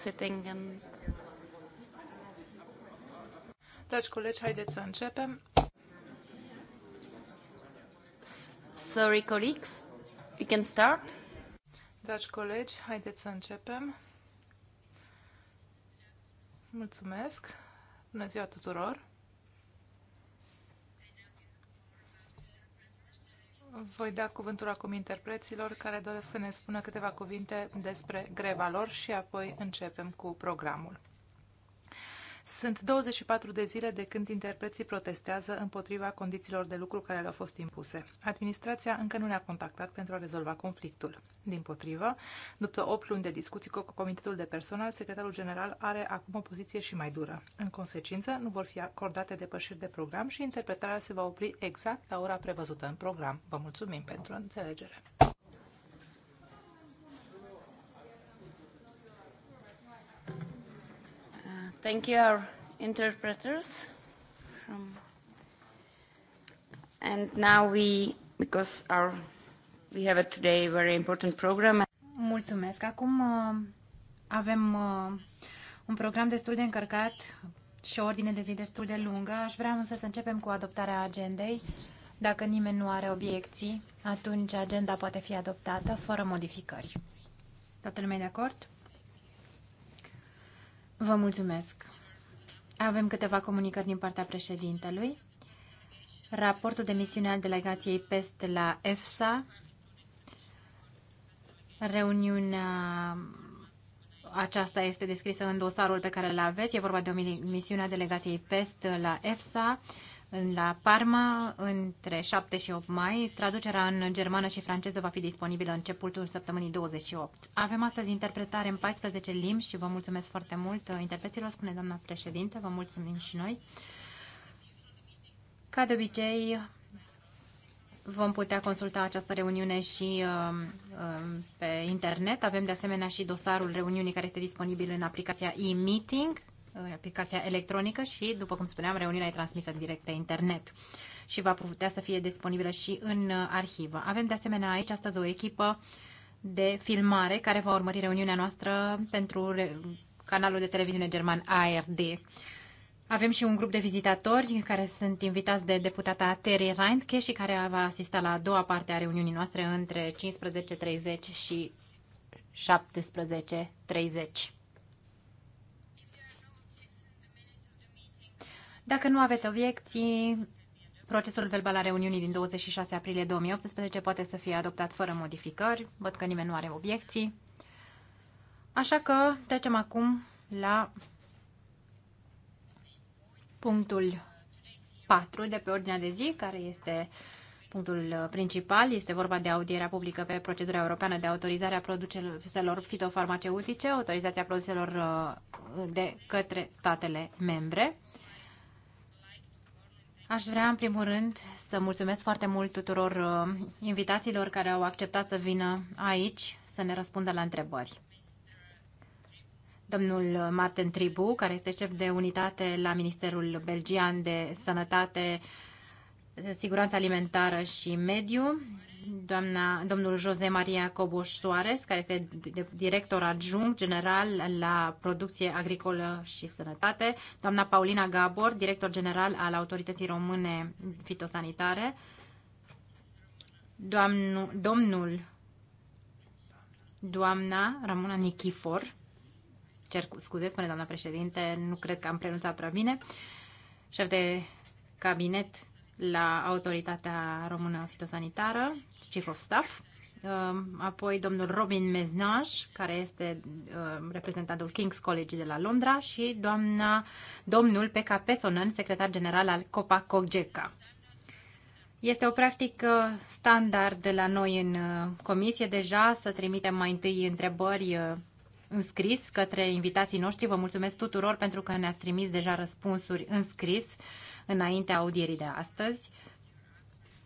sitting and... Dragi colegi, haideți să începem. Sorry, colleagues, we can start. Dragi colegi, haideți să începem. Mulțumesc. Bună ziua tuturor. Voi da cuvântul acum interpreților care doresc să ne spună câteva cuvinte despre greva lor și apoi începem cu programul. Sunt 24 de zile de când interpreții protestează împotriva condițiilor de lucru care le-au fost impuse. Administrația încă nu ne-a contactat pentru a rezolva conflictul. Din potrivă, după 8 luni de discuții cu Comitetul de Personal, secretarul general are acum o poziție și mai dură. În consecință, nu vor fi acordate depășiri de program și interpretarea se va opri exact la ora prevăzută în program. Vă mulțumim pentru înțelegere. Thank you, our interpreters. Um, and now we, because our, we have a today very important program. Mulțumesc. Acum uh, avem uh, un program destul de încărcat și o ordine de zi destul de lungă. Aș vrea însă să începem cu adoptarea agendei. Dacă nimeni nu are obiecții, atunci agenda poate fi adoptată fără modificări. Toată lumea e de acord? Vă mulțumesc. Avem câteva comunicări din partea președintelui. Raportul de misiune al delegației PEST la EFSA, reuniunea aceasta este descrisă în dosarul pe care îl aveți. E vorba de o misiune a delegației PEST la EFSA la Parma între 7 și 8 mai. Traducerea în germană și franceză va fi disponibilă începutul săptămânii 28. Avem astăzi interpretare în 14 limbi și vă mulțumesc foarte mult uh, interpreților, spune doamna președinte, vă mulțumim și noi. Ca de obicei, vom putea consulta această reuniune și uh, uh, pe internet. Avem de asemenea și dosarul reuniunii care este disponibil în aplicația e-meeting. Uh, aplicația electronică și, după cum spuneam, reuniunea e transmisă direct pe internet și va putea să fie disponibilă și în uh, arhivă. Avem de asemenea aici astăzi o echipă de filmare care va urmări reuniunea noastră pentru canalul de televiziune german ARD. Avem și un grup de vizitatori care sunt invitați de deputata Terry Reintke și care va asista la a doua parte a reuniunii noastre între 15.30 și 17.30. Dacă nu aveți obiecții, procesul verbal al reuniunii din 26 aprilie 2018 poate să fie adoptat fără modificări. Văd că nimeni nu are obiecții. Așa că trecem acum la punctul 4 de pe ordinea de zi, care este punctul principal. Este vorba de audierea publică pe procedura europeană de autorizare a produselor fitofarmaceutice, autorizația produselor uh, de către statele membre. Aș vrea, în primul rând, să mulțumesc foarte mult tuturor uh, invitațiilor care au acceptat să vină aici să ne răspundă la întrebări. Domnul Martin Tribu, care este șef de unitate la Ministerul Belgian de Sănătate, Siguranță Alimentară și Mediu, doamna, domnul José Maria Coboș Soares, care este director adjunct general la producție agricolă și sănătate, doamna Paulina Gabor, director general al Autorității Române Fitosanitare, doamnu, domnul doamna Ramona Nichifor, cer scuze, spune doamna președinte, nu cred că am pronunțat prea bine, șef de cabinet la Autoritatea Română Fitosanitară, Chief of Staff, um, apoi domnul Robin Meznaj, care este um, reprezentantul King's College de la Londra și doamna, domnul P.K. Pesonen, secretar general al Copa Cogeca. Este o practică standard de la noi în uh, comisie deja să trimitem mai întâi întrebări uh, în scris către invitații noștri. Vă mulțumesc tuturor pentru că ne-ați trimis deja răspunsuri în scris înaintea audierii de astăzi.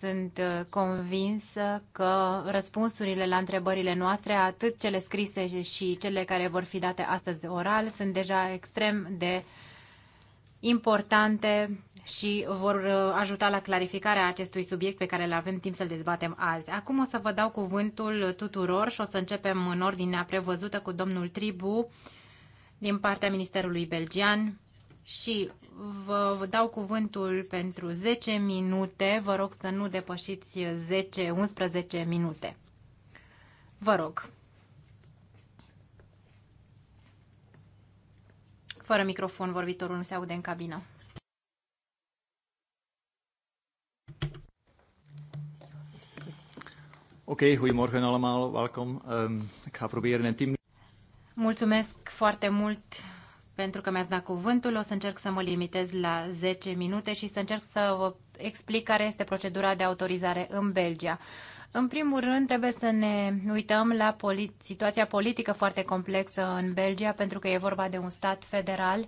Sunt uh, convinsă că răspunsurile la întrebările noastre, atât cele scrise și cele care vor fi date astăzi oral, sunt deja extrem de importante și vor uh, ajuta la clarificarea acestui subiect pe care le avem timp să-l dezbatem azi. Acum o să vă dau cuvântul tuturor și o să începem în ordinea prevăzută cu domnul Tribu din partea Ministerului Belgian și vă dau cuvântul pentru 10 minute. Vă rog să nu depășiți 10-11 minute. Vă rog. Fără microfon, vorbitorul nu se aude în cabină. Ok, goedemorgen allemaal, welkom. Um, ik ga proberen in 10 Mulțumesc foarte mult pentru că mi-ați dat cuvântul. O să încerc să mă limitez la 10 minute și să încerc să vă explic care este procedura de autorizare în Belgia. În primul rând, trebuie să ne uităm la polit- situația politică foarte complexă în Belgia, pentru că e vorba de un stat federal.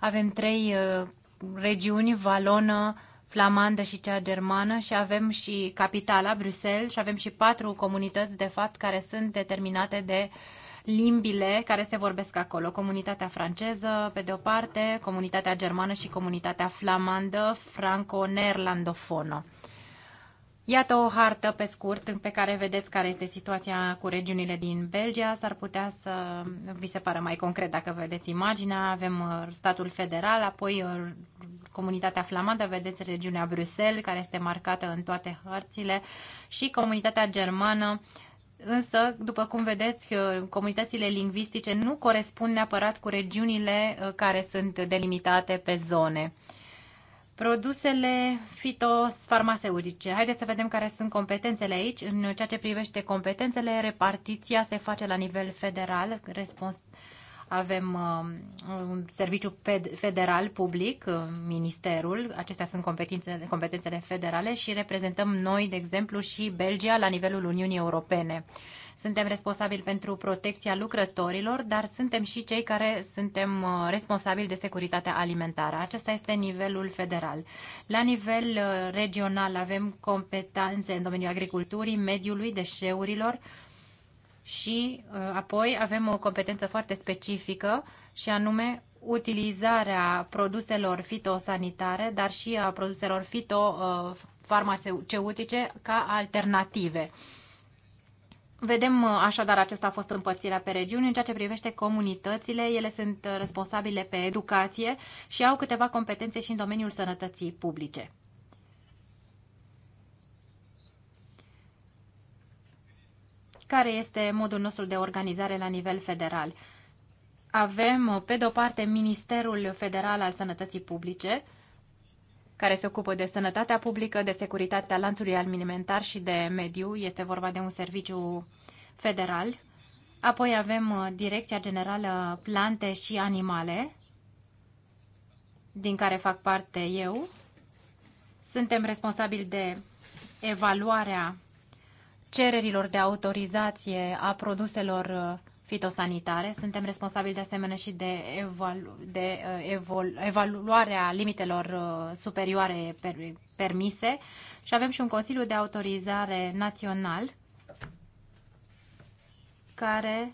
Avem trei uh, regiuni, Valonă, flamandă și cea germană și avem și capitala, Bruxelles, și avem și patru comunități, de fapt, care sunt determinate de uh, limbile care se vorbesc acolo. Comunitatea franceză, pe de o parte, comunitatea germană și comunitatea flamandă, franco-neerlandofonă. Iată o hartă pe scurt pe care vedeți care este situația cu regiunile din Belgia. S-ar putea să vi se pară mai concret dacă vedeți imaginea. Avem uh, statul federal, apoi uh, comunitatea flamandă, vedeți regiunea Bruxelles care este marcată în toate hărțile și comunitatea germană Însă, după cum vedeți, uh, comunitățile lingvistice nu corespund neapărat cu regiunile uh, care sunt delimitate pe zone. Produsele fitofarmaceutice. Haideți să vedem care sunt competențele aici. În ceea ce privește competențele, repartiția se face la nivel federal, respons- avem um, un serviciu federal public, uh, ministerul, acestea sunt competențele, competențele federale și reprezentăm noi, de exemplu, și Belgia la nivelul Uniunii Europene. Suntem responsabili pentru protecția lucrătorilor, dar suntem și cei care suntem uh, responsabili de securitatea alimentară. Acesta este nivelul federal. La nivel uh, regional avem competențe în domeniul agriculturii, mediului, deșeurilor, și uh, apoi avem o competență foarte specifică și anume utilizarea produselor fitosanitare, dar și a produselor fitofarmaceutice uh, ca alternative. Vedem uh, așadar, acesta a fost împărțirea pe regiuni. În ceea ce privește comunitățile, ele sunt responsabile pe educație și au câteva competențe și în domeniul sănătății publice. care este modul nostru de organizare la nivel federal. Avem, pe de-o parte, Ministerul Federal al Sănătății Publice, care se ocupă de sănătatea publică, de securitatea lanțului alimentar și de mediu. Este vorba de un serviciu federal. Apoi avem uh, Direcția Generală Plante și Animale, din care fac parte eu. Suntem responsabili de evaluarea cererilor de autorizație a produselor uh, fitosanitare. Suntem responsabili de asemenea și de, evalu- de uh, evol- evaluarea limitelor uh, superioare per- permise și avem și un Consiliu de Autorizare Național care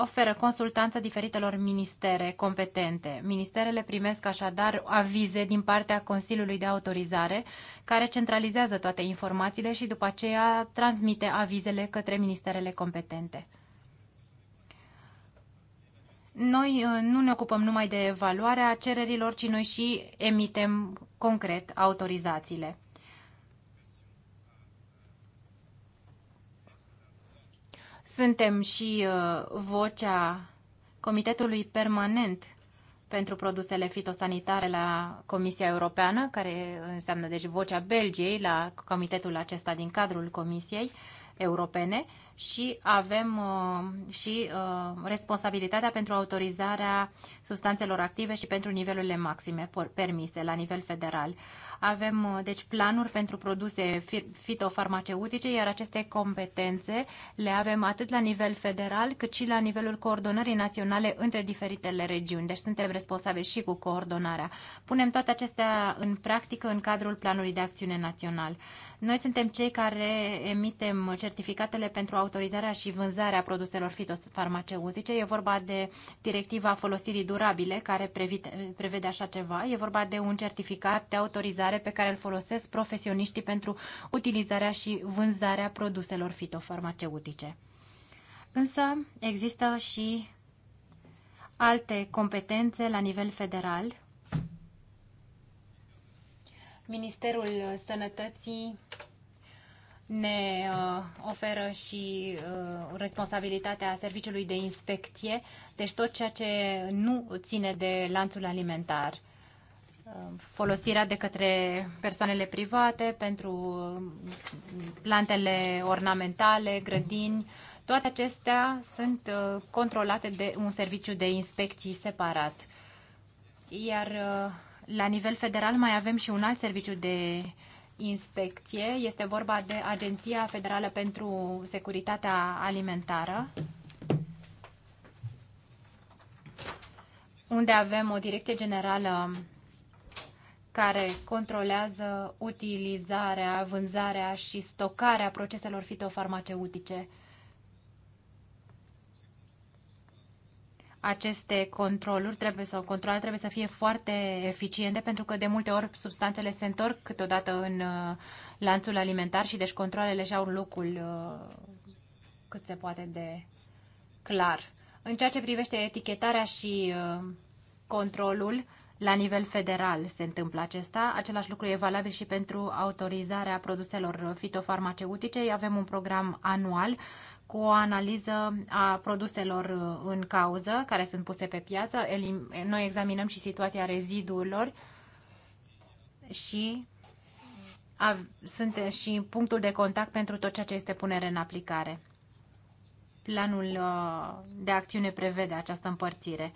oferă consultanță diferitelor ministere competente. Ministerele primesc așadar avize din partea Consiliului de Autorizare, care centralizează toate informațiile și după aceea transmite avizele către ministerele competente. Noi uh, nu ne ocupăm numai de evaluarea cererilor, ci noi și emitem concret autorizațiile. Suntem și uh, vocea Comitetului Permanent pentru produsele fitosanitare la Comisia Europeană, care înseamnă deci vocea Belgiei la comitetul acesta din cadrul Comisiei Europene și avem uh, și uh, responsabilitatea pentru autorizarea substanțelor active și pentru nivelurile maxime permise la nivel federal. Uh, avem, uh, deci, planuri pentru produse fitofarmaceutice, iar aceste competențe le avem atât la nivel federal, cât și la nivelul coordonării naționale între diferitele regiuni. Deci suntem responsabili și cu coordonarea. Punem toate acestea în practică în cadrul planului de acțiune național. Noi suntem cei care emitem certificatele pentru autorizarea și vânzarea produselor fitofarmaceutice. E vorba de directiva folosirii durabile care prevede, prevede așa ceva. E vorba de un certificat de autorizare pe care îl folosesc profesioniștii pentru utilizarea și vânzarea produselor fitofarmaceutice. Însă există și alte competențe la nivel federal Ministerul Sănătății ne uh, oferă și uh, responsabilitatea serviciului de inspecție, deci tot ceea ce nu ține de lanțul alimentar. Uh, folosirea de către persoanele private pentru plantele ornamentale, grădini, toate acestea sunt controlate de un serviciu de inspecții separat. Iar la nivel federal mai avem și un alt serviciu de inspecție. Este vorba de Agenția Federală pentru Securitatea Alimentară, unde avem o direcție generală care controlează utilizarea, vânzarea și stocarea proceselor fitofarmaceutice aceste controluri trebuie sau controle trebuie să fie foarte eficiente pentru că de multe ori substanțele se întorc câteodată în uh, lanțul alimentar și deci controlele și-au locul uh, cât se poate de clar. În ceea ce privește etichetarea și uh, controlul, la nivel federal se întâmplă acesta. Același lucru e valabil și pentru autorizarea produselor fitofarmaceutice. Avem un program anual cu o analiză a produselor în cauză care sunt puse pe piață. Noi examinăm și situația reziduurilor și sunt și punctul de contact pentru tot ceea ce este punere în aplicare. Planul uh, de acțiune prevede această împărțire.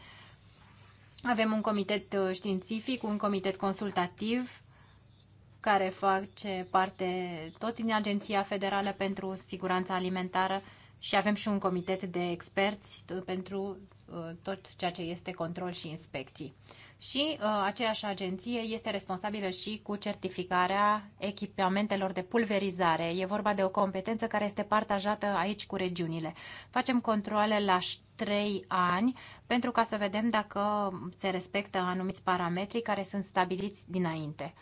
Avem un comitet uh, științific, un comitet consultativ care face parte tot din Agenția Federală pentru Siguranța Alimentară și avem și un comitet de experți uh, pentru uh, tot ceea ce este control și inspecții. Și aceeași agenție este responsabilă și cu certificarea echipamentelor de pulverizare. E vorba de o competență care este partajată aici cu regiunile. Facem controle la trei ani pentru ca să vedem dacă se respectă anumiți parametri care sunt stabiliți dinainte.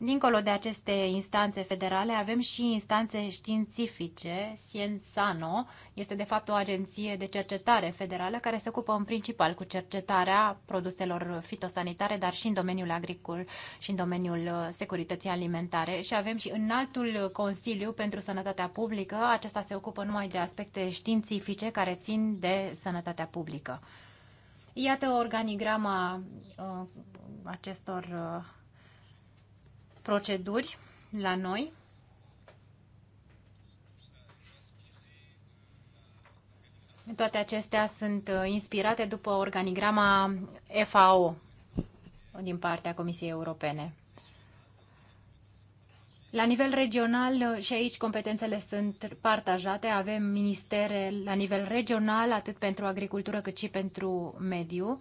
Dincolo de aceste instanțe federale, avem și instanțe științifice. Sienzano este de fapt o agenție de cercetare federală care se ocupă în principal cu cercetarea produselor fitosanitare, dar și în domeniul agricol și în domeniul uh, securității alimentare. Și avem și înaltul Consiliu pentru Sănătatea Publică. Acesta se ocupă numai de aspecte științifice care țin de sănătatea publică. Iată organigrama uh, acestor uh, proceduri la noi. Toate acestea sunt uh, inspirate după organigrama FAO din partea Comisiei Europene. La nivel regional uh, și aici competențele sunt partajate. Avem ministere la nivel regional, atât pentru agricultură cât și pentru mediu.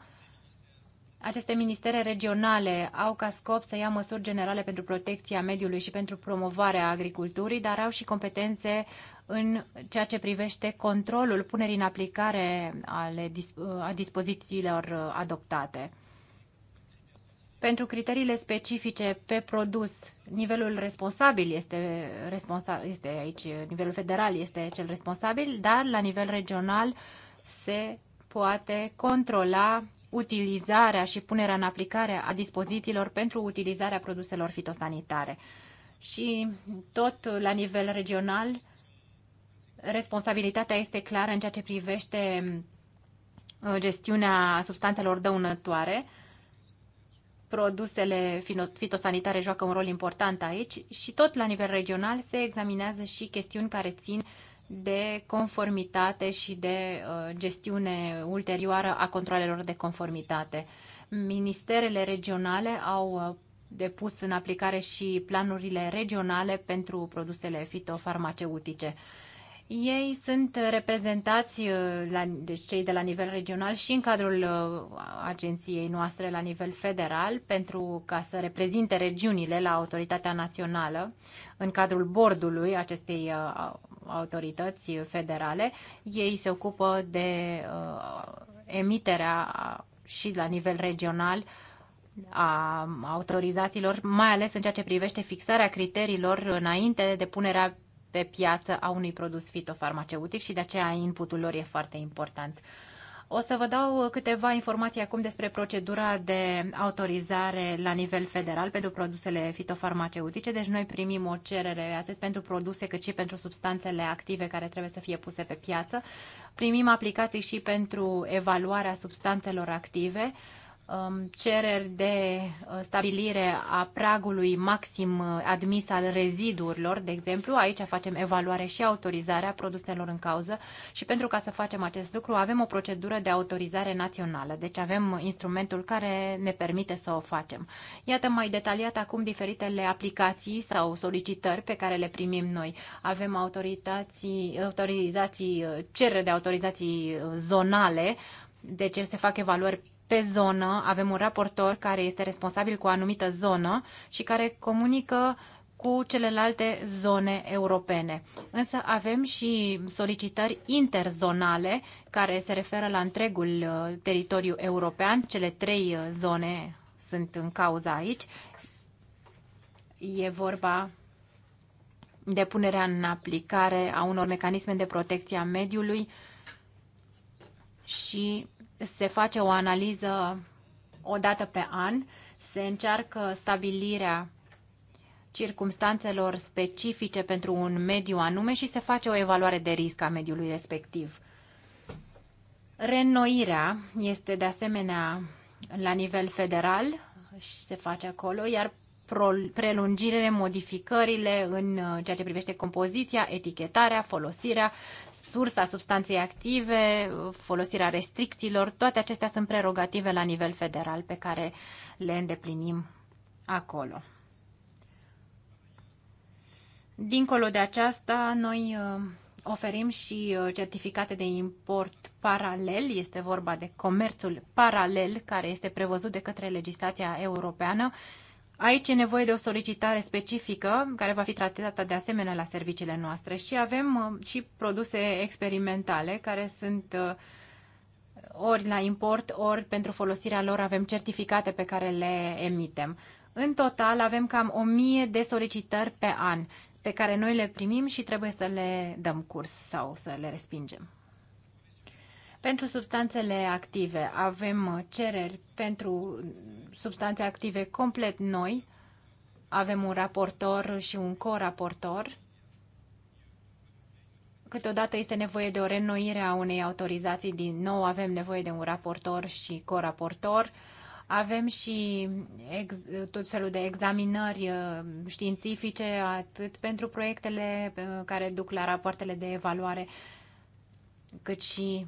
Aceste ministere regionale au ca scop să ia măsuri generale pentru protecția mediului și pentru promovarea agriculturii, dar au și competențe în ceea ce privește controlul punerii în aplicare ale, a dispozițiilor adoptate. Pentru criteriile specifice pe produs, nivelul responsabil este, responsa, este aici, nivelul federal este cel responsabil, dar la nivel regional se poate controla utilizarea și punerea în aplicare a dispozițiilor pentru utilizarea produselor fitosanitare. Și tot la nivel regional, responsabilitatea este clară în ceea ce privește uh, gestiunea substanțelor dăunătoare. Produsele fitosanitare joacă un rol important aici și tot la nivel regional se examinează și chestiuni care țin de conformitate și de uh, gestiune ulterioară a controlelor de conformitate. Ministerele regionale au uh, depus în aplicare și planurile regionale pentru produsele fitofarmaceutice. Ei sunt reprezentați, uh, la, deci cei de la nivel regional și în cadrul agenției noastre la nivel federal, pentru ca să reprezinte regiunile la autoritatea națională în cadrul bordului acestei autorități federale. Ei se ocupă de uh, emiterea și la nivel regional a autorizațiilor, mai ales în ceea ce privește fixarea criteriilor înainte de punerea pe piață a unui produs fitofarmaceutic și de aceea inputul lor e foarte important. O să vă dau câteva informații acum despre procedura de autorizare la nivel federal pentru produsele fitofarmaceutice. Deci noi primim o cerere atât pentru produse cât și pentru substanțele active care trebuie să fie puse pe piață. Primim aplicații și pentru evaluarea substanțelor active. Uh, Um, cereri de uh, stabilire a pragului maxim uh, admis al rezidurilor, de exemplu. Aici facem evaluare și autorizarea produselor în cauză și pentru ca să facem acest lucru avem o procedură de autorizare națională, deci avem instrumentul care ne permite să o facem. Iată mai detaliat acum diferitele aplicații sau solicitări pe care le primim noi. Avem autorizații, autorizații uh, cerere de autorizații zonale, deci se fac evaluări pe zonă, avem un raportor care este responsabil cu o anumită zonă și care comunică cu celelalte zone europene. Însă avem și solicitări interzonale care se referă la întregul uh, teritoriu european. Cele trei uh, zone sunt în cauza aici. E vorba de punerea în aplicare a unor mecanisme de protecție a mediului și se face o analiză o dată pe an, se încearcă stabilirea circumstanțelor specifice pentru un mediu anume și se face o evaluare de risc a mediului respectiv. Reînnoirea este de asemenea la nivel federal și se face acolo, iar prelungirile, modificările în uh, ceea ce privește compoziția, etichetarea, folosirea sursa substanței active, folosirea restricțiilor, toate acestea sunt prerogative la nivel federal pe care le îndeplinim acolo. Dincolo de aceasta, noi uh, oferim și uh, certificate de import paralel, este vorba de comerțul paralel care este prevăzut de către legislația europeană Aici e nevoie de o solicitare specifică care va fi tratată de asemenea la serviciile noastre și avem uh, și produse experimentale care sunt uh, ori la import, ori pentru folosirea lor avem certificate pe care le emitem. În total avem cam o mie de solicitări pe an pe care noi le primim și trebuie să le dăm curs sau să le respingem. Pentru substanțele active avem cereri pentru substanțe active complet noi. Avem un raportor și un co-raportor. Câteodată este nevoie de o renoire a unei autorizații. Din nou avem nevoie de un raportor și co-raportor. Avem și ex, tot felul de examinări uh, științifice, atât pentru proiectele uh, care duc la rapoartele de evaluare, cât și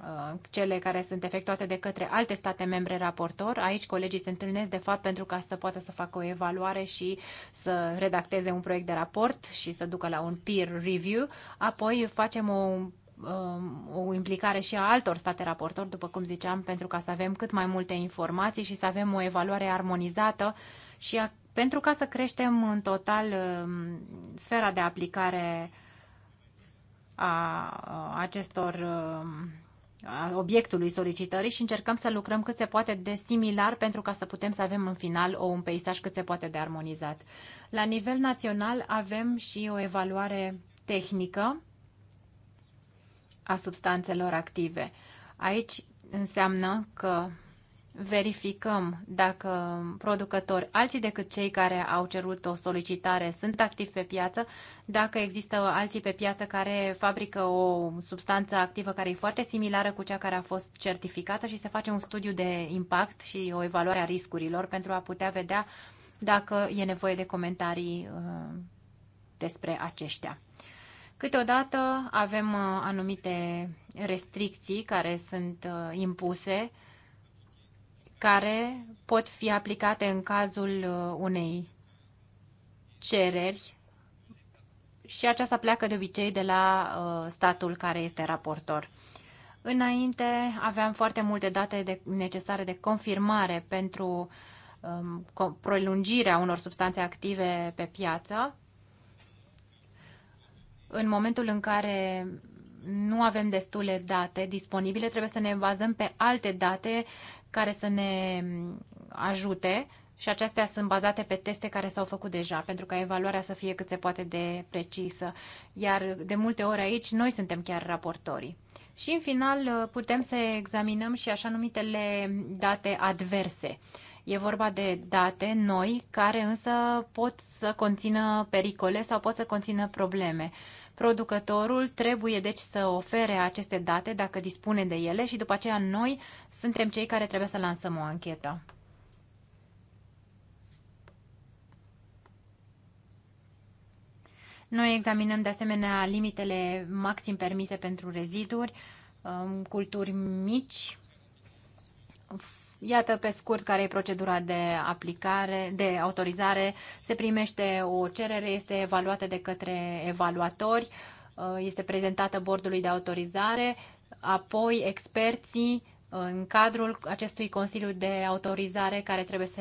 Uh, cele care sunt efectuate de către alte state membre raportor. Aici colegii se întâlnesc, de fapt, pentru ca să poată să facă o evaluare și să redacteze un proiect de raport și să ducă la un peer review. Apoi facem o um, o implicare și a altor state raportori, după cum ziceam, pentru ca să avem cât mai multe informații și să avem o evaluare armonizată și a, pentru ca să creștem în total um, sfera de aplicare a acestor um, obiectului solicitării și încercăm să lucrăm cât se poate de similar pentru ca să putem să avem în final o, un peisaj cât se poate de armonizat. La nivel național avem și o evaluare tehnică a substanțelor active. Aici înseamnă că verificăm dacă producători alții decât cei care au cerut o solicitare sunt activi pe piață, dacă există alții pe piață care fabrică o substanță activă care e foarte similară cu cea care a fost certificată și se face un studiu de impact și o evaluare a riscurilor pentru a putea vedea dacă e nevoie de comentarii uh, despre aceștia. Câteodată avem uh, anumite restricții care sunt uh, impuse care pot fi aplicate în cazul uh, unei cereri și aceasta pleacă de obicei de la uh, statul care este raportor. Înainte aveam foarte multe date de, necesare de confirmare pentru um, prolungirea unor substanțe active pe piață. În momentul în care nu avem destule date disponibile, trebuie să ne bazăm pe alte date care să ne ajute și acestea sunt bazate pe teste care s-au făcut deja, pentru ca evaluarea să fie cât se poate de precisă. Iar de multe ori aici noi suntem chiar raportorii. Și în final putem să examinăm și așa numitele date adverse. E vorba de date noi care însă pot să conțină pericole sau pot să conțină probleme. Uh, Producătorul trebuie deci să ofere aceste date dacă dispune de ele și după aceea noi suntem cei care trebuie să lansăm o anchetă. Noi examinăm de asemenea limitele maxim permise pentru reziduri, um, culturi mici, Iată pe scurt care e procedura de aplicare, de autorizare. Se primește o cerere, este evaluată de către evaluatori, uh, este prezentată bordului de autorizare, apoi experții uh, în cadrul acestui Consiliu de Autorizare care trebuie să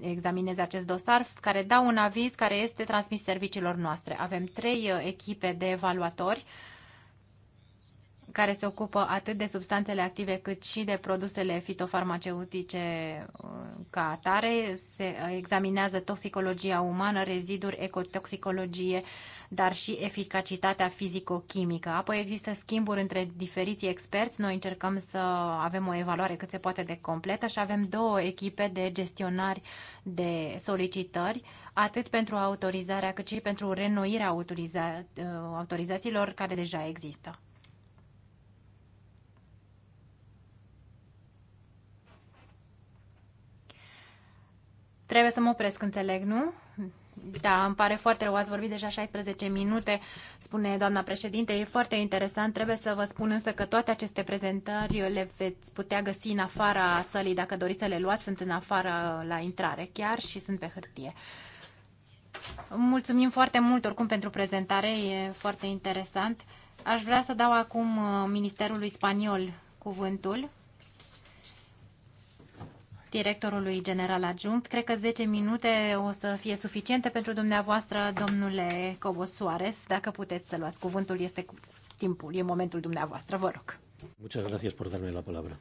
examineze acest dosar, care dau un aviz care este transmis serviciilor noastre. Avem trei uh, echipe de evaluatori care se ocupă atât de substanțele active cât și de produsele fitofarmaceutice uh, ca atare. Se uh, examinează toxicologia umană, reziduri, ecotoxicologie, dar și eficacitatea fizico-chimică. Apoi există schimburi între diferiții experți. Noi încercăm să avem o evaluare cât se poate de completă și avem două echipe de gestionari de solicitări, atât pentru autorizarea cât și pentru renoirea autoriza- uh, autorizațiilor care deja există. Trebuie să mă opresc, înțeleg, nu? Da, îmi pare foarte rău, ați vorbit deja 16 minute, spune doamna președinte, e foarte interesant. Trebuie să vă spun însă că toate aceste prezentări le veți putea găsi în afara sălii, dacă doriți să le luați, sunt în afara la intrare chiar și sunt pe hârtie. Mulțumim foarte mult oricum pentru prezentare, e foarte interesant. Aș vrea să dau acum uh, Ministerului Spaniol cuvântul directorului general adjunct. Cred că 10 minute o să fie suficiente pentru dumneavoastră, domnule Cobosuares, Dacă puteți să luați cuvântul, este timpul, e momentul dumneavoastră. Vă rog. Muchas gracias por darme la palabra.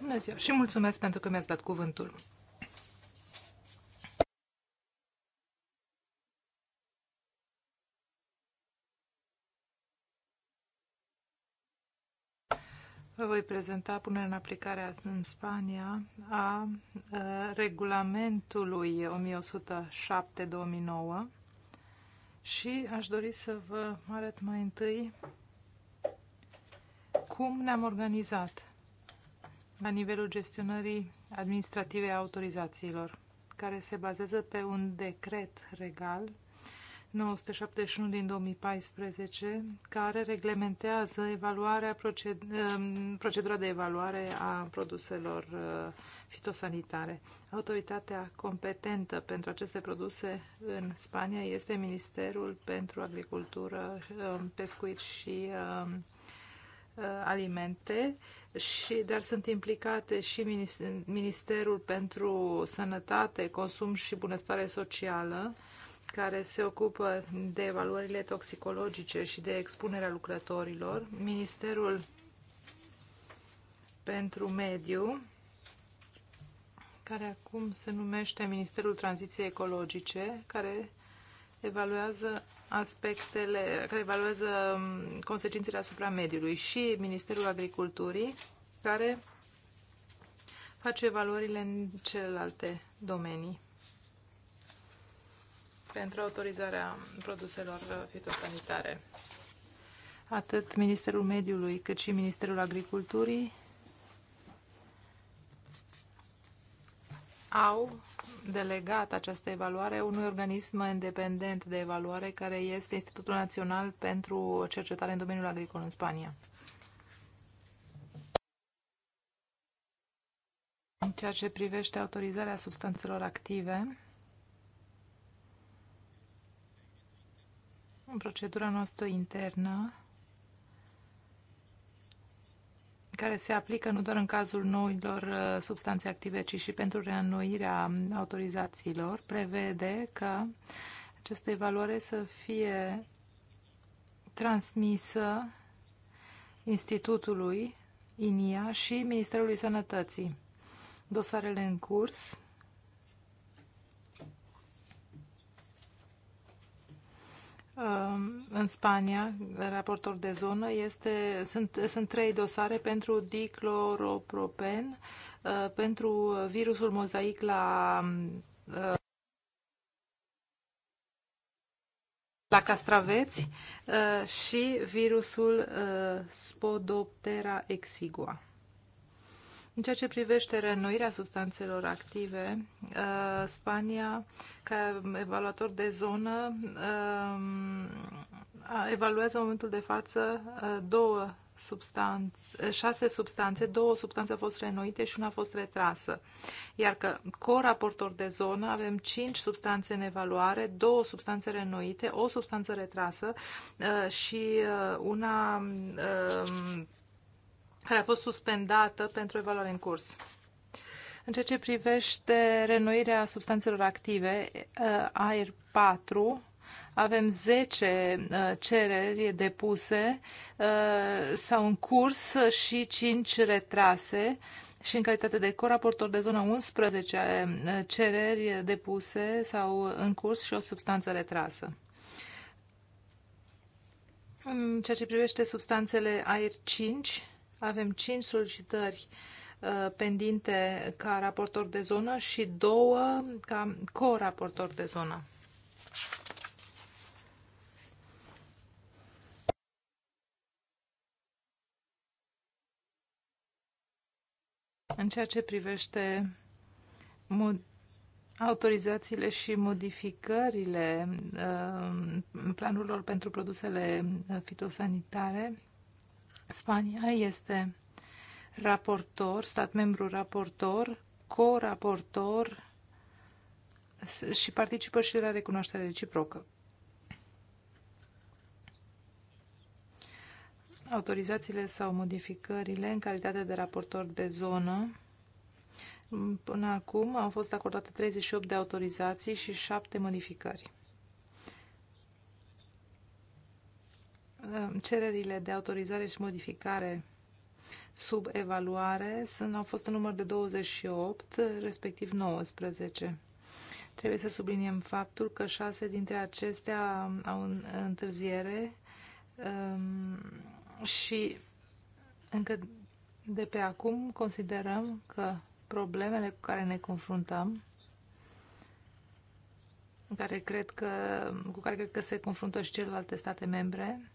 Bună ziua și mulțumesc pentru că mi-ați dat cuvântul. Vă voi prezenta punerea în aplicare în Spania a regulamentului 1107-2009 și aș dori să vă arăt mai întâi cum ne-am organizat la nivelul gestionării administrative a autorizațiilor, care se bazează pe un decret regal 971 din 2014, care reglementează evaluarea, proced um, procedura de evaluare a produselor uh, fitosanitare. Autoritatea competentă pentru aceste produse în Spania este Ministerul pentru Agricultură, um, Pescuit și um, uh, alimente, și, dar sunt implicate și Ministerul pentru Sănătate, Consum și Bunăstare Socială, care se ocupă de evaluările toxicologice și de expunerea lucrătorilor, Ministerul pentru Mediu, care acum se numește Ministerul Tranziției Ecologice, care evaluează aspectele, care evaluează um, consecințele asupra mediului și Ministerul Agriculturii, care face evaluările în celelalte domenii pentru autorizarea produselor fitosanitare. Atât Ministerul Mediului cât și Ministerul Agriculturii au delegat această evaluare unui organism independent de evaluare care este Institutul Național pentru Cercetare în domeniul agricol în Spania. În ceea ce privește autorizarea substanțelor active, în procedura noastră internă care se aplică nu doar în cazul noilor uh, substanțe active, ci și pentru reînnoirea autorizațiilor, prevede că această evaluare să fie transmisă Institutului INIA și Ministerului Sănătății. Dosarele în curs în Spania, raportor de zonă, este, sunt, sunt trei dosare pentru dicloropropen, uh, pentru virusul mozaic la uh, la castraveți uh, și virusul Spodoptera exigua. În ceea ce privește reînnoirea substanțelor active, uh, Spania, ca evaluator de zonă, uh, evaluează în momentul de față uh, două substanțe, șase substanțe, două substanțe au fost reînnoite și una a fost retrasă. Iar că co-raportor de zonă avem cinci substanțe în evaluare, două substanțe reînnoite, o substanță retrasă și una um, care a fost suspendată pentru evaluare în curs. În ceea ce privește renoirea substanțelor active, eh, AIR 4, avem 10 eh, cereri depuse eh, sau în curs și 5 retrase și în calitate de coraportor de zonă 11 cereri depuse sau în curs și o substanță retrasă. În ceea ce privește substanțele AIR 5, avem 5 solicitări uh, pendinte ca raportor de zonă și două ca co-raportor de zonă. În ceea ce privește autorizațiile și modificările uh, planurilor pentru produsele fitosanitare, Spania este raportor, stat membru raportor, co-raportor și participă și la recunoaștere reciprocă. Autorizațiile sau modificările în calitate de raportor de zonă până acum au fost acordate 38 de autorizații și 7 modificări. cererile de autorizare și modificare sub evaluare sunt, au fost în număr de 28, respectiv 19. Trebuie să subliniem faptul că șase dintre acestea au întârziere um, și încă de pe acum considerăm că problemele cu care ne confruntăm care cred că, cu care cred că se confruntă și celelalte state membre,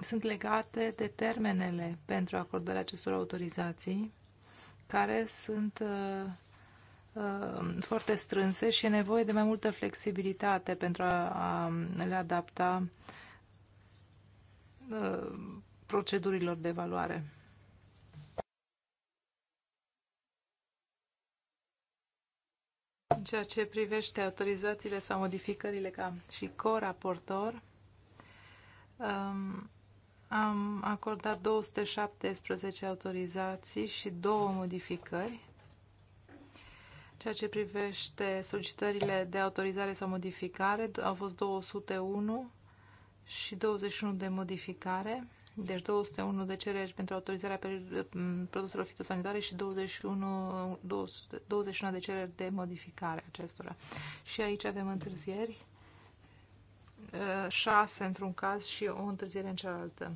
sunt legate de termenele pentru acordarea acestor autorizații, care sunt uh, uh, foarte strânse și e nevoie de mai multă flexibilitate pentru a, a le adapta uh, procedurilor de evaluare. În ceea ce privește autorizațiile sau modificările ca și coraportor, um, am acordat 217 autorizații și două modificări. Ceea ce privește solicitările de autorizare sau modificare, au fost 201 și 21 de modificare, deci 201 de cereri pentru autorizarea mm, produselor fitosanitare și 21, 21 de cereri de modificare acestora. Și aici avem întârzieri 6 uh, într-un caz și o întârziere în cealaltă.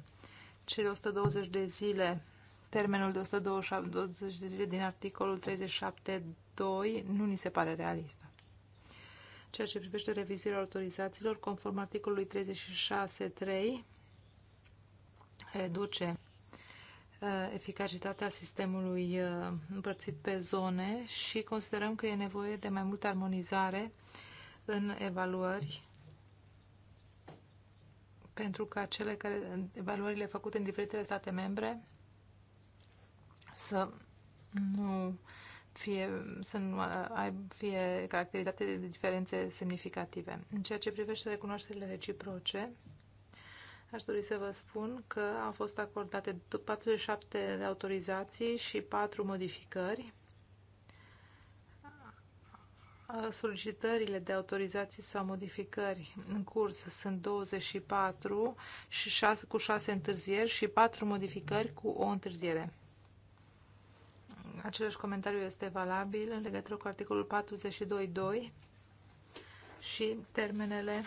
Cele 120 de zile, termenul de 120 de zile din articolul 37.2 nu ni se pare realistă. Ceea ce privește revizuirea autorizațiilor, conform articolului 36.3, reduce uh, eficacitatea sistemului uh, împărțit pe zone și considerăm că e nevoie de mai multă armonizare în evaluări pentru ca cele care, evaluările făcute în diferitele state membre să nu fie, să nu ai, fie caracterizate de diferențe semnificative. În ceea ce privește recunoașterile reciproce, aș dori să vă spun că au fost acordate 47 de autorizații și 4 modificări Solicitările de autorizații sau modificări în curs sunt 24 și 6, cu 6 întârzieri și 4 modificări cu o întârziere. Același comentariu este valabil în legătură cu articolul 42.2 și termenele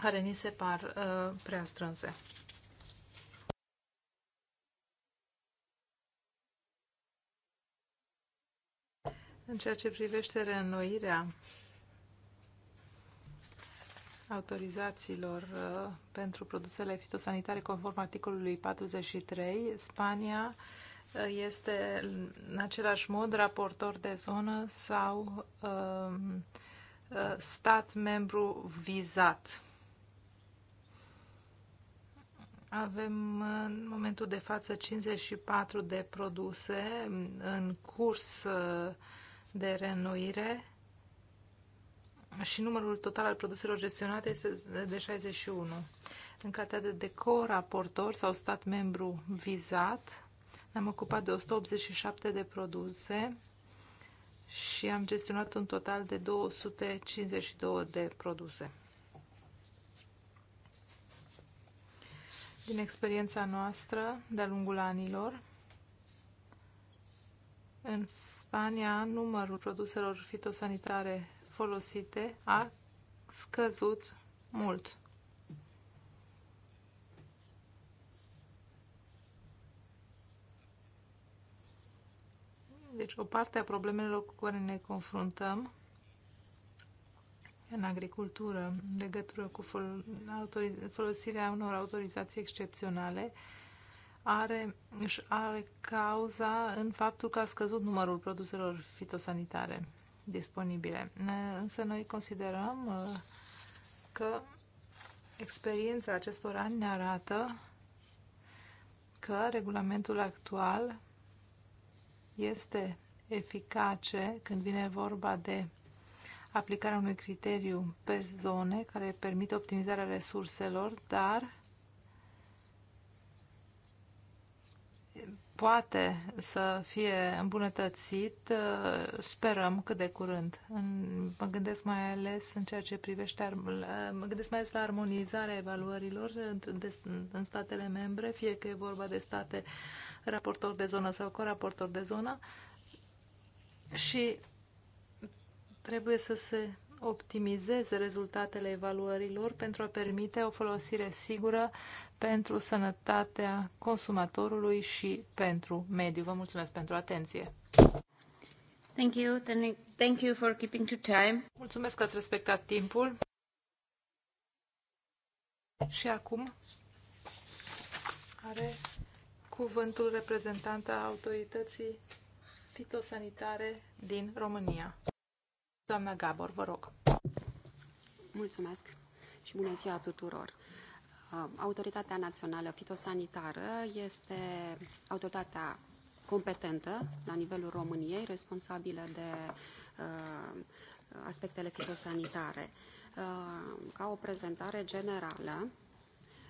care ni se par uh, prea strânse. În ceea ce privește reînnoirea autorizațiilor uh, pentru produsele fitosanitare conform articolului 43, Spania uh, este în același mod raportor de zonă sau um, uh, stat membru vizat. Avem în momentul de față 54 de produse mm, în curs uh, de renuire și numărul total al produselor gestionate este de 61. În cartea de decor, raportor sau stat membru vizat, ne-am ocupat de 187 de produse și am gestionat un total de 252 de produse. Din experiența noastră de-a lungul anilor, în Spania, numărul produselor fitosanitare folosite a scăzut mult. Deci o parte a problemelor cu care ne confruntăm în agricultură, în legătură cu folosirea unor autorizații excepționale, are, își are cauza în faptul că a scăzut numărul produselor fitosanitare disponibile. Însă noi considerăm uh, că experiența acestor ani ne arată că regulamentul actual este eficace când vine vorba de aplicarea unui criteriu pe zone care permite optimizarea resurselor, dar poate să fie îmbunătățit, uh, sperăm cât de curând. Mă gândesc mai ales în ceea ce privește, mă gândesc mai ales la armonizarea evaluărilor în statele membre, fie că e vorba de state raportor de zonă sau coraportor de zonă și trebuie să se optimizeze rezultatele evaluărilor pentru a permite o folosire sigură pentru sănătatea consumatorului și pentru mediu. Vă mulțumesc pentru atenție! Thank you. Thank you for keeping to time. Mulțumesc că ați respectat timpul. Și acum are cuvântul reprezentanta autorității fitosanitare din România. Doamna Gabor, vă rog. Mulțumesc și bună ziua tuturor. Uh, autoritatea Națională Fitosanitară este autoritatea competentă la nivelul României, responsabilă de uh, aspectele fitosanitare. Uh, ca o prezentare generală,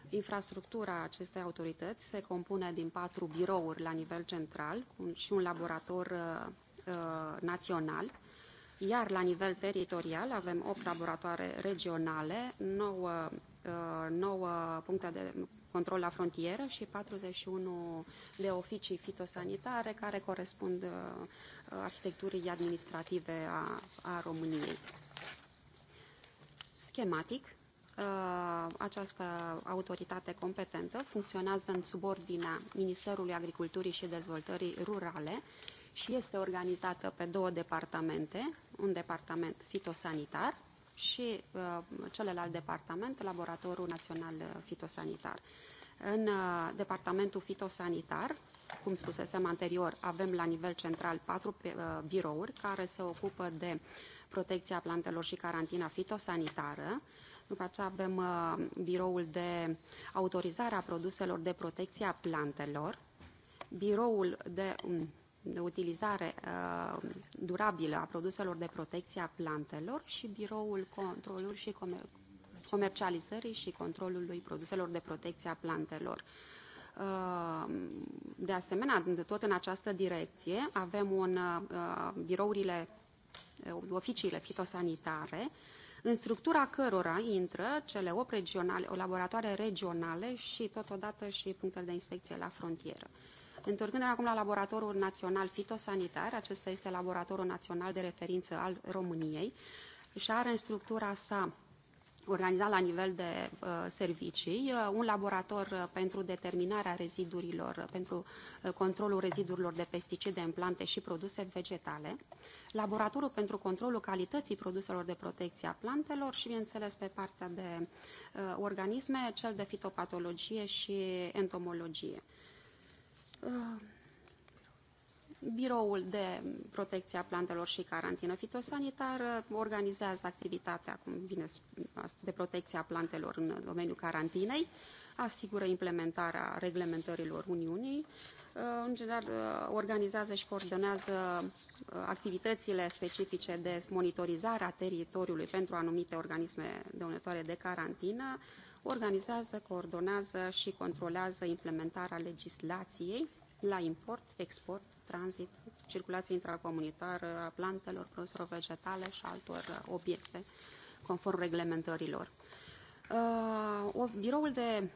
infrastructura acestei autorități se compune din patru birouri la nivel central și un laborator uh, uh național iar la nivel teritorial avem 8 laboratoare regionale, 9, 9 uh, puncte de control la frontieră și 41 de oficii fitosanitare care corespund uh, arhitecturii administrative a, a României. Schematic, uh, această autoritate competentă funcționează în subordinea Ministerului Agriculturii și Dezvoltării Rurale și este organizată pe două departamente, un departament fitosanitar și uh, celălalt departament, Laboratorul Național Fitosanitar. În uh, departamentul fitosanitar, cum spusesem anterior, avem la nivel central patru uh, birouri care se ocupă de protecția plantelor și carantina fitosanitară, după aceea avem uh, biroul de autorizare a produselor de protecție a plantelor, biroul de um, utilizare uh, durabilă a produselor de protecție a plantelor și biroul controlul și comer comercializării și controlului produselor de protecție a plantelor. Uh, de asemenea, de tot în această direcție, avem un, uh, birourile, uh, oficiile fitosanitare, în structura cărora intră cele 8 regionale, laboratoare regionale și totodată și punctele de inspecție la frontieră. Întorcându-ne acum la Laboratorul Național Fitosanitar, acesta este laboratorul național de referință al României și are în structura sa organizat la nivel de uh, servicii, uh, un laborator uh, pentru determinarea rezidurilor, uh, pentru uh, controlul rezidurilor de pesticide în plante și produse vegetale, laboratorul pentru controlul calității produselor de protecție a plantelor și, bineînțeles, pe partea de uh, organisme, cel de fitopatologie și entomologie. Uh, biroul de Protecție a Plantelor și Carantină Fitosanitară organizează activitatea cum bine, de protecție a plantelor în domeniul carantinei, asigură implementarea reglementărilor Uniunii, uh, în general uh, organizează și coordonează activitățile specifice de monitorizare a teritoriului pentru anumite organisme dăunătoare de carantină, organizează, coordonează și controlează implementarea legislației la import, export, tranzit, circulație intracomunitară a plantelor, produselor vegetale și altor uh, obiecte, conform reglementărilor. Uh, biroul de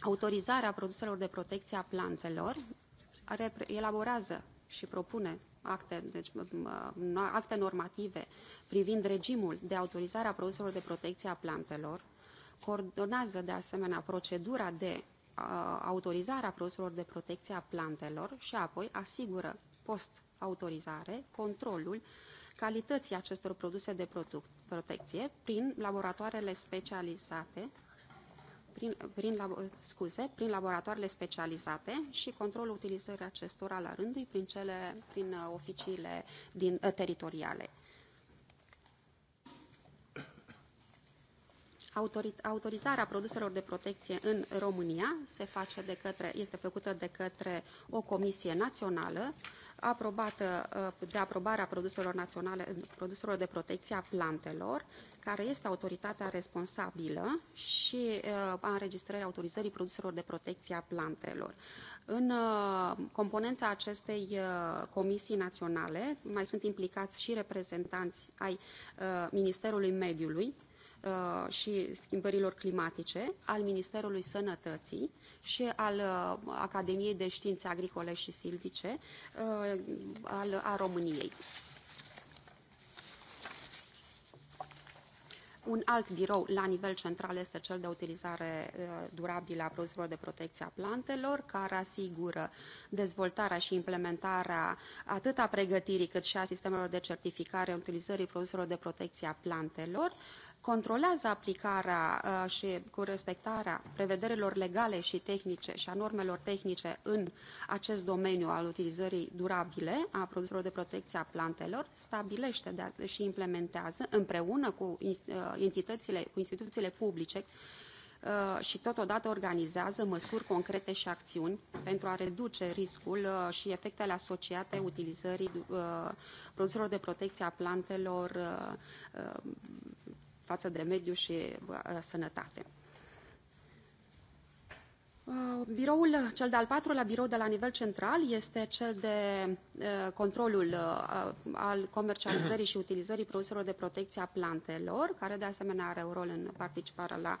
autorizare a produselor de protecție a plantelor elaborează și propune acte, deci, acte normative privind regimul de autorizare a produselor de protecție a plantelor, coordonează de asemenea procedura de autorizare a produselor de protecție a plantelor și apoi asigură post-autorizare controlul calității acestor produse de protecție prin laboratoarele specializate prin, prin, scuze, prin laboratoarele specializate și controlul utilizării acestora la rândul prin, cele, prin uh, oficiile din, uh, teritoriale. Autorizarea produselor de protecție în România se face de către, este făcută de către o comisie națională aprobată uh, de aprobarea produselor, naționale, produselor de protecție a plantelor, care este autoritatea responsabilă și uh, a înregistrării autorizării produselor de protecție a plantelor. În uh, componența acestei comisii naționale mai sunt implicați și reprezentanți ai Ministerului Mediului, uh, și schimbărilor climatice al Ministerului Sănătății și al uh, Academiei de Științe Agricole și Silvice uh, al, a României. Un alt birou la nivel central este cel de utilizare uh, durabilă a produselor de protecție a plantelor, care asigură dezvoltarea și implementarea atât a pregătirii cât și a sistemelor de certificare a utilizării produselor de protecție a plantelor, controlează aplicarea uh, și cu respectarea prevederilor legale și tehnice și a normelor tehnice în acest domeniu al utilizării durabile a produselor de protecție a plantelor, stabilește și implementează împreună cu uh, entitățile, cu instituțiile publice uh, și totodată organizează măsuri concrete și acțiuni pentru a reduce riscul și efectele asociate utilizării produselor de protecție a plantelor față de mediu și uh, sănătate. Uh, biroul, cel de-al patrulea birou de la nivel central este cel de uh, controlul al comercializării și utilizării produselor de protecție a plantelor, care de asemenea are un rol în participarea la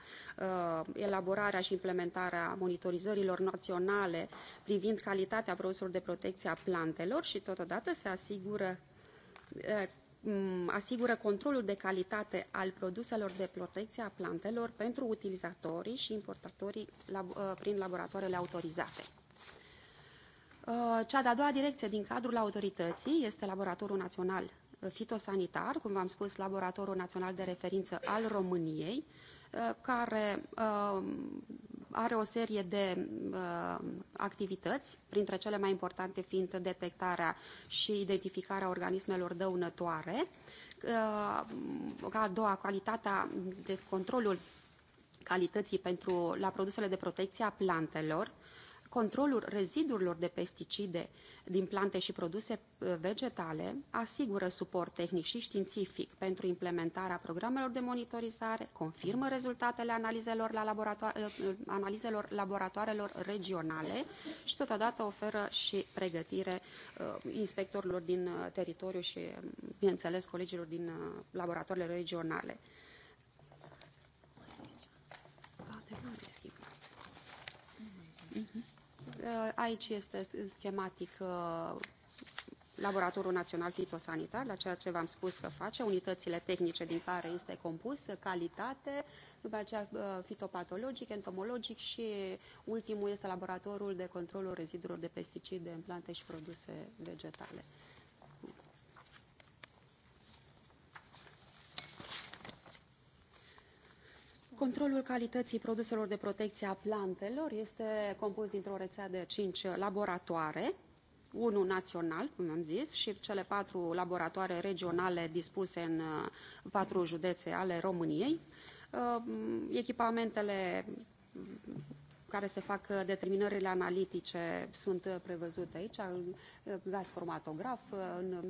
elaborarea și implementarea monitorizărilor naționale privind calitatea produselor de protecție a plantelor și totodată se asigură Mm, asigură controlul de calitate al produselor de protecție a plantelor pentru utilizatorii și importatorii lab uh, prin laboratoarele autorizate. Uh, cea de-a doua direcție din cadrul autorității este Laboratorul Național uh, Fitosanitar, cum v-am spus, Laboratorul Național de Referință al României, care are o serie de uh, activități, printre cele mai importante fiind detectarea și identificarea organismelor dăunătoare, uh, a doua, calitatea de controlul calității pentru, la produsele de protecție a plantelor, Controlul rezidurilor de pesticide din plante și produse uh, vegetale asigură suport tehnic și științific pentru implementarea programelor de monitorizare, confirmă rezultatele analizelor, la laboratoare, uh, uh, analizelor laboratoarelor regionale și totodată oferă și pregătire inspectorilor din teritoriu și, um, bineînțeles, colegilor din laboratoarele regionale. Mm-hmm. Uh, aici este schematic uh, Laboratorul Național Fitosanitar, la ceea ce v-am spus că face, unitățile tehnice din care este compus, calitate, după aceea uh, fitopatologic, entomologic și ultimul este laboratorul de controlul rezidurilor de pesticide în plante și produse vegetale. Controlul calității produselor de protecție a plantelor este compus dintr-o rețea de cinci laboratoare, unul național, cum am zis, și cele patru laboratoare regionale dispuse în uh, patru județe ale României. Uh, echipamentele care se fac uh, determinările analitice sunt prevăzute aici, gaz cromatograf, în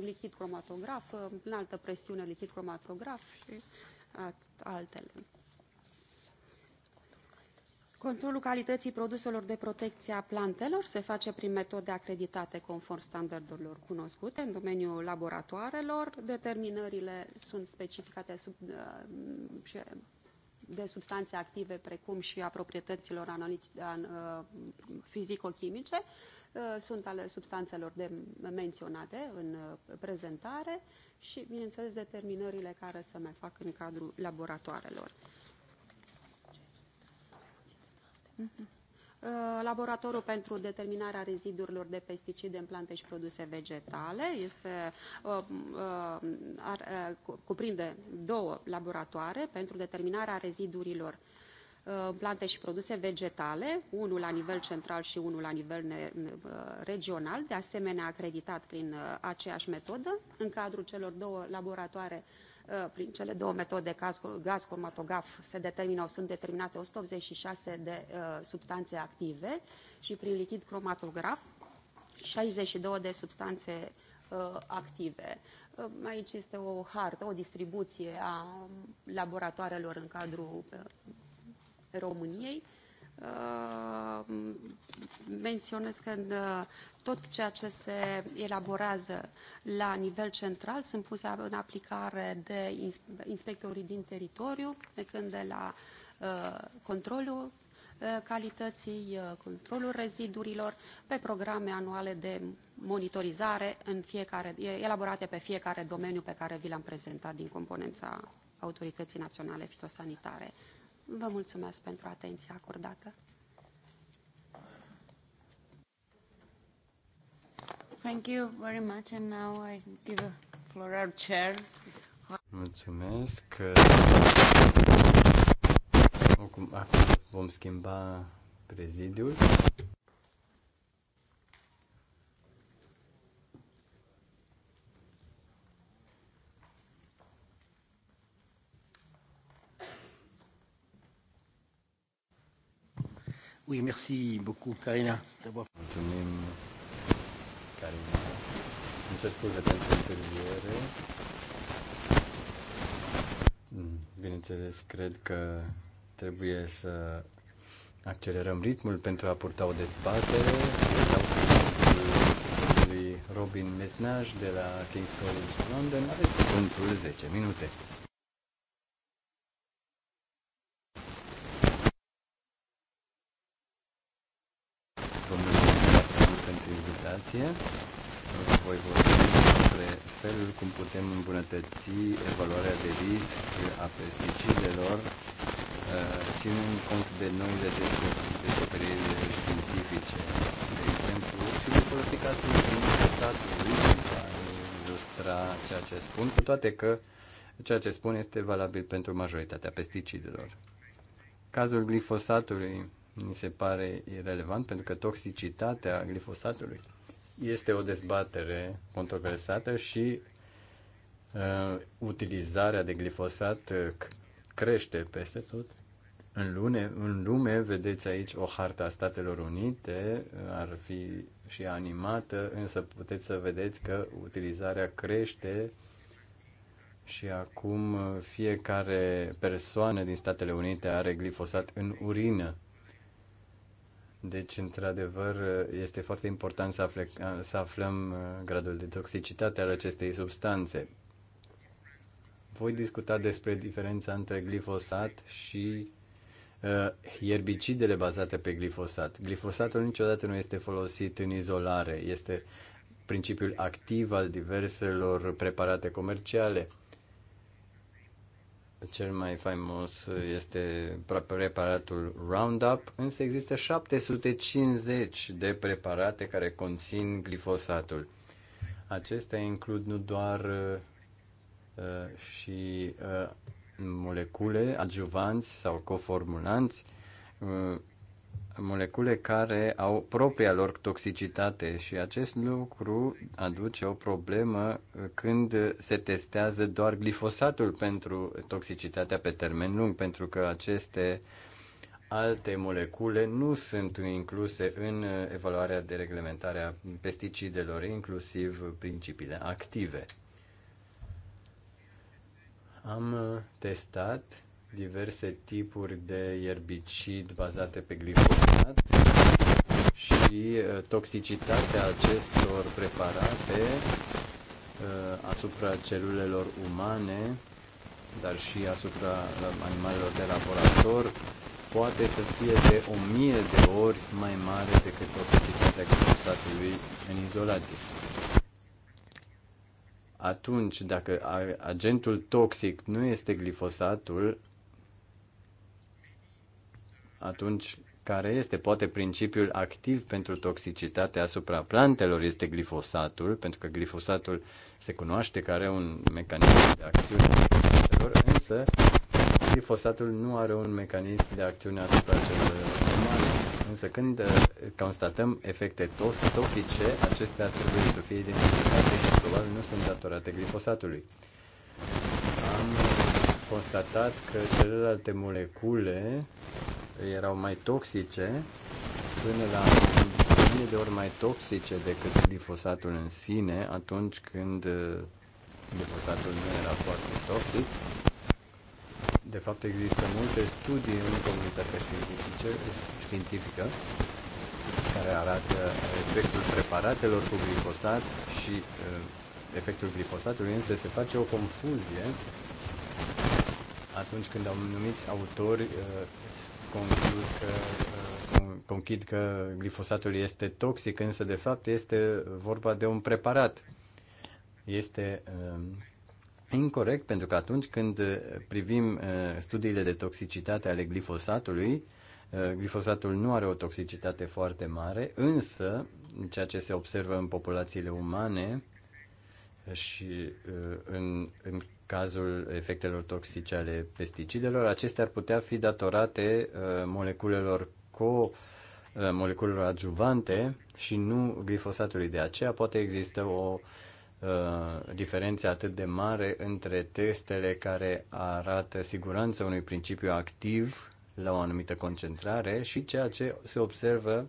lichid cromatograf, înaltă presiune lichid cromatograf și altele. Controlul calității produselor de protecție a plantelor se face prin metode acreditate conform standardelor cunoscute în domeniul laboratoarelor. Determinările sunt specificate sub, uh, de substanțe active, precum și a proprietăților uh, fizico-chimice Uh, sunt ale substanțelor de menționate în uh, prezentare și, bineînțeles, determinările care se mai fac în cadrul laboratoarelor. Mhm. Uh, laboratorul pentru determinarea rezidurilor de pesticide în plante și produse vegetale este, cuprinde două laboratoare pentru determinarea rezidurilor Uh, plante și produse vegetale, unul la nivel central și unul la nivel uh, regional, de asemenea acreditat prin uh, aceeași metodă, în cadrul celor două laboratoare prin cele două metode gaz cromatograf se determină, sunt determinate 186 de uh, substanțe active și prin lichid cromatograf 62 de substanțe uh, active. Uh, aici este o hartă, o distribuție a laboratoarelor în cadrul României. Uh, menționez că în uh, tot ceea ce se elaborează la nivel central sunt puse în aplicare de inspectorii din teritoriu, plecând de la uh, controlul calității, controlul rezidurilor, pe programe anuale de monitorizare în fiecare, elaborate pe fiecare domeniu pe care vi l-am prezentat din componența Autorității Naționale Fitosanitare. Vă mulțumesc pentru atenția acordată. Thank you very much and now I give a floor our chair. Mulțumesc. Acum vom schimba prezidiul. Oui, merci beaucoup, Mulțumim, Karina. Îmi cer scuze pentru întârziere. Mm, bineînțeles, cred că trebuie să accelerăm ritmul pentru a purta o dezbatere. lui Robin Mesnaj de la King's College London. Aveți cuvântul 10 minute. putem îmbunătăți evaluarea de risc a pesticidelor, uh, ținând cont de noile descoperiri științifice. De exemplu, glifosatul glifosatul pentru a ilustra ceea ce spun, cu toate că ceea ce spun este valabil pentru majoritatea pesticidelor. Cazul glifosatului mi se pare irrelevant pentru că toxicitatea glifosatului este o dezbatere controversată și Uh, utilizarea de glifosat uh, crește peste tot. În, lune, în lume, vedeți aici o harta Statelor Unite, uh, ar fi și animată, însă puteți să vedeți că utilizarea crește și acum fiecare persoană din Statele Unite are glifosat în urină. Deci, într-adevăr, este foarte important să, afle, să aflăm gradul de toxicitate al acestei substanțe voi discuta despre diferența între glifosat și uh, erbicidele bazate pe glifosat. Glifosatul niciodată nu este folosit în izolare, este principiul activ al diverselor preparate comerciale. Cel mai faimos este preparatul Roundup, însă există 750 de preparate care conțin glifosatul. Acestea includ nu doar uh, Uh, și uh, molecule adjuvanți sau coformulanți, uh, molecule care au propria lor toxicitate și acest lucru aduce o problemă când se testează doar glifosatul pentru toxicitatea pe termen lung, pentru că aceste alte molecule nu sunt incluse în evaluarea de reglementare a pesticidelor, inclusiv principiile active. Am uh, testat diverse tipuri de erbicid bazate pe glifosat și uh, toxicitatea acestor preparate uh, asupra celulelor umane, dar și asupra animalelor de laborator, poate să fie de o mie de ori mai mare decât toxicitatea glifosatului în izolație atunci dacă agentul toxic nu este glifosatul, atunci care este poate principiul activ pentru toxicitate asupra plantelor este glifosatul, pentru că glifosatul se cunoaște că are un mecanism de acțiune asupra plantelor, însă glifosatul nu are un mecanism de acțiune asupra celor umane. Însă când uh, constatăm efecte toxice, acestea trebuie să fie identificate probabil nu sunt datorate glifosatului. Am constatat că celelalte molecule erau mai toxice, până la mii de ori mai toxice decât glifosatul în sine, atunci când uh, glifosatul nu era foarte toxic. De fapt, există multe studii în comunitatea științifică, științifică care arată efectul preparatelor cu glifosat și uh, efectul glifosatului, însă se face o confuzie atunci când numiți autori uh, conclud că, uh, conchid că glifosatul este toxic, însă de fapt este vorba de un preparat. Este incorrect pentru că atunci când privim studiile de toxicitate ale glifosatului, Uh, glifosatul nu are o toxicitate foarte mare, însă ceea ce se observă în populațiile umane și uh, în, în cazul efectelor toxice ale pesticidelor, acestea ar putea fi datorate uh, moleculelor co moleculelor adjuvante și nu glifosatului. De aceea poate există o diferență atât de mare între testele care arată siguranța unui principiu activ la o anumită concentrare și ceea ce se observă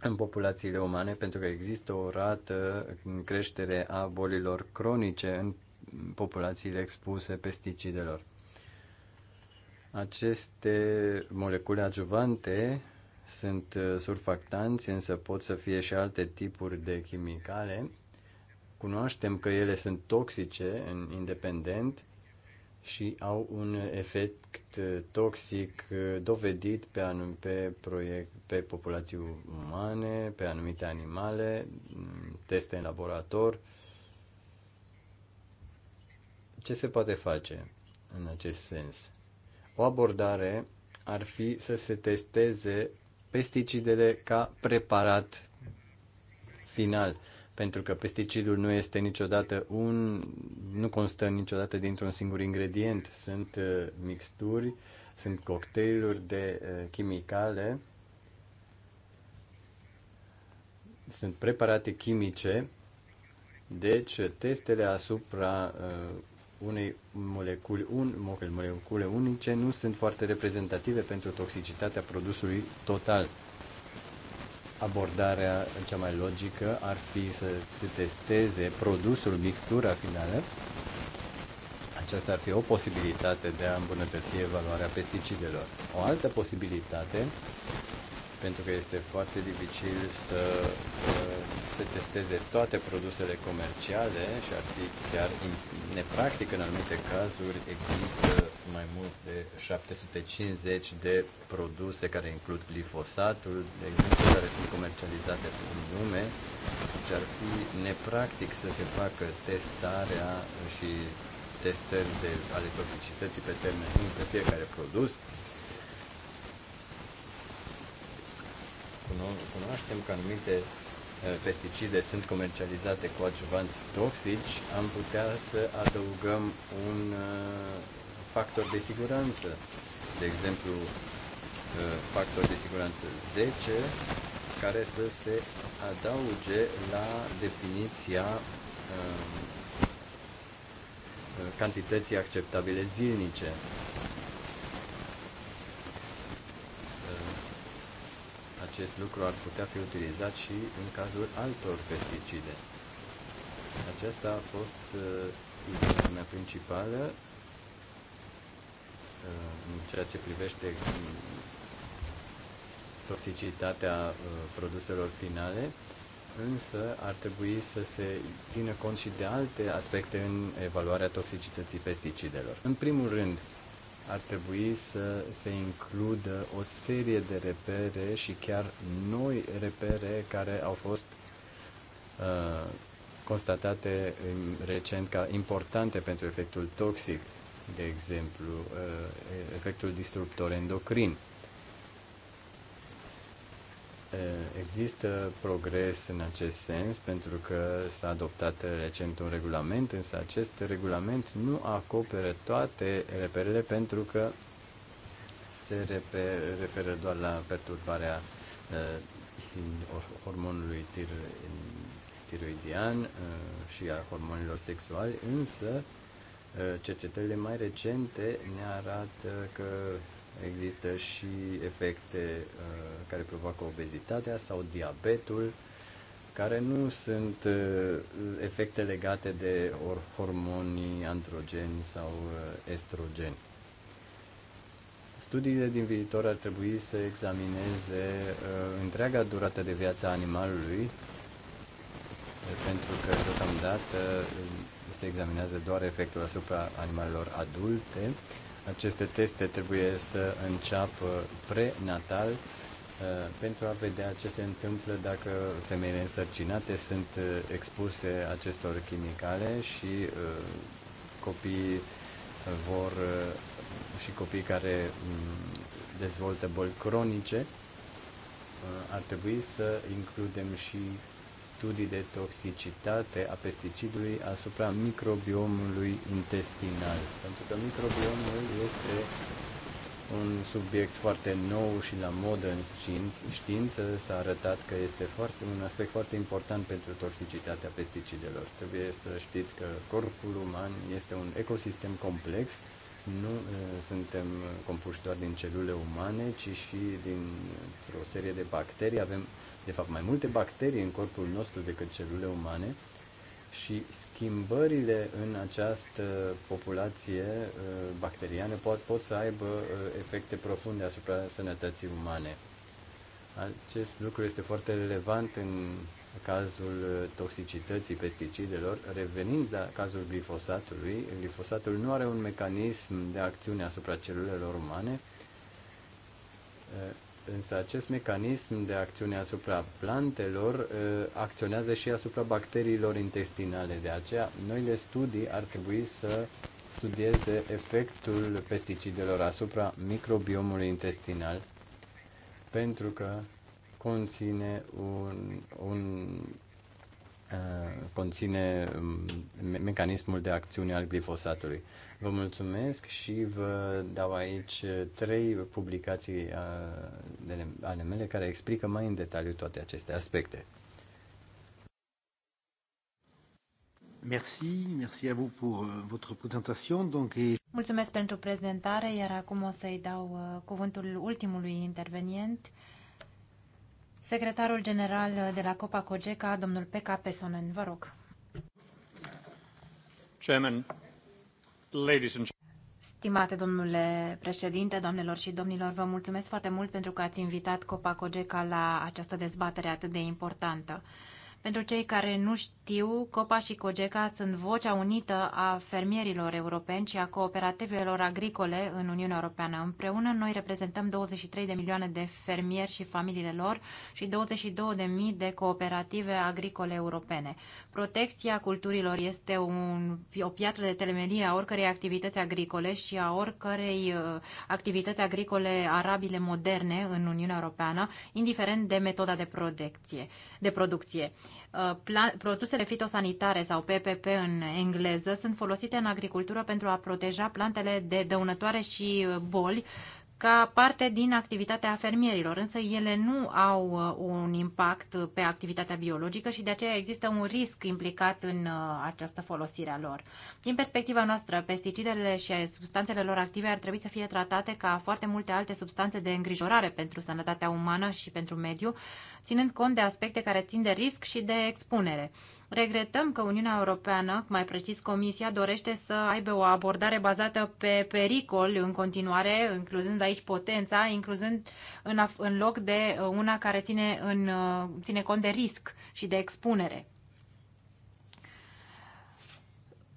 în populațiile umane, pentru că există o rată în creștere a bolilor cronice în populațiile expuse pesticidelor. Aceste molecule adjuvante sunt uh, surfactanți, însă pot să fie și alte tipuri de chimicale. Cunoaștem că ele sunt toxice în independent și au un efect uh, toxic uh, dovedit pe, anum, pe, proiect, pe populații umane, pe anumite animale, mm, teste în laborator. Ce se poate face în acest sens? O abordare ar fi să se testeze pesticidele ca preparat final pentru că pesticidul nu este niciodată un, nu constă niciodată dintr-un singur ingredient. Sunt uh, mixturi, sunt cocktailuri de uh, chimicale, sunt preparate chimice, deci testele asupra uh, unei moleculi, un, molecule unice nu sunt foarte reprezentative pentru toxicitatea produsului total abordarea cea mai logică ar fi să se testeze produsul, mixtura finală. Aceasta ar fi o posibilitate de a îmbunătăți evaluarea pesticidelor. O altă posibilitate pentru că este foarte dificil să uh, se testeze toate produsele comerciale și ar fi chiar nepractic în anumite cazuri. Există mai mult de 750 de produse care includ glifosatul, de exemplu, care sunt comercializate în lume. Deci ar fi nepractic să se facă testarea și testări de, ale toxicității pe termen lung pe fiecare produs cunoaștem că anumite uh, pesticide sunt comercializate cu adjuvanți toxici, am putea să adăugăm un uh, factor de siguranță. De exemplu, uh, factor de siguranță 10, care să se adauge la definiția cantității acceptabile zilnice. acest lucru ar putea fi utilizat și în cazul altor pesticide. Aceasta a fost uh, ideea mea principală uh, în ceea ce privește mm, toxicitatea uh, produselor finale, însă ar trebui să se țină cont și de alte aspecte în evaluarea toxicității pesticidelor. În primul rând, ar trebui să se includă o serie de repere și chiar noi repere care au fost uh, constatate recent ca importante pentru efectul toxic, de exemplu, uh, efectul disruptor endocrin. Eh, există progres în acest sens pentru că s-a adoptat recent un regulament, însă acest regulament nu acoperă toate reperele pentru că se referă doar la perturbarea eh, hormonului tiroidian eh, și a hormonilor sexuali, însă cercetările mai recente ne arată că există și efecte uh, care provoacă obezitatea sau diabetul, care nu sunt uh, efecte legate de or hormonii androgeni sau uh, estrogeni. Studiile din viitor ar trebui să examineze întreaga durată de viață a animalului, pentru că deocamdată se examinează doar efectul asupra animalelor adulte, aceste teste trebuie să înceapă prenatal uh, pentru a vedea ce se întâmplă dacă femeile însărcinate sunt uh, expuse acestor chimicale și uh, copiii vor și copii care mm, dezvoltă boli cronice ar trebui să includem și studii de toxicitate a pesticidului asupra microbiomului intestinal, pentru că microbiomul este un subiect foarte nou și la modă în știință s-a arătat că este foarte, un aspect foarte important pentru toxicitatea pesticidelor. Trebuie să știți că corpul uman este un ecosistem complex, nu uh, suntem compuși doar din celule umane, ci și dintr-o serie de bacterii. Avem de fapt mai multe bacterii în corpul nostru decât celule umane și schimbările în această populație uh, bacteriană pot, pot să aibă uh, efecte profunde asupra sănătății umane. Acest lucru este foarte relevant în cazul uh, toxicității pesticidelor. Revenind la cazul glifosatului, glifosatul nu are un mecanism de acțiune asupra celulelor umane, Însă acest mecanism de acțiune asupra plantelor uh, acționează și asupra bacteriilor intestinale. De aceea, noile studii ar trebui să studieze efectul pesticidelor asupra microbiomului intestinal pentru că conține un, un uh, conține um, mecanismul de acțiune al glifosatului. Vă mulțumesc și vă dau aici trei publicații ale mele care explică mai în detaliu toate aceste aspecte. Merci, merci à vous pour euh, votre présentation. Donc, et... Mulțumesc pentru prezentare, iar acum o să-i dau uh, cuvântul ultimului intervenient, secretarul general de la Copa Cogeca, domnul P.K. Pesonen. Vă rog. Chairman, Stimate domnule președinte, doamnelor și domnilor, vă mulțumesc foarte mult pentru că ați invitat Copacogeca la această dezbatere atât de importantă. Pentru cei care nu știu, COPA și COGECA sunt vocea unită a fermierilor europeni și a cooperativelor agricole în Uniunea Europeană. Împreună noi reprezentăm 23 de milioane de fermieri și familiile lor și 22 de mii de cooperative agricole europene. Protecția culturilor este un, o piatră de telemelie a oricărei activități agricole și a oricărei uh, activități agricole arabile moderne în Uniunea Europeană, indiferent de metoda de De producție. Uh, produsele fitosanitare sau PPP în engleză sunt folosite în agricultură pentru a proteja plantele de dăunătoare și uh, boli ca parte din activitatea fermierilor, însă ele nu au uh, un impact pe activitatea biologică și de aceea există un risc implicat în uh, această folosire a lor. Din perspectiva noastră, pesticidele și substanțele lor active ar trebui să fie tratate ca foarte multe alte substanțe de îngrijorare pentru sănătatea umană și pentru mediu, ținând cont de aspecte care țin de risc și de expunere. Regretăm că Uniunea Europeană, mai precis Comisia, dorește să aibă o abordare bazată pe pericol în continuare, incluzând aici potența, incluzând în, în loc de una care ține, în, ține cont de risc și de expunere.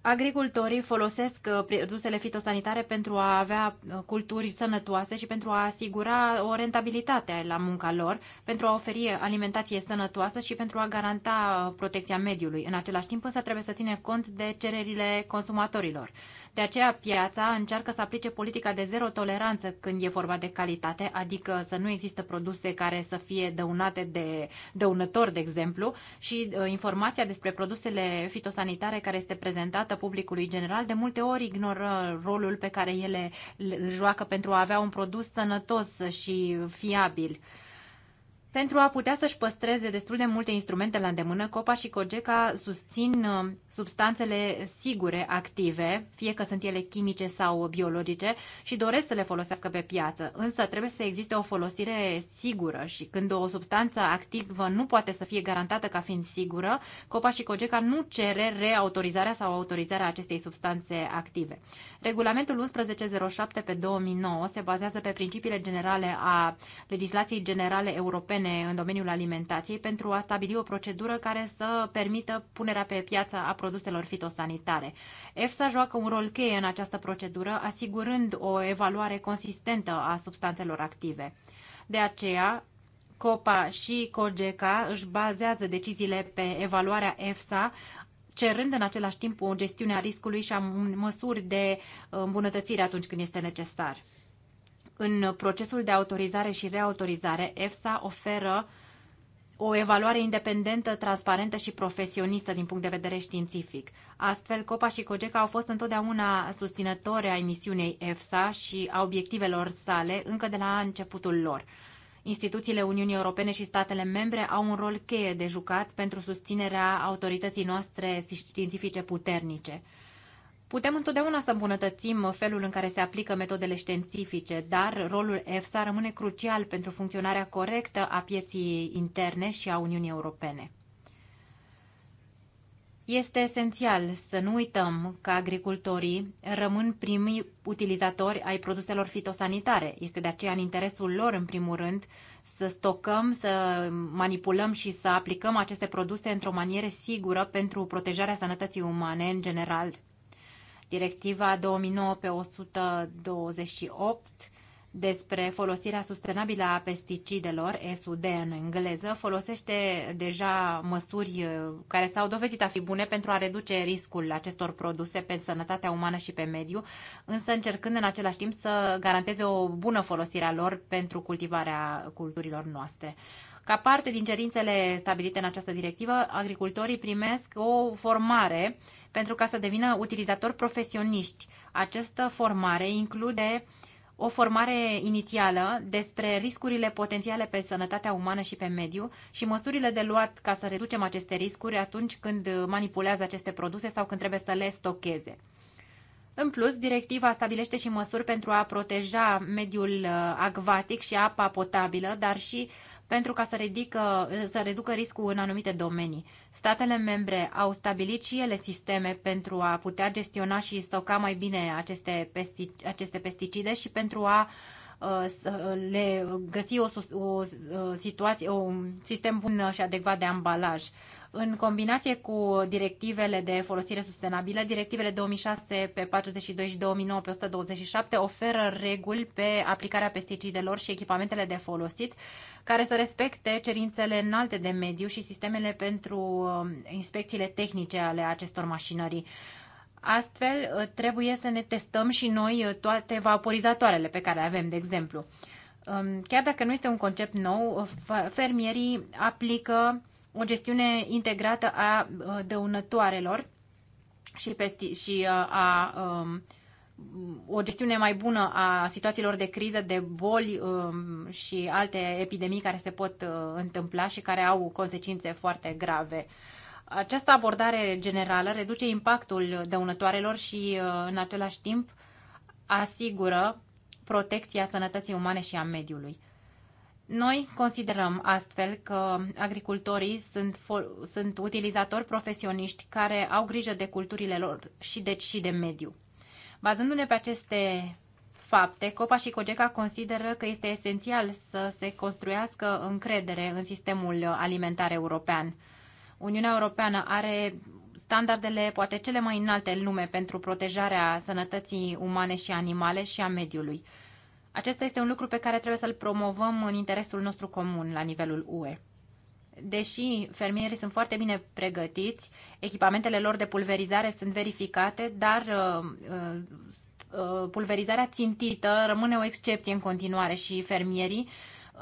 Agricultorii folosesc uh, produsele fitosanitare pentru a avea uh, culturi sănătoase și pentru a asigura o rentabilitate la munca lor, pentru a oferi alimentație sănătoasă și pentru a garanta uh, protecția mediului. În același timp însă trebuie să ține cont de cererile consumatorilor. De aceea piața încearcă să aplice politica de zero toleranță când e vorba de calitate, adică să nu există produse care să fie dăunate de dăunători, de exemplu, și uh, informația despre produsele fitosanitare care este prezentată publicului general de multe ori ignoră rolul pe care ele îl joacă pentru a avea un produs sănătos și fiabil pentru a putea să-și păstreze destul de multe instrumente la îndemână, COPA și COGECA susțin uh, substanțele sigure, active, fie că sunt ele chimice sau biologice, și doresc să le folosească pe piață. Însă trebuie să existe o folosire sigură și când o substanță activă nu poate să fie garantată ca fiind sigură, COPA și COGECA nu cere reautorizarea sau autorizarea acestei substanțe active. Regulamentul 1107 pe 2009 se bazează pe principiile generale a legislației generale europene Europene în domeniul alimentației pentru a stabili o procedură care să permită punerea pe piață a produselor fitosanitare. EFSA joacă un rol cheie în această procedură, asigurând o evaluare consistentă a substanțelor active. De aceea, COPA și COGECA își bazează deciziile pe evaluarea EFSA cerând în același timp o gestiune a riscului și a măsuri de îmbunătățire atunci când este necesar. În procesul de autorizare și reautorizare, EFSA oferă o evaluare independentă, transparentă și profesionistă din punct de vedere științific. Astfel, COPA și COGECA au fost întotdeauna susținători ai misiunii EFSA și a obiectivelor sale încă de la începutul lor. Instituțiile Uniunii Europene și statele membre au un rol cheie de jucat pentru susținerea autorității noastre științifice puternice. Putem întotdeauna să îmbunătățim felul în care se aplică metodele științifice, dar rolul EFSA rămâne crucial pentru funcționarea corectă a pieții interne și a Uniunii Europene. Este esențial să nu uităm că agricultorii rămân primii utilizatori ai produselor fitosanitare. Este de aceea în interesul lor, în primul rând, să stocăm, să manipulăm și să aplicăm aceste produse într-o manieră sigură pentru protejarea sănătății umane în general Directiva 2009 pe 128 despre folosirea sustenabilă a pesticidelor, SUD în engleză, folosește deja măsuri uh, care s-au dovedit a fi bune pentru a reduce riscul acestor produse pe sănătatea umană și pe mediu, însă încercând în același timp să garanteze o bună folosire a lor pentru cultivarea culturilor noastre. Ca parte din cerințele stabilite în această directivă, agricultorii primesc o formare uh, pentru ca să devină utilizatori profesioniști. Această formare include o formare inițială despre riscurile potențiale pe sănătatea umană și pe mediu și măsurile de luat ca să reducem aceste riscuri atunci când manipulează aceste produse sau când trebuie să le stocheze. În plus, directiva stabilește și măsuri pentru a proteja mediul uh, acvatic și apa potabilă, dar și pentru ca să, ridică, să reducă riscul în anumite domenii. Statele membre au stabilit și ele sisteme pentru a putea gestiona și stoca mai bine aceste, pesticide, aceste pesticide și pentru a uh, le găsi o, o uh, situație, un sistem bun și adecvat de ambalaj în combinație cu directivele de folosire sustenabilă, directivele 2006 pe 42 și 2009 pe 127 oferă reguli pe aplicarea pesticidelor și echipamentele de folosit care să respecte cerințele înalte de mediu și sistemele pentru um, inspecțiile tehnice ale acestor mașinării. Astfel, uh, trebuie să ne testăm și noi uh, toate vaporizatoarele pe care le avem, de exemplu. Um, chiar dacă nu este un concept nou, uh, fermierii aplică o gestiune integrată a uh, dăunătoarelor și, pesti- și uh, a, a, um, a o gestiune mai bună a situațiilor de criză, de boli um, și alte epidemii care se pot uh, întâmpla și care au consecințe foarte grave. Această abordare generală reduce impactul dăunătoarelor și, în același timp, asigură protecția sănătății umane și a mediului. Noi considerăm astfel că agricultorii sunt, sunt utilizatori profesioniști care au grijă de culturile lor și deci și de mediu. Bazându-ne pe aceste fapte, COPA și COGECA consideră că este esențial să se construiască încredere în sistemul alimentar european. Uniunea Europeană are standardele poate cele mai înalte în lume pentru protejarea sănătății umane și animale și a mediului acesta este un lucru pe care trebuie să-l promovăm în interesul nostru comun la nivelul UE. Deși fermierii sunt foarte bine pregătiți, echipamentele lor de pulverizare sunt verificate, dar uh, uh, uh pulverizarea țintită rămâne o excepție în continuare și fermierii uh,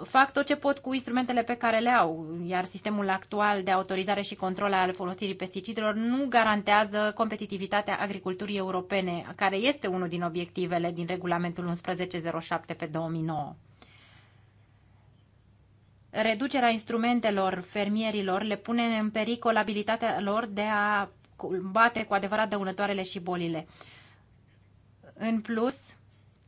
fac tot ce pot cu instrumentele pe care le au, iar sistemul actual de autorizare și control al folosirii pesticidelor nu garantează competitivitatea agriculturii europene, care este unul din obiectivele din regulamentul 1107 pe 2009. Reducerea instrumentelor fermierilor le pune în pericol abilitatea lor de a bate cu adevărat dăunătoarele și bolile. În plus,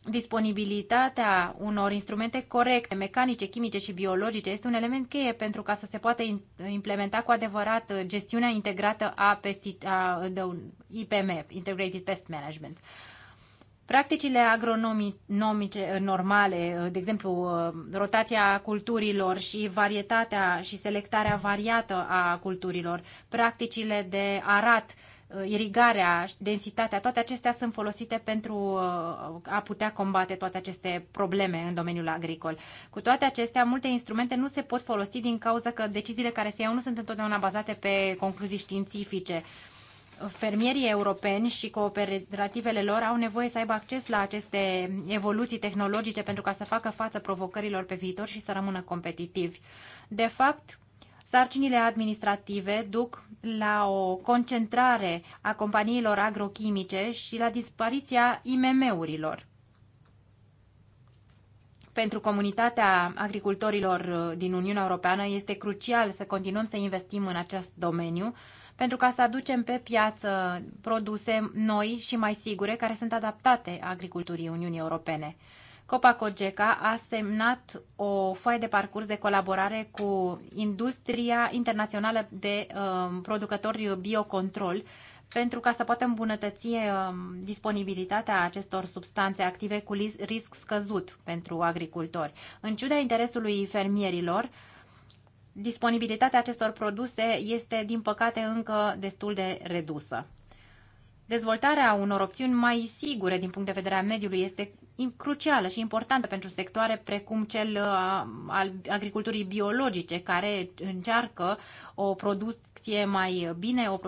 disponibilitatea unor instrumente corecte, mecanice, chimice și biologice este un element cheie pentru ca să se poată implementa cu adevărat gestiunea integrată a, pesti- a IPM, Integrated Pest Management. Practicile agronomice eh, normale, eh, de exemplu, eh, rotația culturilor și varietatea și selectarea variată a culturilor, practicile de arat, Uh, irigarea, densitatea, toate acestea sunt folosite pentru uh, a putea combate toate aceste probleme în domeniul agricol. Cu toate acestea, multe instrumente nu se pot folosi din cauza că deciziile care se iau nu sunt întotdeauna bazate pe concluzii științifice fermierii europeni și cooperativele lor au nevoie să aibă acces la aceste evoluții tehnologice pentru ca să facă față provocărilor pe viitor și să rămână competitivi. De fapt, Sarcinile administrative duc la o concentrare a companiilor agrochimice și la dispariția IMM-urilor. Pentru comunitatea agricultorilor uh, din Uniunea Europeană este crucial să continuăm să investim în acest domeniu pentru ca să aducem pe piață produse noi și mai sigure care sunt adaptate agriculturii Uniunii Europene. Copacogeca a semnat o foaie de parcurs de colaborare cu industria internațională de uh, producători biocontrol pentru ca să poată îmbunătăți uh, disponibilitatea acestor substanțe active cu risc scăzut pentru agricultori. În ciuda interesului fermierilor, disponibilitatea acestor produse este, din păcate, încă destul de redusă. Dezvoltarea unor opțiuni mai sigure din punct de vedere a mediului este crucială și importantă pentru sectoare precum cel uh, al agriculturii biologice, care încearcă o, produs, producție mai bine, o,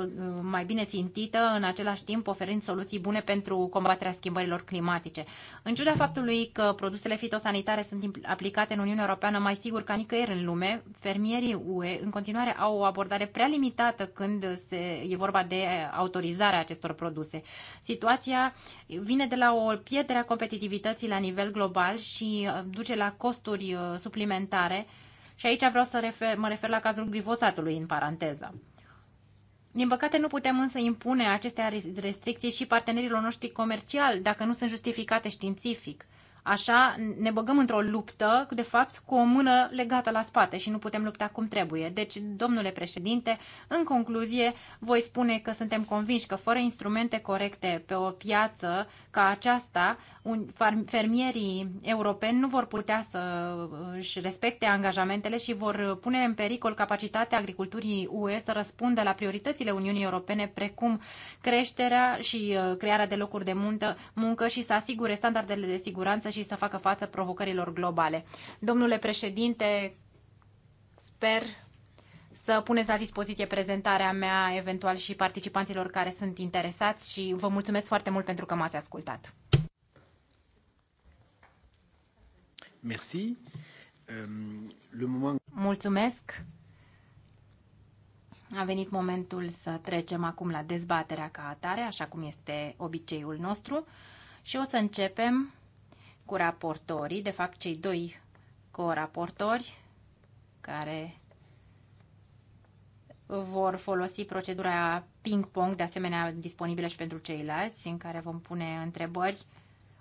mai bine țintită, în același timp oferind soluții bune pentru combaterea schimbărilor climatice. În ciuda faptului că produsele fitosanitare sunt aplicate în Uniunea Europeană mai sigur ca nicăieri în lume, fermierii UE în continuare au o abordare prea limitată când se, e vorba de autorizarea acestor produse. Situația vine de la o pierdere a competitivității la nivel global și duce la costuri uh, suplimentare și aici vreau să refer, mă refer la cazul glifosatului, în paranteză. Din păcate, nu putem însă impune aceste restricții și partenerilor noștri comerciali dacă nu sunt justificate științific. Așa ne băgăm într-o luptă, de fapt, cu o mână legată la spate și nu putem lupta cum trebuie. Deci, domnule președinte, în concluzie, voi spune că suntem convinși că fără instrumente corecte pe o piață ca aceasta, fermierii europeni nu vor putea să își respecte angajamentele și vor pune în pericol capacitatea agriculturii UE să răspundă la prioritățile Uniunii Europene, precum creșterea și uh, crearea de locuri de muncă, muncă și să asigure standardele de siguranță și să facă față provocărilor globale. Domnule președinte, sper să puneți la dispoziție prezentarea mea, eventual și participanților care sunt interesați și vă mulțumesc foarte mult pentru că m-ați ascultat. Merci. Euh, mulțumesc. A venit momentul să trecem acum la dezbaterea ca atare, așa cum este obiceiul nostru, și o să începem cu raportorii, de fapt cei doi coraportori care vor folosi procedura ping-pong, de asemenea disponibilă și pentru ceilalți, în care vom pune întrebări.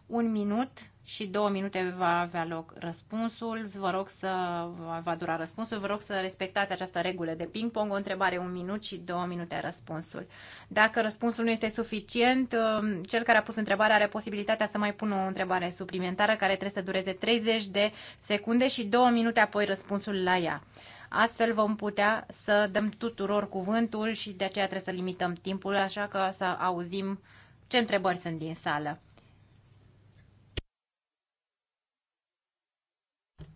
Un minut și două minute va avea loc răspunsul. Vă rog să va dura răspunsul. Vă rog să respectați această regulă de ping-pong, o întrebare un minut și două minute răspunsul. Dacă răspunsul nu este suficient, um, cel care a pus întrebarea are posibilitatea să mai pună o întrebare suplimentară care trebuie să dureze 30 de secunde și două minute apoi răspunsul la ea. Astfel vom putea să dăm tuturor cuvântul și de aceea trebuie să limităm timpul, așa că să auzim ce întrebări sunt din sală.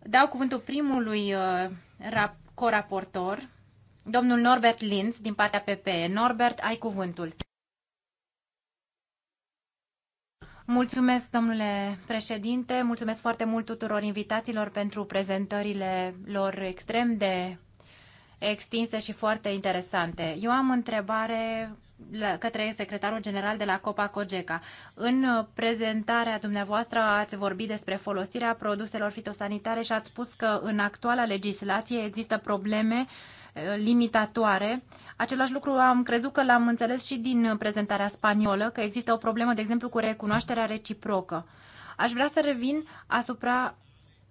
Dau cuvântul primului uh, rap- coraportor, domnul Norbert Linz, din partea PPE. Norbert, ai cuvântul. Mulțumesc, domnule președinte, mulțumesc foarte mult tuturor invitațiilor pentru prezentările lor extrem de extinse și foarte interesante. Eu am întrebare la, către secretarul general de la Copa Cogeca. În uh, prezentarea dumneavoastră ați vorbit despre folosirea produselor fitosanitare și ați spus că în actuala legislație există probleme uh, limitatoare. Același lucru am crezut că l-am înțeles și din uh, prezentarea spaniolă, că există o problemă, de exemplu, cu recunoașterea reciprocă. Aș vrea să revin asupra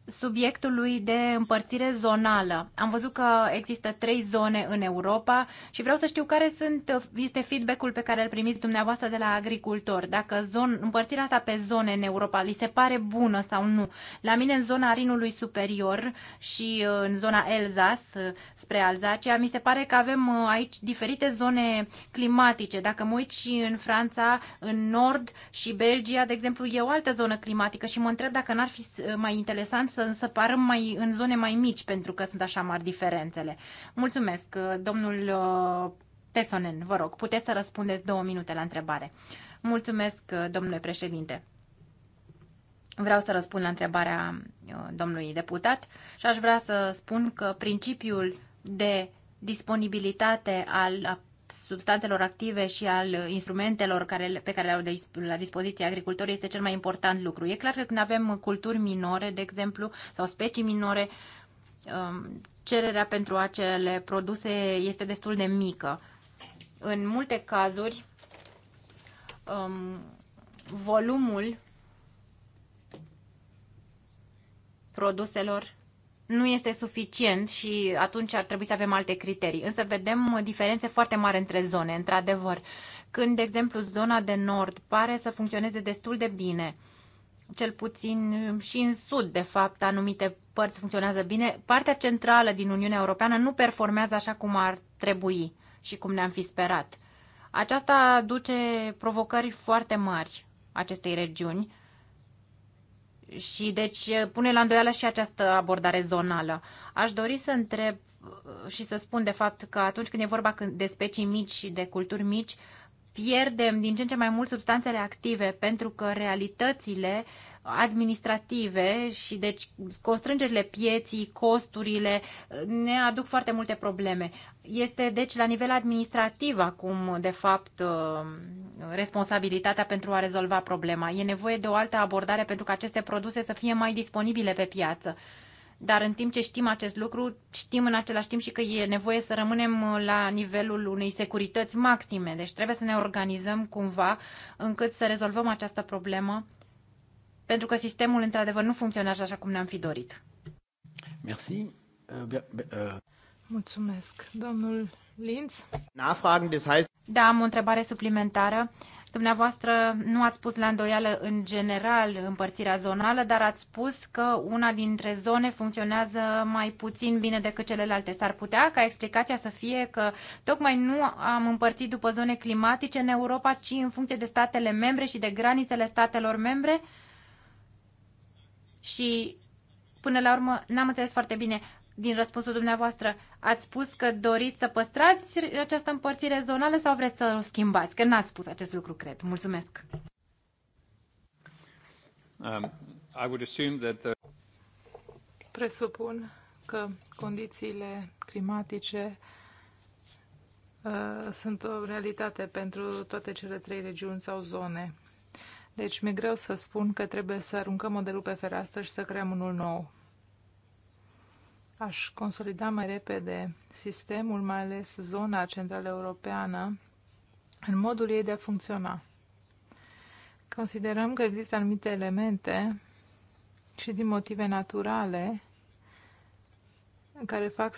subiectului de împărțire zonală. Am văzut că există trei zone în Europa și vreau să știu care sunt, este feedback-ul pe care îl primiți dumneavoastră de la agricultori. Dacă zon, împărțirea asta pe zone în Europa li se pare bună sau nu. La mine în zona Rinului Superior și uh, în zona Elzas uh, spre Alzacea, mi se pare că avem uh, aici diferite zone climatice. Dacă mă uit și în Franța, în Nord și Belgia, de exemplu, e o altă zonă climatică și mă întreb dacă n-ar fi mai interesant să separăm mai, în zone mai mici, pentru că sunt așa mari diferențele. Mulțumesc, domnul uh, Pesonen, vă rog, puteți să răspundeți două minute la întrebare. Mulțumesc, uh, domnule președinte. Vreau să răspund la întrebarea uh, domnului deputat și aș vrea să spun că principiul de disponibilitate al substanțelor active și al instrumentelor care, pe care le au la dispoziție agricultorii este cel mai important lucru. E clar că când avem culturi minore, de exemplu, sau specii minore, um, cererea pentru acele produse este destul de mică. În multe cazuri, um, volumul produselor nu este suficient și atunci ar trebui să avem alte criterii. Însă vedem diferențe foarte mari între zone, într-adevăr. Când, de exemplu, zona de nord pare să funcționeze destul de bine, cel puțin și în sud, de fapt, anumite părți funcționează bine, partea centrală din Uniunea Europeană nu performează așa cum ar trebui și cum ne-am fi sperat. Aceasta duce provocări foarte mari acestei regiuni și deci pune la îndoială și această abordare zonală. Aș dori să întreb uh, și să spun de fapt că atunci când e vorba de specii mici și de culturi mici, pierdem din ce în ce mai mult substanțele active pentru că realitățile uh, administrative și deci constrângerile pieții, costurile ne aduc foarte multe probleme. Este deci la nivel administrativ acum de fapt uh, responsabilitatea pentru a rezolva problema. E nevoie de o altă abordare pentru ca aceste produse să fie mai disponibile pe piață. Dar în timp ce știm acest lucru, știm în același timp și că e nevoie să rămânem uh, la nivelul unei securități maxime. Deci trebuie să ne organizăm cumva încât să rezolvăm această problemă pentru că sistemul într-adevăr nu funcționează așa cum ne-am fi dorit. Merci. Euh, euh. Mulțumesc, domnul Linz. Nachfragen, des heißt... Da, am o întrebare suplimentară. Dumneavoastră nu ați spus la îndoială în general împărțirea zonală, dar ați spus că una dintre zone funcționează mai puțin bine decât celelalte. S-ar putea ca explicația să fie că tocmai nu am împărțit după zone climatice în Europa, ci în funcție de statele membre și de granițele statelor membre? Uh, și până la urmă n-am înțeles foarte bine din răspunsul dumneavoastră. Ați spus că doriți să păstrați această împărțire zonală sau vreți să o schimbați? Că n-ați spus acest lucru, cred. Mulțumesc. Um, I would assume that the... Presupun că condițiile climatice uh, sunt o realitate pentru toate cele trei regiuni sau zone. Deci mi-e greu să spun că trebuie să aruncăm modelul pe fereastră și să creăm unul nou. Aș consolida mai repede sistemul, mai ales zona centrală europeană, în modul ei de a funcționa. Considerăm că există anumite elemente și din motive naturale care fac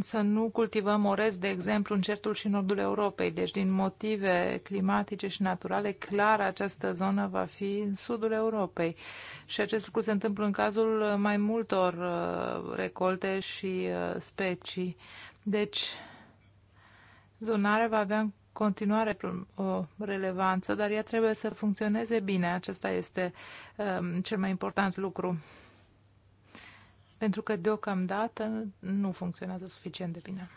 să nu cultivăm orez, de exemplu, în certul și nordul Europei. Deci, din motive climatice și naturale, clar această zonă va fi în sudul Europei. Și acest lucru se întâmplă în cazul uh, mai multor uh, recolte și uh, specii. Deci, zonarea va avea în continuare o relevanță, dar ea trebuie să funcționeze bine. Acesta este um, cel mai important lucru pentru că deocamdată nu funcționează suficient de bine.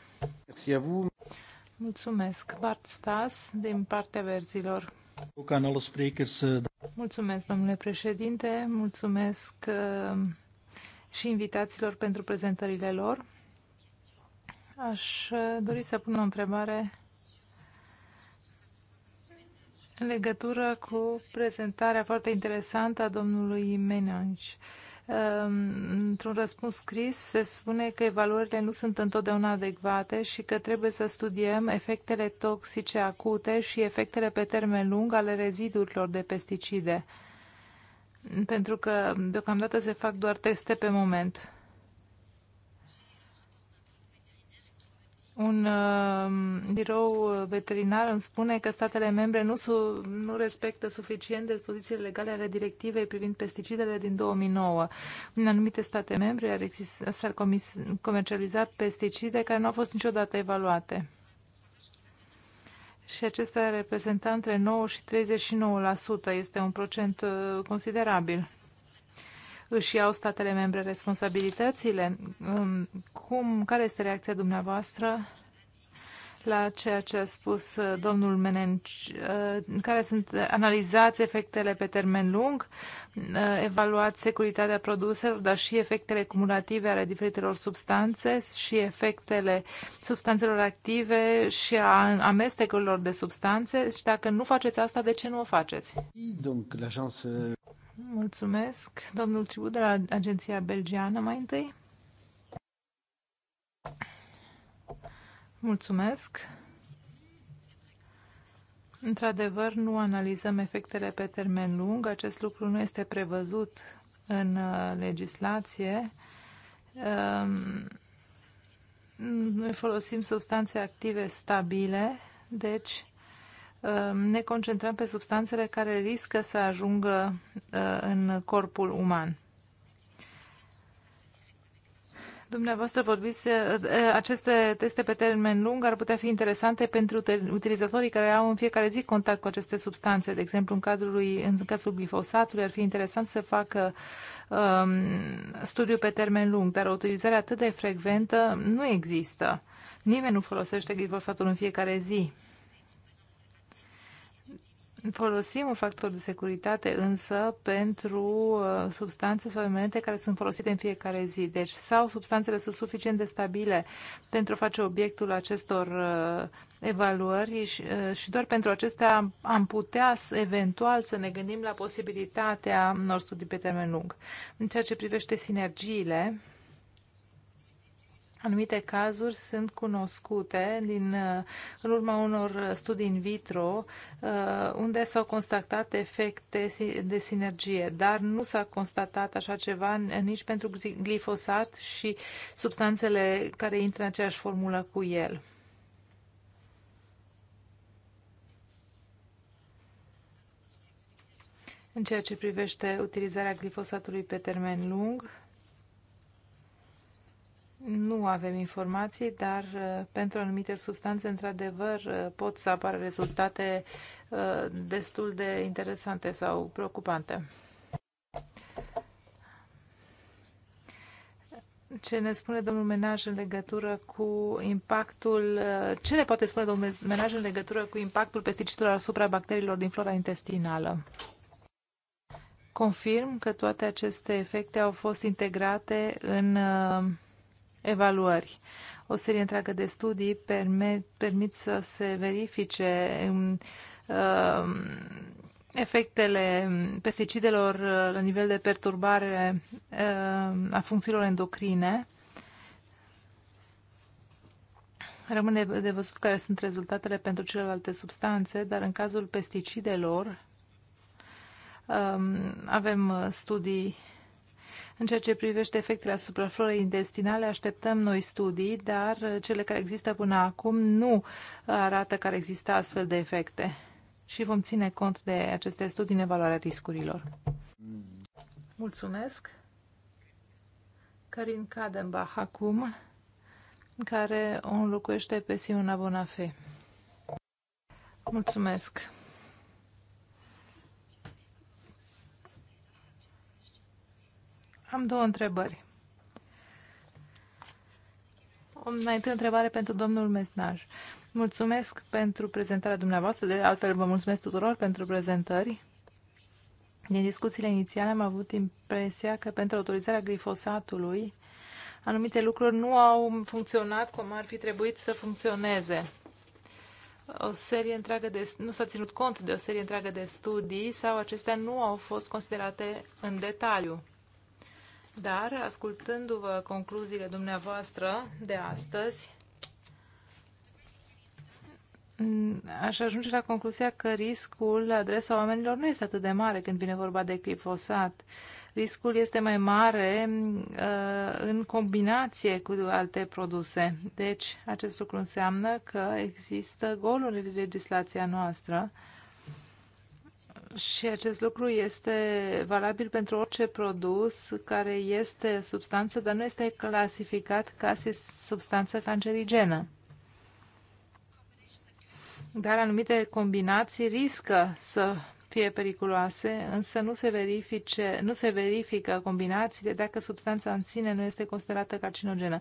Mulțumesc, Bart Stas, din partea verzilor. Mulțumesc, domnule președinte, mulțumesc uh, și invitațiilor pentru prezentările lor. Aș uh, dori să pun o întrebare în legătură cu prezentarea foarte interesantă a domnului Menange Ehm, într-un răspuns scris se spune că evaluările nu sunt întotdeauna adecvate și că trebuie să studiem efectele toxice acute și efectele pe termen lung ale rezidurilor de pesticide. Pentru că deocamdată se fac doar teste pe moment. un uh, birou veterinar îmi spune că statele membre nu, su- nu respectă suficient dispozițiile legale ale directivei privind pesticidele din 2009. În anumite state membre s-ar comercializa pesticide care nu au fost niciodată evaluate. Și acesta reprezintă între 9 și 39%. Este un procent uh, considerabil își iau statele membre responsabilitățile? Cum, care este reacția dumneavoastră la ceea ce a spus uh, domnul Menenci, uh, care sunt uh, analizați efectele pe termen lung, evaluați securitatea produselor, dar și efectele cumulative ale diferitelor substanțe și efectele substanțelor active și a amestecurilor de substanțe și dacă nu faceți asta, de ce nu o faceți? Donc, Mulțumesc. Domnul Tribut de la Agenția Belgiană mai întâi. Mulțumesc. Într-adevăr, nu analizăm efectele pe termen lung. Acest lucru nu este prevăzut în uh, legislație. Um, noi folosim substanțe active stabile, deci Ehm, ne concentrăm pe substanțele care riscă să ajungă eh, în corpul uman. Dumneavoastră vorbiți, eh, aceste teste pe termen lung ar putea fi interesante pentru utilizatorii care au în fiecare zi contact cu aceste substanțe. De exemplu, în, lui în cazul glifosatului ar fi interesant să facă um, studiu pe termen lung, dar o utilizare atât de frecventă nu există. Nimeni nu folosește glifosatul în fiecare zi. Folosim un factor de securitate însă pentru uh, substanțe sau elemente care sunt folosite în fiecare zi. Deci sau substanțele sunt suficient de stabile pentru a face obiectul acestor uh, evaluări și, uh, și doar pentru acestea am putea eventual să ne gândim la posibilitatea unor studii pe termen lung. În ceea ce privește sinergiile, Anumite cazuri sunt cunoscute din, uh, în urma unor studii in vitro uh, unde s-au constatat efecte de sinergie, dar nu s-a constatat așa ceva nici pentru glifosat și substanțele care intră în aceeași formulă cu el. În ceea ce privește utilizarea glifosatului pe termen lung, nu avem informații, dar uh, pentru anumite substanțe, într-adevăr, uh, pot să apară rezultate uh, destul de interesante sau preocupante. Ce ne spune domnul Menaj în legătură cu impactul, ce ne poate spune domnul Menaj în legătură cu impactul pesticidelor asupra bacteriilor din flora intestinală? Confirm că toate aceste efecte au fost integrate în uh, evaluări. O serie întreagă de studii permit, permit să se verifice uh, efectele pesticidelor uh, la nivel de perturbare uh, a funcțiilor endocrine. Rămâne de văzut care sunt rezultatele pentru celelalte substanțe, dar în cazul pesticidelor um, avem uh, studii în ceea ce privește efectele asupra florei intestinale, așteptăm noi studii, dar cele care există până acum nu arată că există astfel de efecte. Și vom ține cont de aceste studii în evaluarea riscurilor. Mulțumesc! Karin Kadenbach acum, care o înlocuiește pe Simona Bonafé. Mulțumesc! Am două întrebări. Mai întâi întrebare pentru domnul Mesnaj. Mulțumesc pentru prezentarea dumneavoastră, de altfel vă mulțumesc tuturor pentru prezentări. Din discuțiile inițiale am avut impresia că pentru autorizarea glifosatului anumite lucruri nu au funcționat cum ar fi trebuit să funcționeze. O serie întreagă de, nu s-a ținut cont de o serie întreagă de studii sau acestea nu au fost considerate în detaliu. Dar, ascultându-vă concluziile dumneavoastră de astăzi, mm, aș ajunge la concluzia că riscul la adresa oamenilor nu este atât de mare când vine vorba de glifosat. Riscul este mai mare mm, uh, în combinație cu alte produse. Deci, acest lucru înseamnă că există goluri în legislația noastră uh, și acest lucru este valabil pentru orice produs care este substanță, dar nu este clasificat ca substanță cancerigenă. Dar anumite combinații riscă să fie periculoase, însă nu se, verifice, nu se verifică combinațiile dacă substanța în sine nu este considerată carcinogenă.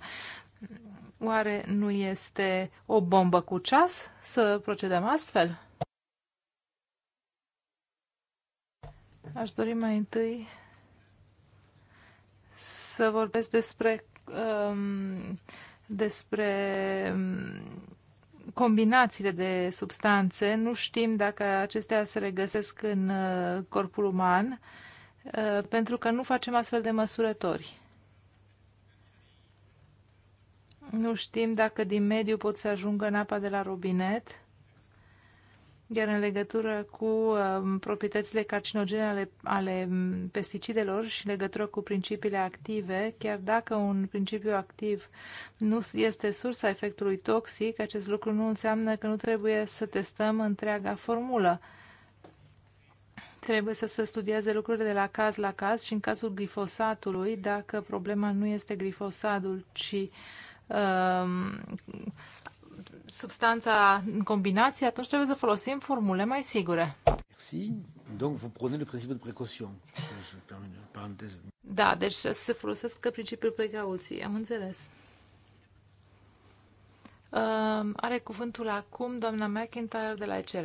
Oare nu este o bombă cu ceas să procedăm astfel? Aș dori mai întâi să vorbesc despre, um, despre um, combinațiile de substanțe. Nu știm dacă acestea se regăsesc în uh, corpul uman, uh, pentru că nu facem astfel de măsurători. Nu știm dacă din mediu pot să ajungă în apa de la robinet iar în legătură cu um, proprietățile carcinogene ale, ale um, pesticidelor și legătură cu principiile active, chiar dacă un principiu activ nu este sursa efectului toxic, acest lucru nu înseamnă că nu trebuie să testăm întreaga formulă. Trebuie să se studieze lucrurile de la caz la caz și în cazul glifosatului, dacă problema nu este glifosatul, ci uh, substanța în combinație, atunci trebuie să folosim formule mai sigure. Merci. Donc vous prenez le principe de précaution. Je permets une parenthèse. Da, deci să se folosească principiul precauției. Am înțeles. Uh, are cuvântul acum doamna McIntyre de la ECR.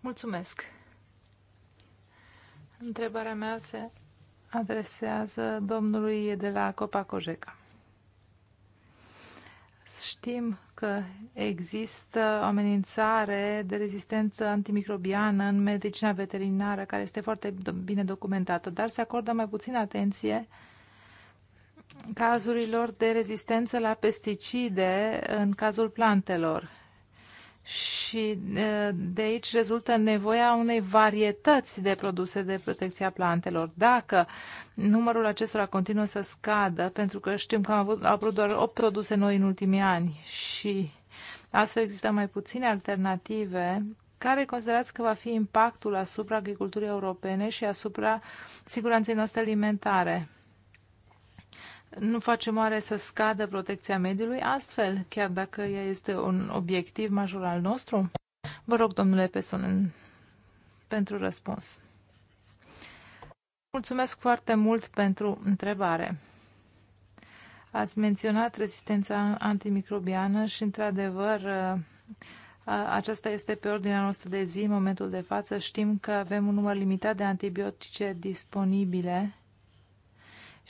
Mulțumesc. Întrebarea mea se adresează domnului de la Cojeca. Știm că există o amenințare de rezistență antimicrobiană în medicina veterinară, care este foarte bine documentată, dar se acordă mai puțin atenție cazurilor de rezistență la pesticide în cazul plantelor și de aici rezultă nevoia unei varietăți de produse de protecție a plantelor. Dacă numărul acestora continuă să scadă, pentru că știm că am avut, au apărut doar 8 produse noi în ultimii ani și astfel există mai puține alternative, care considerați că va fi impactul asupra agriculturii europene și asupra siguranței noastre alimentare? nu facem oare să scadă protecția mediului astfel, chiar dacă ea este un obiectiv major al nostru? Vă rog, domnule Pesonen, pentru răspuns. Mulțumesc foarte mult pentru întrebare. Ați menționat rezistența antimicrobiană și, într-adevăr, aceasta este pe ordinea noastră de zi în momentul de față. Știm că avem un număr limitat de antibiotice disponibile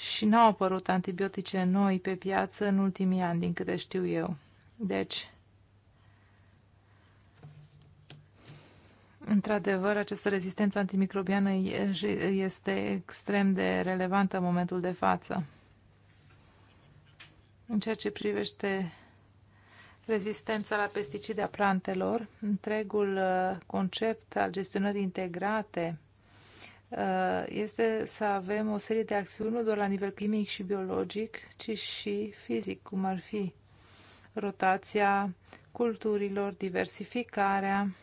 și n-au apărut antibiotice noi pe piață în ultimii ani, din câte știu eu. Deci, Într-adevăr, această rezistență antimicrobiană este extrem de relevantă în momentul de față. În ceea ce privește rezistența la pesticide a plantelor, întregul uh, concept al gestionării integrate Uh, este să avem o serie de acțiuni nu doar la nivel chimic și biologic, ci și fizic, cum ar fi rotația culturilor, diversificarea,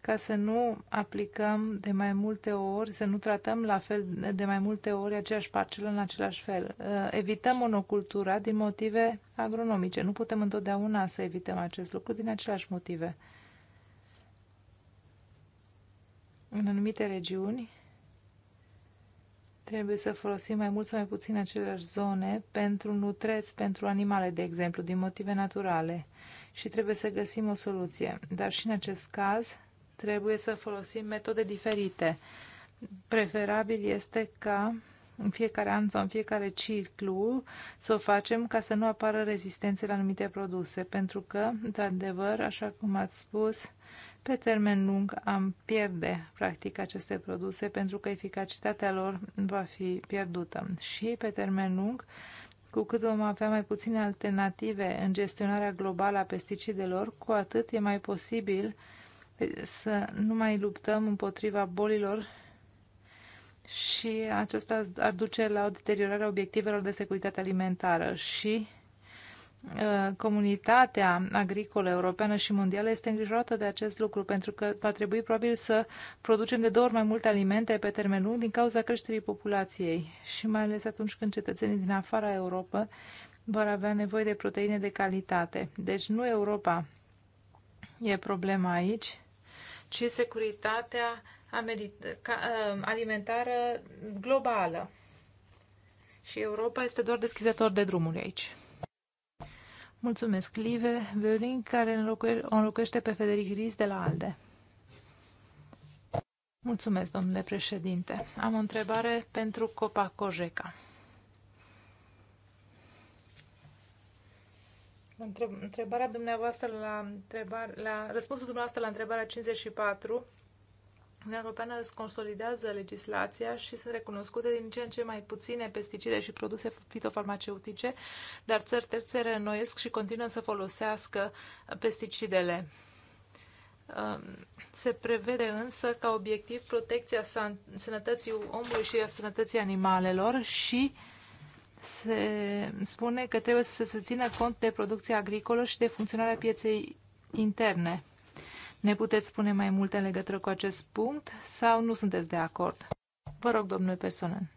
ca să nu aplicăm de mai multe ori, să nu tratăm la fel de mai multe ori aceeași parcelă în același fel. Uh, evităm monocultura din motive agronomice. Nu putem întotdeauna să evităm acest lucru din aceleași motive. în anumite regiuni trebuie să folosim mai mult sau mai puțin aceleași zone pentru nutreți, pentru animale, de exemplu, din motive naturale. Și trebuie să găsim o soluție. Dar și în acest caz trebuie să folosim metode diferite. Preferabil este ca în fiecare an sau în fiecare ciclu să o facem ca să nu apară rezistențe la anumite produse, pentru că, într-adevăr, așa cum ați spus, pe termen lung am pierde, practic, aceste produse pentru că eficacitatea lor va fi pierdută. Și pe termen lung, cu cât vom avea mai puține alternative în gestionarea globală a pesticidelor, cu atât e mai posibil să nu mai luptăm împotriva bolilor și aceasta ar duce la o deteriorare a obiectivelor de securitate alimentară și Uh, comunitatea agricolă europeană și mondială este îngrijorată de acest lucru, pentru că va trebui probabil să producem de două ori mai multe alimente pe termen lung din cauza creșterii populației și mai ales atunci când cetățenii din afara Europa vor avea nevoie de proteine de calitate. Deci nu Europa e problema aici, ci securitatea uh, alimentară globală. Și Europa este doar deschizător de drumuri aici. Mulțumesc, Live Verin, care o înlocuiește pe Federic Riz de la ALDE. Mulțumesc, domnule președinte. Am o întrebare pentru Copa Cojeca. Întrebarea dumneavoastră la, întrebare, la răspunsul dumneavoastră la întrebarea 54 Uniunea Europeană îți consolidează legislația și sunt recunoscute din ce în ce mai puține pesticide și produse fitofarmaceutice, dar țări terțe reînnoiesc și continuă să folosească pesticidele. Um, se prevede însă ca obiectiv protecția sănătății omului și a sănătății animalelor și se spune că trebuie să se țină cont de producția agricolă și de funcționarea pieței interne. Ne puteți spune mai multe în legătură cu acest punct sau nu sunteți de acord? Vă rog, domnule Personen.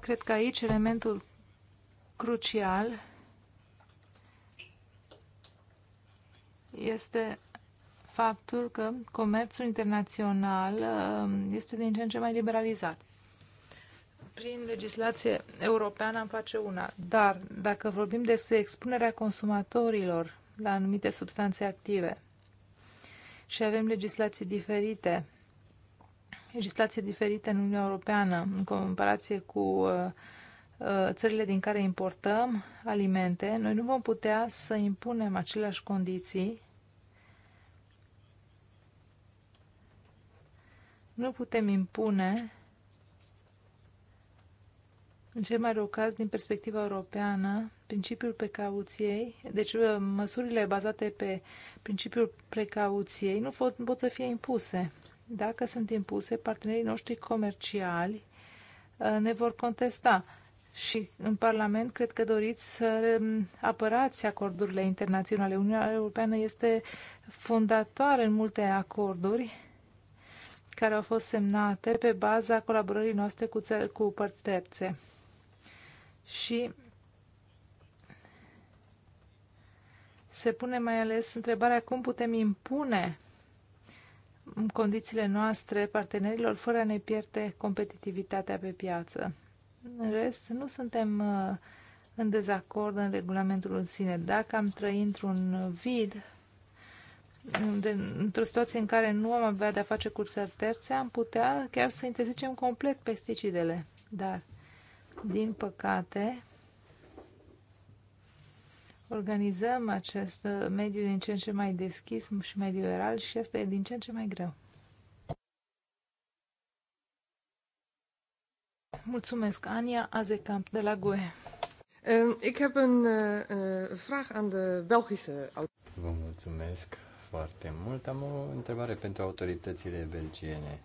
Cred că aici elementul crucial este faptul că comerțul internațional um, este din ce în ce mai liberalizat. Prin legislație europeană am face una, dar dacă vorbim despre expunerea consumatorilor la anumite substanțe active. Și avem legislații diferite, legislații diferite în Uniunea Europeană în comparație cu uh, uh, țările din care importăm alimente. Noi nu vom putea să impunem aceleași condiții nu putem impune în cel mai rău caz, din perspectiva europeană, principiul precauției, deci uh, măsurile bazate pe principiul precauției, nu pot, pot să fie impuse. Dacă sunt impuse, partenerii noștri comerciali uh, ne vor contesta. Și în Parlament cred că doriți să um, apărați acordurile internaționale. Uniunea Europeană este fondatoare în multe acorduri care au fost semnate pe baza colaborării noastre cu, țări, cu părți terțe și se pune mai ales întrebarea cum putem impune în condițiile noastre partenerilor fără a ne pierde competitivitatea pe piață. În rest, nu suntem uh, în dezacord în regulamentul în sine. Dacă am trăit într-un vid, într-o situație în care nu am avea de-a face cu țări terțe, am putea chiar să interzicem complet pesticidele. Dar din păcate, organizăm acest mediu din ce în ce mai deschis și mai liberal și asta e din ce în ce mai greu. Mulțumesc, Ania Azecamp de la GUE. Ehm, ik heb een eh, eh, vraag aan de Belgische Vă mulțumesc foarte mult. Am o întrebare pentru autoritățile belgiene.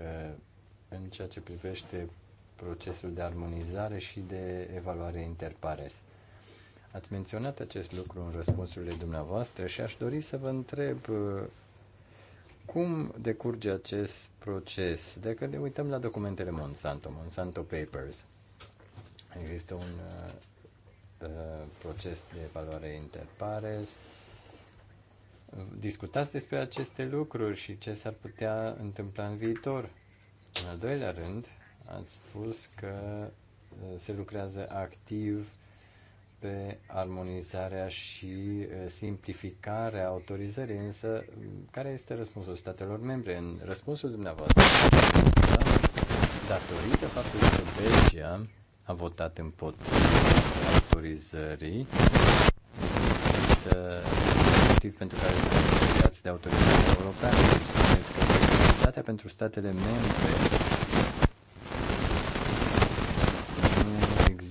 Eh, în ceea ce privește procesul de armonizare și de evaluare interpares. Ați menționat acest lucru în răspunsurile dumneavoastră și aș dori să vă întreb uh, cum decurge acest proces. Dacă ne uităm la documentele Monsanto, Monsanto Papers, există un uh, uh, proces de evaluare interpares. Discutați despre aceste lucruri și ce s-ar putea întâmpla în viitor. În al doilea rând, Ați spus că uh, se lucrează activ pe armonizarea și uh, simplificarea autorizării, însă mm, care este răspunsul statelor membre? În răspunsul dumneavoastră, datorită faptului că Belgia a votat împotriva autorizării, există motiv pentru care sunt de autorizare europeană, spuneți că pentru statele membre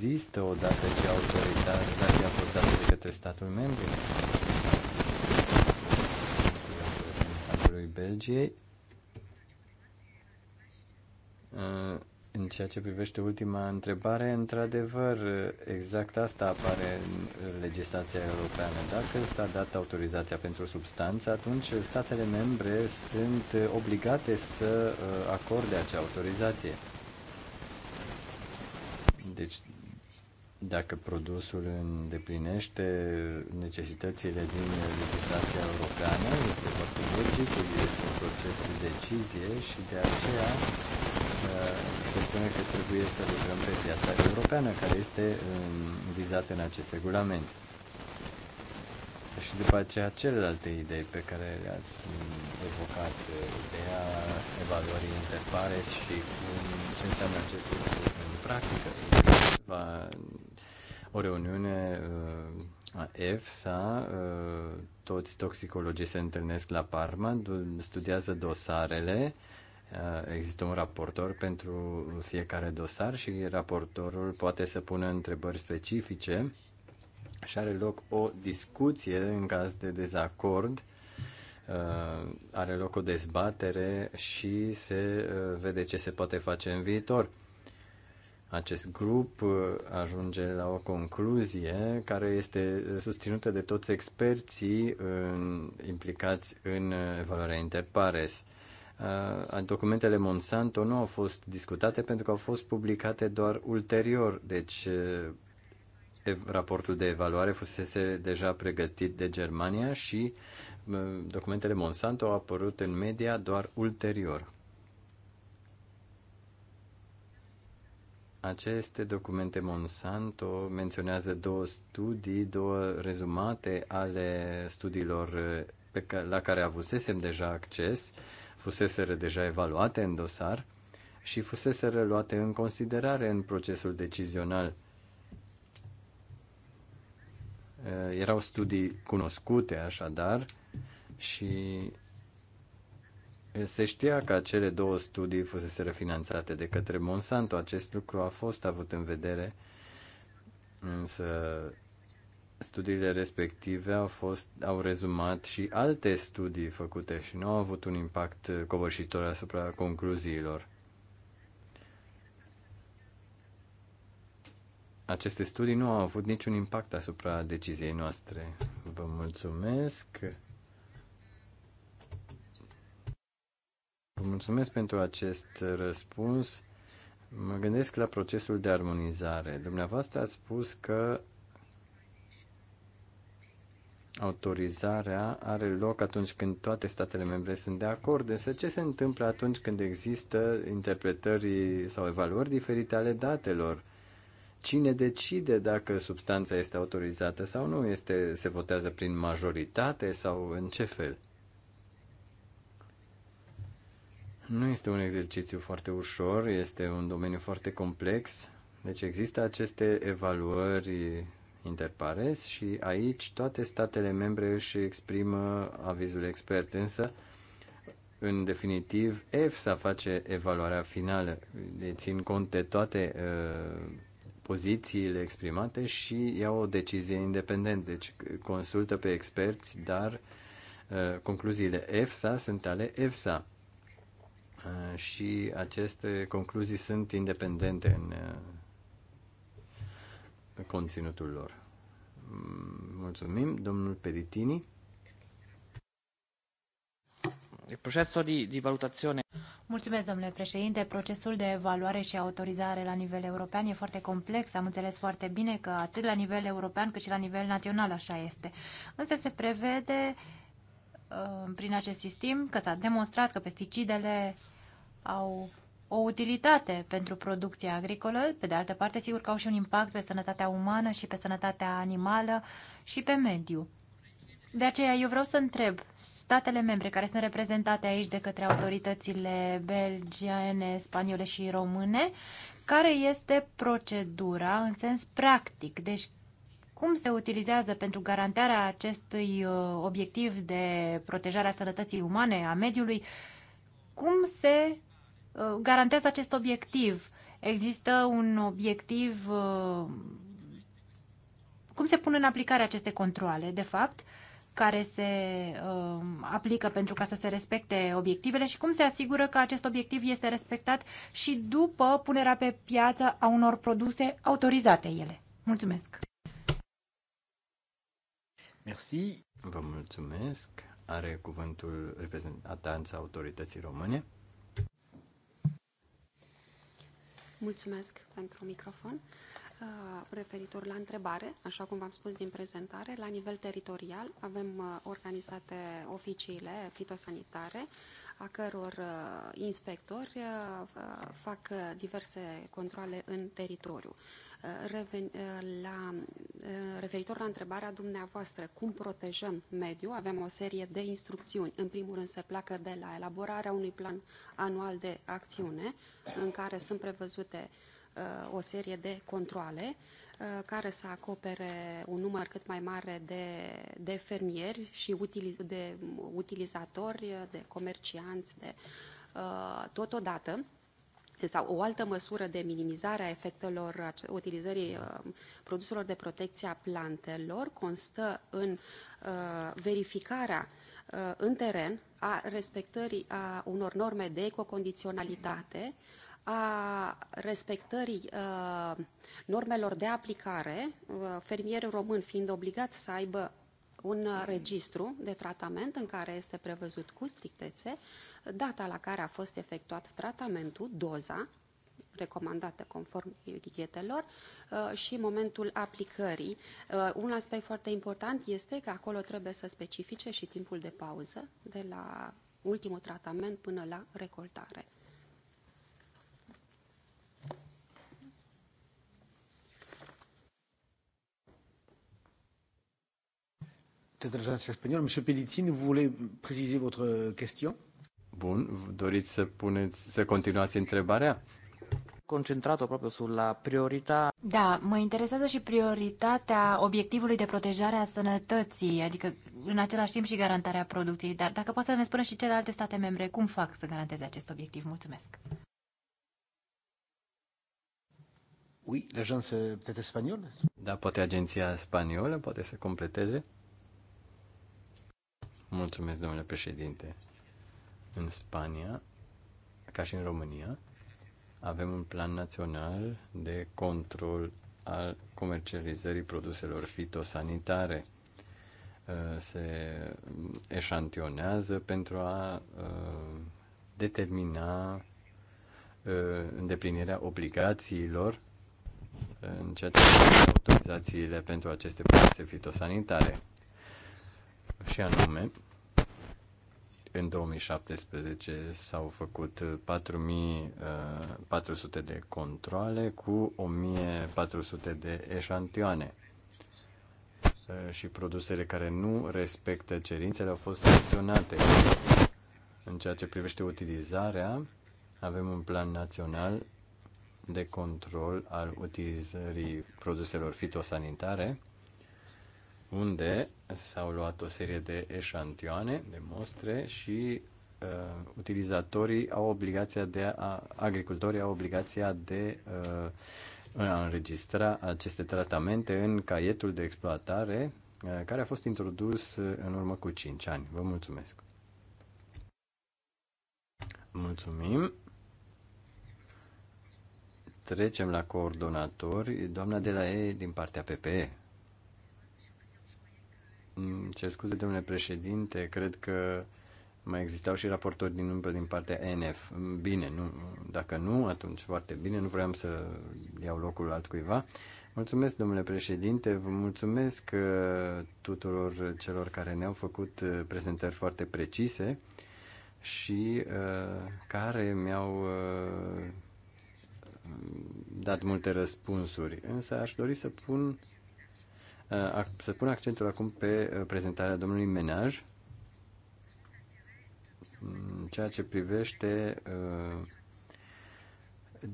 există odată ce autorizația a fost dată de către statul membru. Reprezentantului Belgiei. În ceea ce privește ultima întrebare, într-adevăr, exact asta apare în legislația europeană. Dacă s-a dat autorizația pentru substanță, atunci statele membre sunt obligate să uh, acorde acea autorizație. Deci, dacă produsul îndeplinește necesitățile din legislația europeană, este foarte logic, este un proces de decizie și de aceea uh, se spune că trebuie să lucrăm pe piața europeană care este um, vizată în acest regulament. Și după aceea celelalte idei pe care le-ați um, evocat, ideea evaluării interpares și cum, ce înseamnă acest lucru în practică, va, o reuniune uh, a EFSA, uh, toți toxicologii se întâlnesc la Parma, studiază dosarele, uh, există un raportor pentru fiecare dosar și raportorul poate să pună întrebări specifice și are loc o discuție în caz de dezacord, are loc o dezbatere și se vede ce se poate face în viitor acest grup uh, ajunge la o concluzie care este susținută de toți experții în, implicați în uh, evaluarea interpares. Uh, documentele Monsanto nu au fost discutate pentru că au fost publicate doar ulterior, deci raportul de evaluare fusese deja pregătit de Germania și documentele Monsanto au apărut în media doar ulterior. Aceste documente Monsanto menționează două studii, două rezumate ale studiilor eh, pe care, la care avusesem deja acces, fuseseră deja evaluate în dosar și fuseseră luate în considerare în procesul decizional. Eh, erau studii cunoscute, așadar, și se știa că acele două studii fusese refinanțate de către Monsanto. Acest lucru a fost avut în vedere, însă studiile respective au, fost, au rezumat și alte studii făcute și nu au avut un impact covârșitor asupra concluziilor. Aceste studii nu au avut niciun impact asupra deciziei noastre. Vă mulțumesc! Vă mulțumesc pentru acest răspuns. Mă gândesc la procesul de armonizare. Dumneavoastră ați spus că autorizarea are loc atunci când toate statele membre sunt de acord, însă ce se întâmplă atunci când există interpretări sau evaluări diferite ale datelor? Cine decide dacă substanța este autorizată sau nu? Este, se votează prin majoritate sau în ce fel? Nu este un exercițiu foarte ușor, este un domeniu foarte complex. Deci există aceste evaluări interpares și aici toate statele membre își exprimă avizul expert, însă în definitiv EFSA face evaluarea finală. Le țin cont de toate uh, pozițiile exprimate și iau o decizie independentă. Deci consultă pe experți, dar uh, concluziile EFSA sunt ale EFSA. Eh, și aceste concluzii sunt independente în eh, conținutul lor. Mm, mulțumim, domnul Peritini. Procesul de, de Mulțumesc, domnule președinte. Procesul de evaluare și autorizare la nivel european e foarte complex. Am înțeles foarte bine că atât la nivel european cât și la nivel național așa este. Însă se prevede uh, prin acest sistem că s-a demonstrat că pesticidele au o utilitate pentru producția agricolă, pe de altă parte, sigur că au și un impact pe sănătatea umană și pe sănătatea animală și pe mediu. De aceea eu vreau să întreb statele membre care sunt reprezentate aici de către autoritățile belgiene, spaniole și române, care este procedura în sens practic, deci cum se utilizează pentru garantarea acestui uh, obiectiv de protejare a sănătății umane, a mediului, cum se Uh, garantează acest obiectiv? Există un obiectiv... Uh, cum se pun în aplicare aceste controle, de fapt, care se uh, aplică pentru ca să se respecte obiectivele și cum se asigură că acest obiectiv este respectat și după punerea pe piață a unor produse autorizate ele? Mulțumesc! Merci! Vă mulțumesc! Are cuvântul reprezentanța autorității române. Mulțumesc pentru microfon. Uh, referitor la întrebare, așa cum v-am spus din prezentare, la nivel teritorial avem uh, organizate oficiile fitosanitare, a căror uh, inspectori fac diverse controle în teritoriu reven, eh, la, eh, referitor la întrebarea dumneavoastră, cum protejăm mediul, avem o serie de instrucțiuni. În primul rând se pleacă de la elaborarea unui plan anual de acțiune, în care sunt prevăzute eh, o serie de controle care să acopere un număr cât mai mare de, de fermieri și utiliz, de utilizatori, de comercianți, de uh, totodată sau o altă măsură de minimizare a efectelor utilizării uh, produselor de protecție a plantelor constă în uh, verificarea uh, în teren a respectării a unor norme de ecocondiționalitate, a respectării normelor de aplicare, Fermierul român fiind obligat să aibă un registru de tratament în care este prevăzut cu strictețe data la care a fost efectuat tratamentul, doza recomandată conform etichetelor uh, și momentul aplicării. Uh, un aspect foarte important este că acolo trebuie să specifice și timpul de pauză de la ultimul tratament până la recoltare. Bun, doriți să, puneți, să continuați întrebarea? concentrat-o proprio sulla priorità. Da, mă interesează și prioritatea obiectivului de protejare a sănătății, adică în același timp și garantarea producției, dar dacă poate să ne spună și celelalte state membre cum fac să garanteze acest obiectiv. Mulțumesc. Oui, l'agence euh, peut-être espagnole? Da, poate agenția spaniolă poate să completeze. Mulțumesc, domnule președinte. În Spania, ca și în România, avem un plan național de control al comercializării produselor fitosanitare. Uh, se eșantionează pentru a uh, determina uh, îndeplinirea obligațiilor în ceea ce privește autorizațiile pentru aceste produse fitosanitare și anume, în 2017 s-au făcut 4400 uh, de controle cu 1400 de eșantioane uh, și produsele care nu respectă cerințele au fost sancționate. În ceea ce privește utilizarea, avem un plan național de control al utilizării produselor fitosanitare unde s-au luat o serie de eșantioane, de mostre și uh, utilizatorii au obligația de a, agricultorii au obligația de uh, a înregistra aceste tratamente în caietul de exploatare uh, care a fost introdus în urmă cu 5 ani. Vă mulțumesc! Mulțumim! Trecem la coordonatori. Doamna de la E din partea PPE. Mm, cer scuze, domnule președinte, cred că mai existau și raportori din umbră din partea NF. Mm, bine, nu, dacă nu, atunci foarte bine, nu vreau să iau locul altcuiva. Mulțumesc, domnule președinte, vă mulțumesc uh, tuturor celor care ne-au făcut uh, prezentări foarte precise și uh, care mi-au uh, dat multe răspunsuri. Însă aș dori să pun Uh, să pun accentul acum pe uh, prezentarea domnului Menaj, ceea ce privește uh,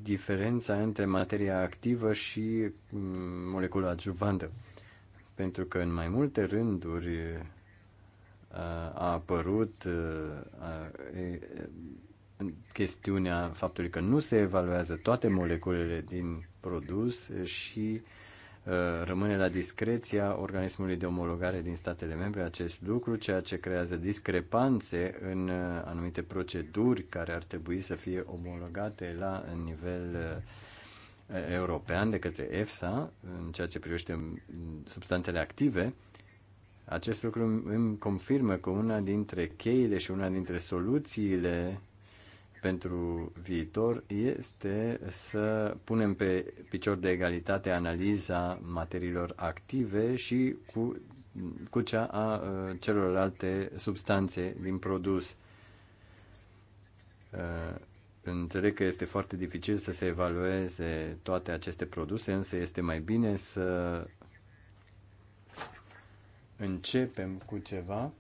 diferența între materia activă și mm, molecula adjuvantă. Pentru că în mai multe rânduri a apărut chestiunea faptului că nu se evaluează toate moleculele din produs și uh, Uh, rămâne la discreția organismului de omologare din statele membre acest lucru, ceea ce creează discrepanțe în uh, anumite proceduri care ar trebui să fie omologate la nivel uh, european de către EFSA în ceea ce privește mm, substanțele active. Acest lucru îmi confirmă că una dintre cheile și una dintre soluțiile pentru viitor este să punem pe picior de egalitate analiza materiilor active și cu, cu cea a celorlalte substanțe din produs. Înțeleg că este foarte dificil să se evalueze toate aceste produse, însă este mai bine să începem cu ceva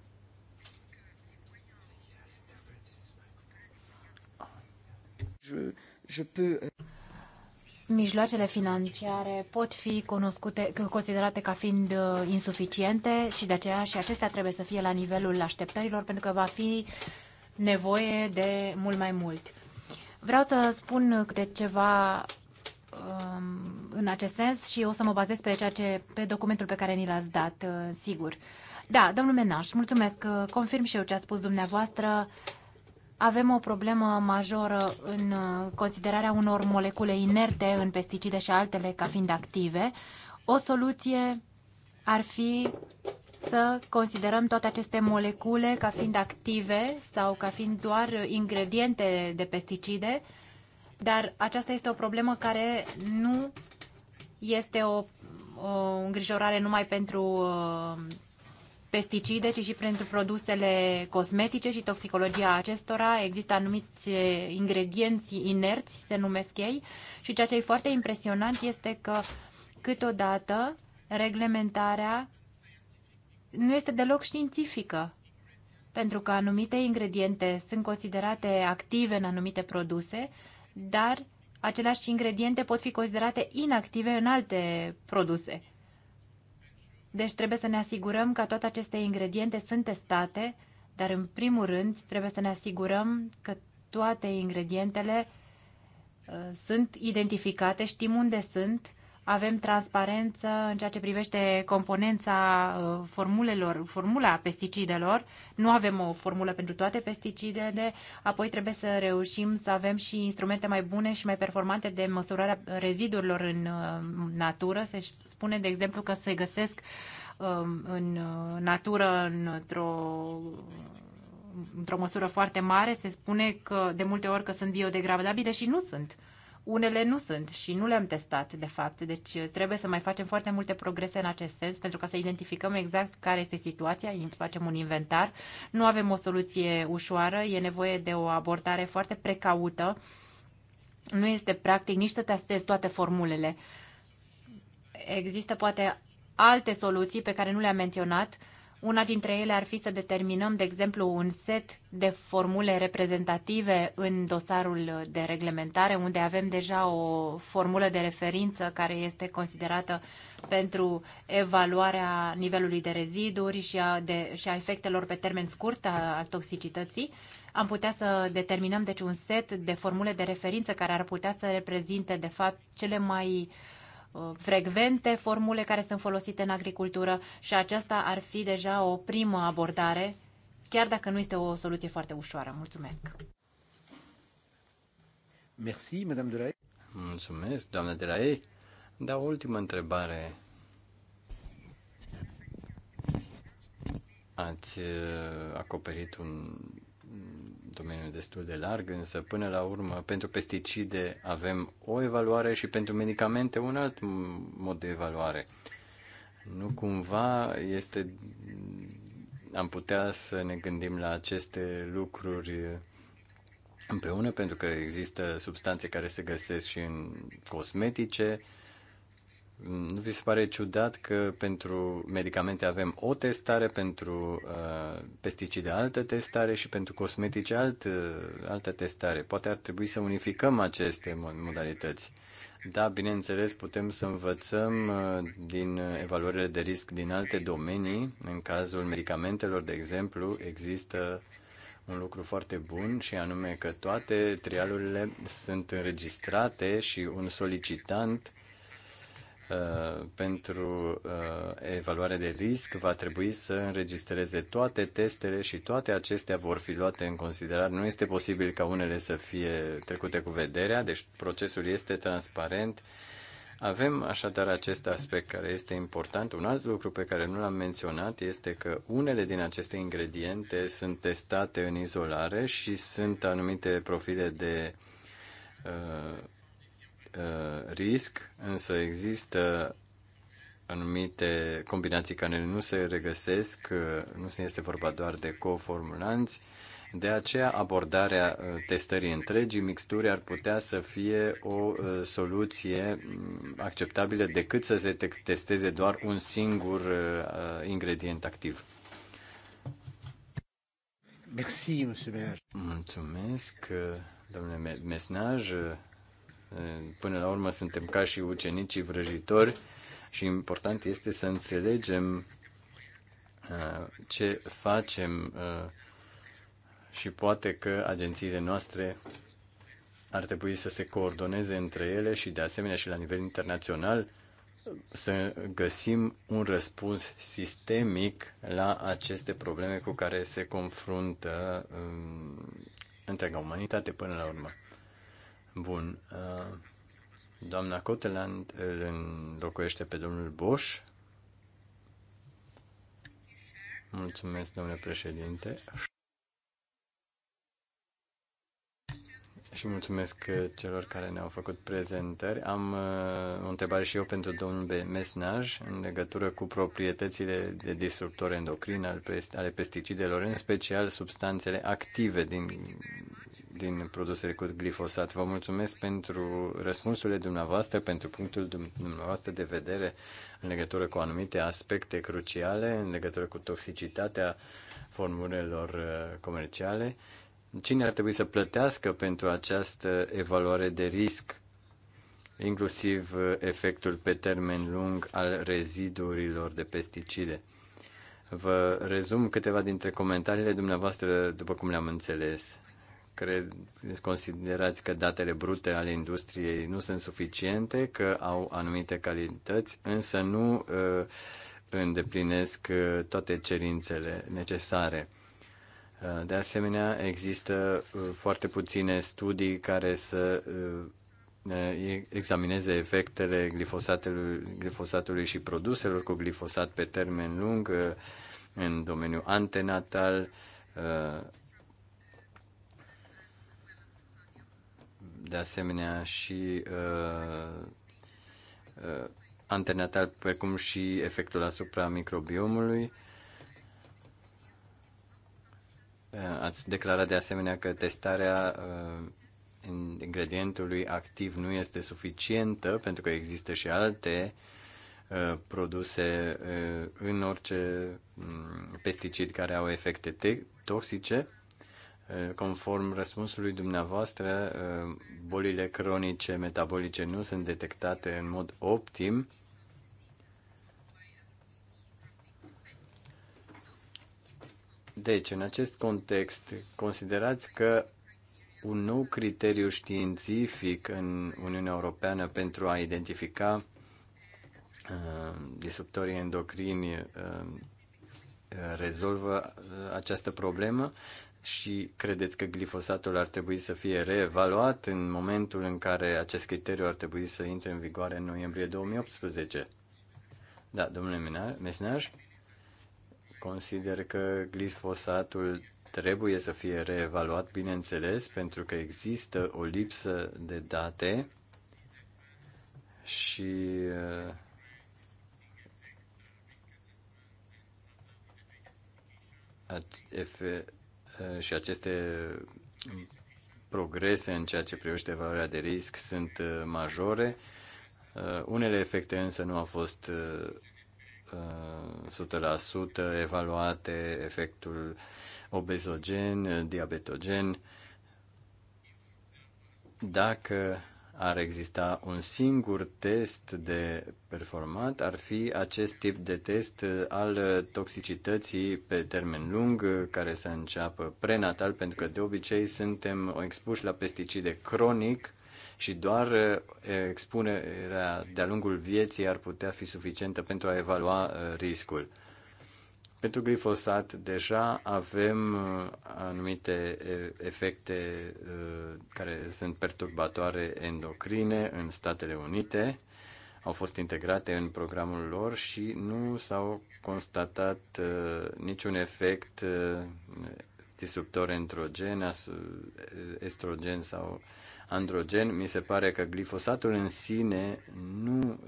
Euh, Mijloacele financiare pot fi cunoscute, considerate ca fiind uh, insuficiente și de aceea și acestea trebuie să fie la nivelul așteptărilor pentru că va fi nevoie de mult mai mult. Vreau să spun câte ceva um, în acest sens și o să mă bazez pe ceea ce pe documentul pe care ni l-ați dat, uh, sigur. Da, domnul Menaș, mulțumesc. Uh, confirm și eu ce a spus dumneavoastră avem o problemă majoră în uh, considerarea unor molecule inerte în pesticide și altele ca fiind active. O soluție ar fi să considerăm toate aceste molecule ca fiind active sau ca fiind doar ingrediente de pesticide, dar aceasta este o problemă care nu este o, o îngrijorare numai pentru uh, pesticide, ci și pentru produsele cosmetice și toxicologia acestora. Există anumiți ingredienți inerți, se numesc ei, și ceea ce e foarte impresionant este că câteodată reglementarea nu este deloc științifică, pentru că anumite ingrediente sunt considerate active în anumite produse, dar aceleași ingrediente pot fi considerate inactive în alte produse. Deci trebuie să ne asigurăm că toate aceste ingrediente sunt testate, dar în primul rând trebuie să ne asigurăm că toate ingredientele uh, sunt identificate, știm unde sunt avem transparență în ceea ce privește componența uh, formulelor, formula pesticidelor. Nu avem o formulă pentru toate pesticidele, apoi trebuie să reușim să avem și instrumente mai bune și mai performante de măsurarea rezidurilor în uh, natură. Se spune, de exemplu, că se găsesc um, în uh, natură într-o într-o măsură foarte mare, se spune că de multe ori că sunt biodegradabile și nu sunt. Unele nu sunt și nu le-am testat, de fapt, deci uh, trebuie să mai facem foarte multe progrese în acest sens pentru ca să identificăm exact care este situația, facem un inventar. Nu avem o soluție ușoară, e nevoie de o abordare foarte precaută. Nu este practic nici să testezi toate formulele. Există poate alte soluții pe care nu le-am menționat, una dintre ele ar fi să determinăm, de exemplu, un set de formule reprezentative în dosarul de reglementare, unde avem deja o formulă de referință care este considerată pentru evaluarea nivelului de reziduri și a, de, și a efectelor pe termen scurt al toxicității. Am putea să determinăm, deci, un set de formule de referință care ar putea să reprezinte, de fapt, cele mai uh, frecvente, formule care sunt folosite în agricultură și aceasta ar fi deja o primă abordare, chiar dacă nu este o soluție foarte ușoară. Mulțumesc! Merci, Madame e. Mulțumesc, doamna Delahaye. Da, o ultimă întrebare. Ați uh, acoperit un domeniu destul de larg, însă până la urmă pentru pesticide avem o evaluare și pentru medicamente un alt mod de evaluare. Nu cumva este am putea să ne gândim la aceste lucruri împreună, pentru că există substanțe care se găsesc și în cosmetice, nu vi se pare ciudat că pentru medicamente avem o testare, pentru uh, pesticide altă testare și pentru cosmetice alt, uh, altă testare? Poate ar trebui să unificăm aceste modalități. Da, bineînțeles, putem să învățăm uh, din evaluările de risc din alte domenii. În cazul medicamentelor, de exemplu, există un lucru foarte bun și anume că toate trialurile sunt înregistrate și un solicitant Uh, pentru uh, evaluare de risc va trebui să înregistreze toate testele și toate acestea vor fi luate în considerare. Nu este posibil ca unele să fie trecute cu vederea, deci procesul este transparent. Avem așadar acest aspect care este important. Un alt lucru pe care nu l-am menționat este că unele din aceste ingrediente sunt testate în izolare și sunt anumite profile de uh, uh, risc, însă există anumite combinații care nu se regăsesc, uh, nu se este vorba doar de coformulanți, de aceea abordarea uh, testării întregii mixturi ar putea să fie o uh, soluție mm, acceptabilă decât să se testeze doar un singur ingredient activ. Merci, Mulțumesc, domnule Mesnaj. Până la urmă suntem ca și ucenicii vrăjitori și important este să înțelegem uh, ce facem uh, și poate că agențiile noastre ar trebui să se coordoneze între ele și de asemenea și la nivel internațional să găsim un răspuns sistemic la aceste probleme cu care se confruntă um, întreaga umanitate până la urmă. Bun. Uh, doamna Coteland îl înlocuiește pe domnul Bush, Mulțumesc, domnule președinte. Și mulțumesc celor care ne-au făcut prezentări. Am uh, o întrebare și eu pentru domnul Mesnaj în legătură cu proprietățile de disruptor endocrin ale pesticidelor, în special substanțele active din din produsele cu glifosat. Vă mulțumesc pentru răspunsurile dumneavoastră, pentru punctul dumneavoastră de vedere în legătură cu anumite aspecte cruciale, în legătură cu toxicitatea formulelor uh, comerciale. Cine ar trebui să plătească pentru această evaluare de risc, inclusiv uh, efectul pe termen lung al rezidurilor de pesticide? Vă rezum câteva dintre comentariile dumneavoastră după cum le-am înțeles. Cred, considerați că datele brute ale industriei nu sunt suficiente, că au anumite calități, însă nu uh, îndeplinesc uh, toate cerințele necesare. Uh, de asemenea, există foarte puține studii care să examineze efectele glifosatului, glifosatului și produselor cu glifosat pe termen lung în domeniul antenatal, de asemenea și uh, uh, antenatal, precum și efectul asupra microbiomului. Uh, ați declarat de asemenea că testarea uh, ingredientului activ nu este suficientă pentru că există și alte uh, produse în orice mm, pesticid care au efecte toxice. Conform răspunsului dumneavoastră, bolile cronice metabolice nu sunt detectate în mod optim. Deci, în acest context, considerați că un nou criteriu științific în Uniunea Europeană pentru a identifica uh, disruptorii endocrini uh, rezolvă această problemă și credeți că glifosatul ar trebui să fie reevaluat în momentul în care acest criteriu ar trebui să intre în vigoare în noiembrie 2018? Da, domnule Mesnaj, consider că glifosatul trebuie să fie reevaluat, bineînțeles, pentru că există o lipsă de date și uh, Eh, și aceste progrese în ceea ce privește valoarea de risc sunt eh, majore. Eh, unele efecte însă nu au fost 100% evaluate, efectul obezogen, diabetogen. Dacă ar exista un singur test de performat, ar fi acest tip de test al toxicității pe termen lung, care să înceapă prenatal, pentru că de obicei suntem expuși la pesticide cronic și doar expunerea de-a lungul vieții ar putea fi suficientă pentru a evalua uh, riscul. Pentru glifosat deja avem uh, anumite uh, efecte uh, care sunt perturbatoare endocrine în Statele Unite, au fost integrate în programul lor și nu s-au constatat niciun efect disruptor androgen, estrogen sau androgen, mi se pare că glifosatul în sine nu uh,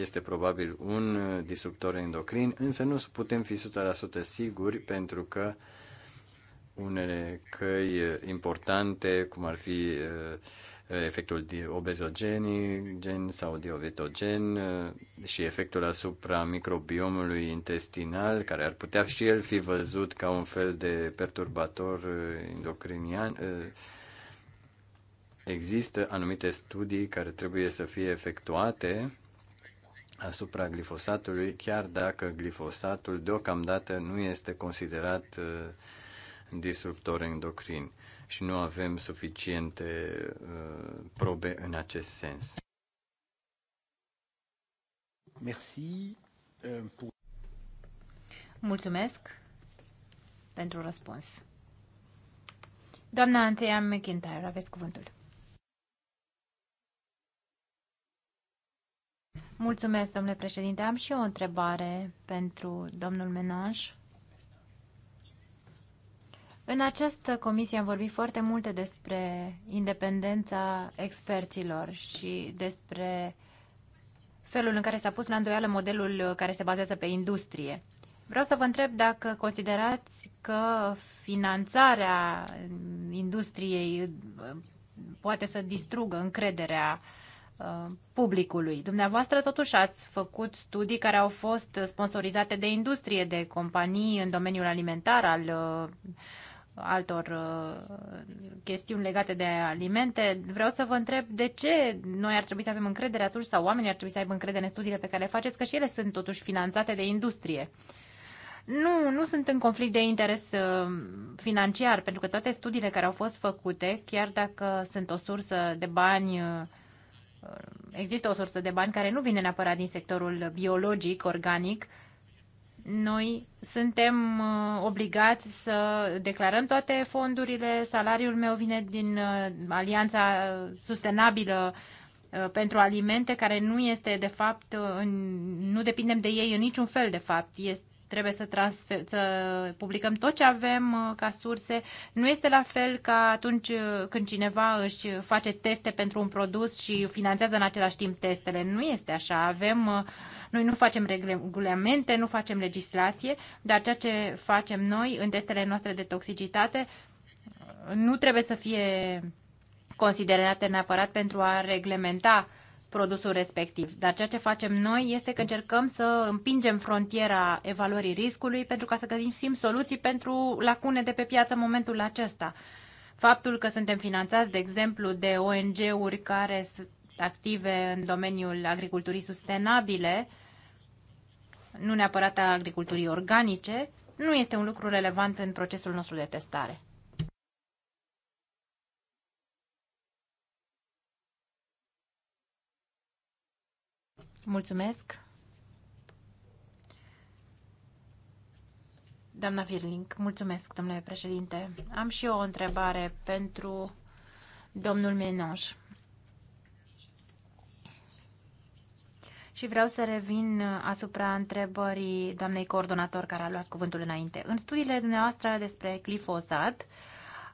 este probabil un uh, disruptor endocrin, însă nu putem fi 100% siguri pentru că unele căi uh, importante, cum ar fi efectul obezogenigen sau diovetogen și efectul asupra microbiomului intestinal, care ar putea și el fi văzut ca un fel de perturbator endocrinian, Există anumite studii care trebuie să fie efectuate asupra glifosatului, chiar dacă glifosatul deocamdată nu este considerat uh, disruptor endocrin și nu avem suficiente uh, probe în acest sens. Merci euh, Mulțumesc pentru răspuns. Doamna Anteia McIntyre, aveți cuvântul. Mulțumesc, domnule președinte. Am și eu o întrebare pentru domnul Menaj. În această comisie am vorbit foarte multe despre independența experților și despre felul în care s-a pus la îndoială modelul care se bazează pe industrie. Vreau să vă întreb dacă considerați că finanțarea industriei poate să distrugă încrederea uh, Uh, publicului. Dumneavoastră totuși ați făcut studii care au fost sponsorizate de industrie, de companii în domeniul alimentar, al uh, altor uh, chestiuni legate de alimente. Vreau să vă întreb de ce noi ar trebui să avem încredere atunci sau oamenii ar trebui să aibă încredere în studiile pe care le faceți, că și ele sunt totuși finanțate de industrie. Nu, nu sunt în conflict de interes financiar, pentru că toate studiile care au fost făcute, chiar dacă sunt o sursă de bani există o sursă de bani care nu vine neapărat din sectorul biologic, organic, noi suntem uh, obligați să declarăm toate fondurile. Salariul meu vine din uh, Alianța Sustenabilă uh, pentru alimente, care nu este de fapt, nu depindem de ei în niciun fel de fapt. Este trebuie să, transfer, să publicăm tot ce avem uh, ca surse. Nu este la fel ca atunci uh, când cineva își face teste pentru un produs și finanțează în același timp testele. Nu este așa. Avem, uh, noi nu facem regulamente, nu facem legislație, dar ceea ce facem noi în testele noastre de toxicitate nu trebuie să fie considerate neapărat pentru a reglementa produsul respectiv. Dar ceea ce facem noi este că încercăm să împingem frontiera evaluării riscului pentru ca să găsim soluții pentru lacune de pe piață în momentul acesta. Faptul că suntem finanțați, de exemplu, de ONG-uri care sunt active în domeniul agriculturii sustenabile, nu neapărat a agriculturii organice, nu este un lucru relevant în procesul nostru de testare. Mulțumesc. Doamna Virling, mulțumesc, domnule președinte. Am și eu o întrebare pentru domnul Menonș. Și vreau să revin asupra întrebării doamnei coordonator care a luat cuvântul înainte. În studiile dumneavoastră despre glifosat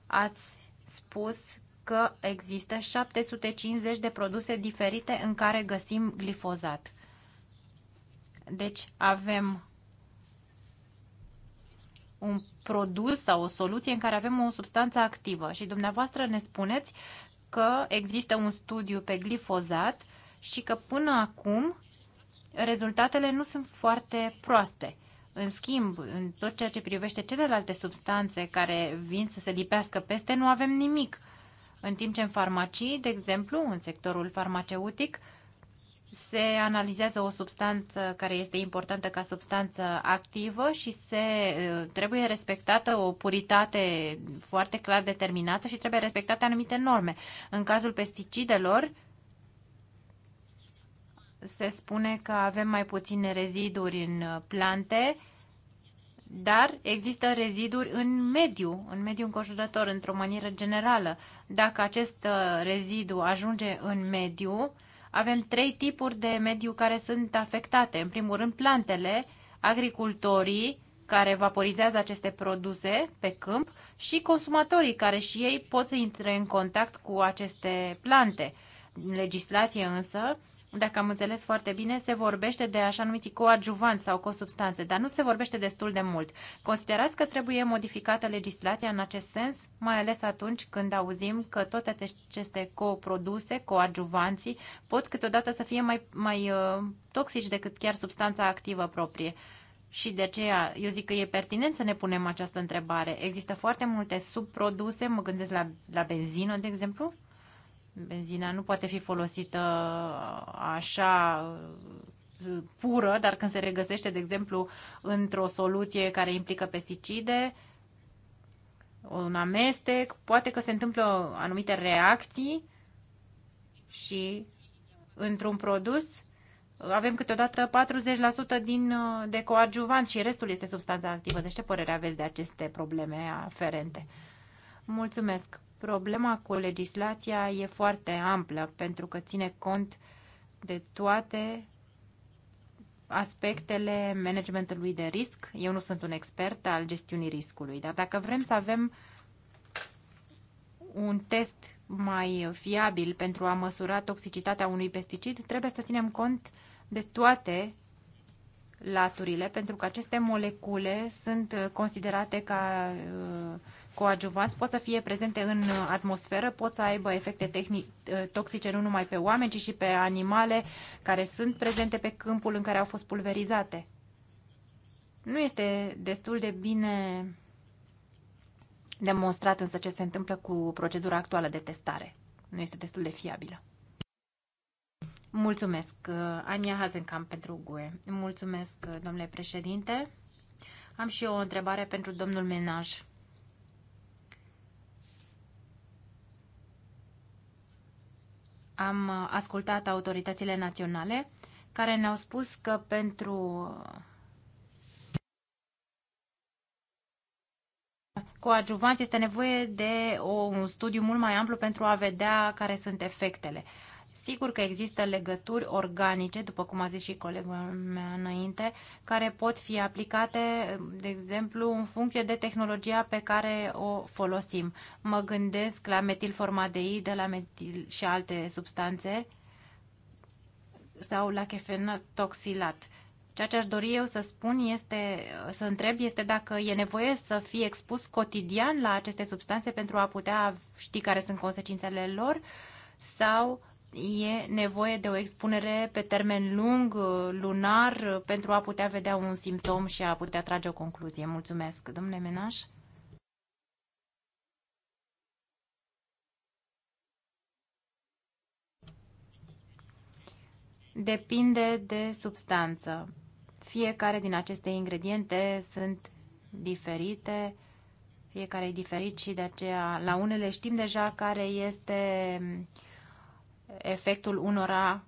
ați spus că există 750 de produse diferite în care găsim glifozat. Deci avem un produs sau o soluție în care avem o substanță activă și dumneavoastră ne spuneți că există un studiu pe glifozat și că până acum rezultatele nu sunt foarte proaste. În schimb, în tot ceea ce privește celelalte substanțe care vin să se lipească peste, nu avem nimic. În timp ce în farmacii, de exemplu, în sectorul farmaceutic, se analizează o substanță care este importantă ca substanță activă și se uh, trebuie respectată o puritate foarte clar determinată și trebuie respectate anumite norme. În cazul pesticidelor se spune că avem mai puține reziduri în plante dar există reziduri în mediu, în mediu înconjurător, într-o manieră generală. Dacă acest uh, rezidu ajunge în mediu, avem trei tipuri de mediu care sunt afectate. În primul rând, plantele, agricultorii care vaporizează aceste produse pe câmp și consumatorii care și ei pot să intre în contact cu aceste plante. În legislație însă dacă am înțeles foarte bine, se vorbește de așa numiți coadjuvanți sau co-substanțe, dar nu se vorbește destul de mult. Considerați că trebuie modificată legislația în acest sens, mai ales atunci când auzim că toate aceste coproduse, coadjuvanții, pot câteodată să fie mai, mai uh, toxici decât chiar substanța activă proprie. Și de aceea eu zic că e pertinent să ne punem această întrebare. Există foarte multe subproduse, mă gândesc la, la benzină, de exemplu, Benzina nu poate fi folosită uh, așa uh, pură, dar când se regăsește, de exemplu, într-o soluție care implică pesticide, un amestec, poate că se întâmplă anumite reacții și într-un produs avem câteodată 40% din, uh, de și restul este substanța activă. Deci ce părere aveți de aceste probleme aferente? Mulțumesc! Problema cu legislația e foarte amplă pentru că ține cont de toate aspectele managementului de risc. Eu nu sunt un expert al gestiunii riscului, dar dacă vrem să avem un test mai fiabil pentru a măsura toxicitatea unui pesticid, trebuie să ținem cont de toate laturile, pentru că aceste molecule sunt considerate ca uh, coadjuvanți pot să fie prezente în uh, atmosferă, pot să aibă efecte tehnic, uh, toxice nu numai pe oameni, ci și pe animale care sunt prezente pe câmpul în care au fost pulverizate. Nu este destul de bine demonstrat însă ce se întâmplă cu procedura actuală de testare. Nu este destul de fiabilă. Mulțumesc, uh, Ania Hazencamp, pentru GUE. Mulțumesc, domnule președinte. Am și eu o întrebare pentru domnul Menaj. am uh, ascultat autoritățile naționale care ne-au spus că pentru coadjuvanți este nevoie de o, un studiu mult mai amplu pentru a vedea care sunt efectele. Sigur că există legături organice, după cum a zis și colegul meu înainte, care pot fi aplicate, de exemplu, în funcție de tehnologia pe care o folosim. Mă gândesc la metilformadeid, la metil și alte substanțe sau la chefenotoxilat. Ceea ce aș dori eu să spun este, să întreb este dacă e nevoie să fii expus cotidian la aceste substanțe pentru a putea ști care sunt consecințele lor sau e nevoie de o expunere pe termen lung, lunar, pentru a putea vedea un simptom și a putea trage o concluzie. Mulțumesc, domnule Menaș. Depinde de substanță. Fiecare din aceste ingrediente sunt diferite, fiecare e diferit și de aceea la unele știm deja care este efectul unora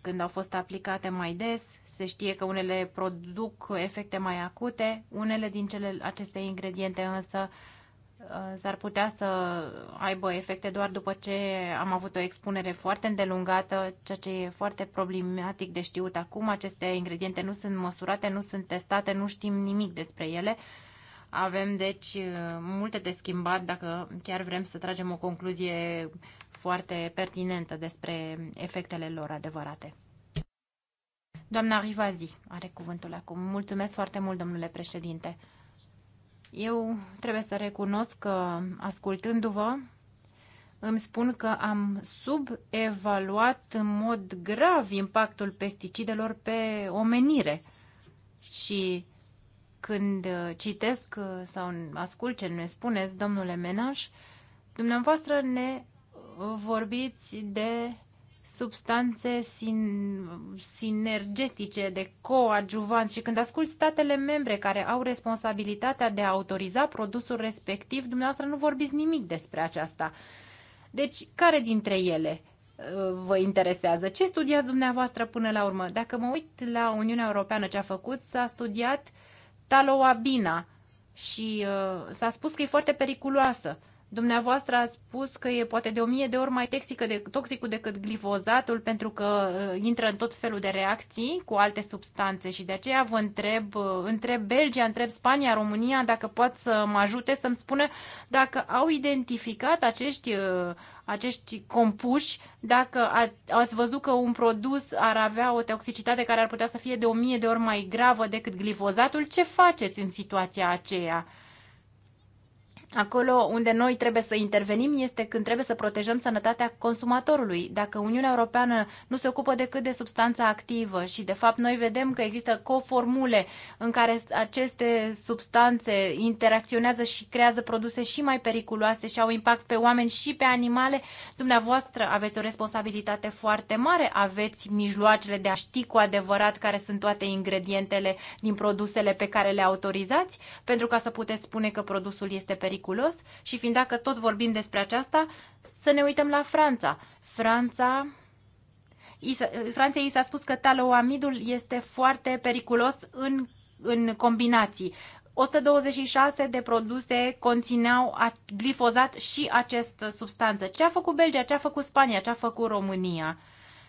când au fost aplicate mai des. Se știe că unele produc efecte mai acute. Unele din cele, aceste ingrediente însă uh, s-ar putea să aibă efecte doar după ce am avut o expunere foarte îndelungată, ceea ce e foarte problematic de știut acum. Aceste ingrediente nu sunt măsurate, nu sunt testate, nu știm nimic despre ele. Avem, deci, uh, multe de schimbat dacă chiar vrem să tragem o concluzie foarte pertinentă despre efectele lor adevărate. Doamna Rivazi are cuvântul acum. Mulțumesc foarte mult, domnule președinte. Eu trebuie să recunosc că, ascultându-vă, îmi spun că am subevaluat în mod grav impactul pesticidelor pe omenire. Și când citesc sau ascult ce ne spuneți, domnule Menaș, dumneavoastră ne vorbiți de substanțe sin- sinergetice, de coadjuvanți și când ascult statele membre care au responsabilitatea de a autoriza produsul respectiv, dumneavoastră nu vorbiți nimic despre aceasta. Deci, care dintre ele uh, vă interesează? Ce studiați dumneavoastră până la urmă? Dacă mă uit la Uniunea Europeană ce a făcut, s-a studiat taloabina și uh, s-a spus că e foarte periculoasă. Dumneavoastră ați spus că e poate de o mie de ori mai toxică, de, decât glifozatul pentru că uh, intră în tot felul de reacții cu alte substanțe și de aceea vă întreb, uh, întreb Belgia, întreb Spania, România dacă pot să mă ajute să-mi spună dacă au identificat acești, uh, acești compuși, dacă ați văzut că un produs ar avea o toxicitate care ar putea să fie de o mie de ori mai gravă decât glifozatul, ce faceți în situația aceea? Acolo unde noi trebuie să intervenim este când trebuie să protejăm sănătatea consumatorului. Dacă Uniunea Europeană nu se ocupă decât de substanța activă și de fapt noi vedem că există coformule în care aceste substanțe interacționează și creează produse și mai periculoase și au impact pe oameni și pe animale, dumneavoastră aveți o responsabilitate foarte mare, aveți mijloacele de a ști cu adevărat care sunt toate ingredientele din produsele pe care le autorizați pentru ca să puteți spune că produsul este periculos periculos și fiind dacă tot vorbim despre aceasta, să ne uităm la Franța. Franța Franței i s-a spus că taloamidul este foarte periculos în, în combinații. 126 de produse conțineau glifozat și această substanță. Ce a făcut Belgia, ce a făcut Spania, ce a făcut România?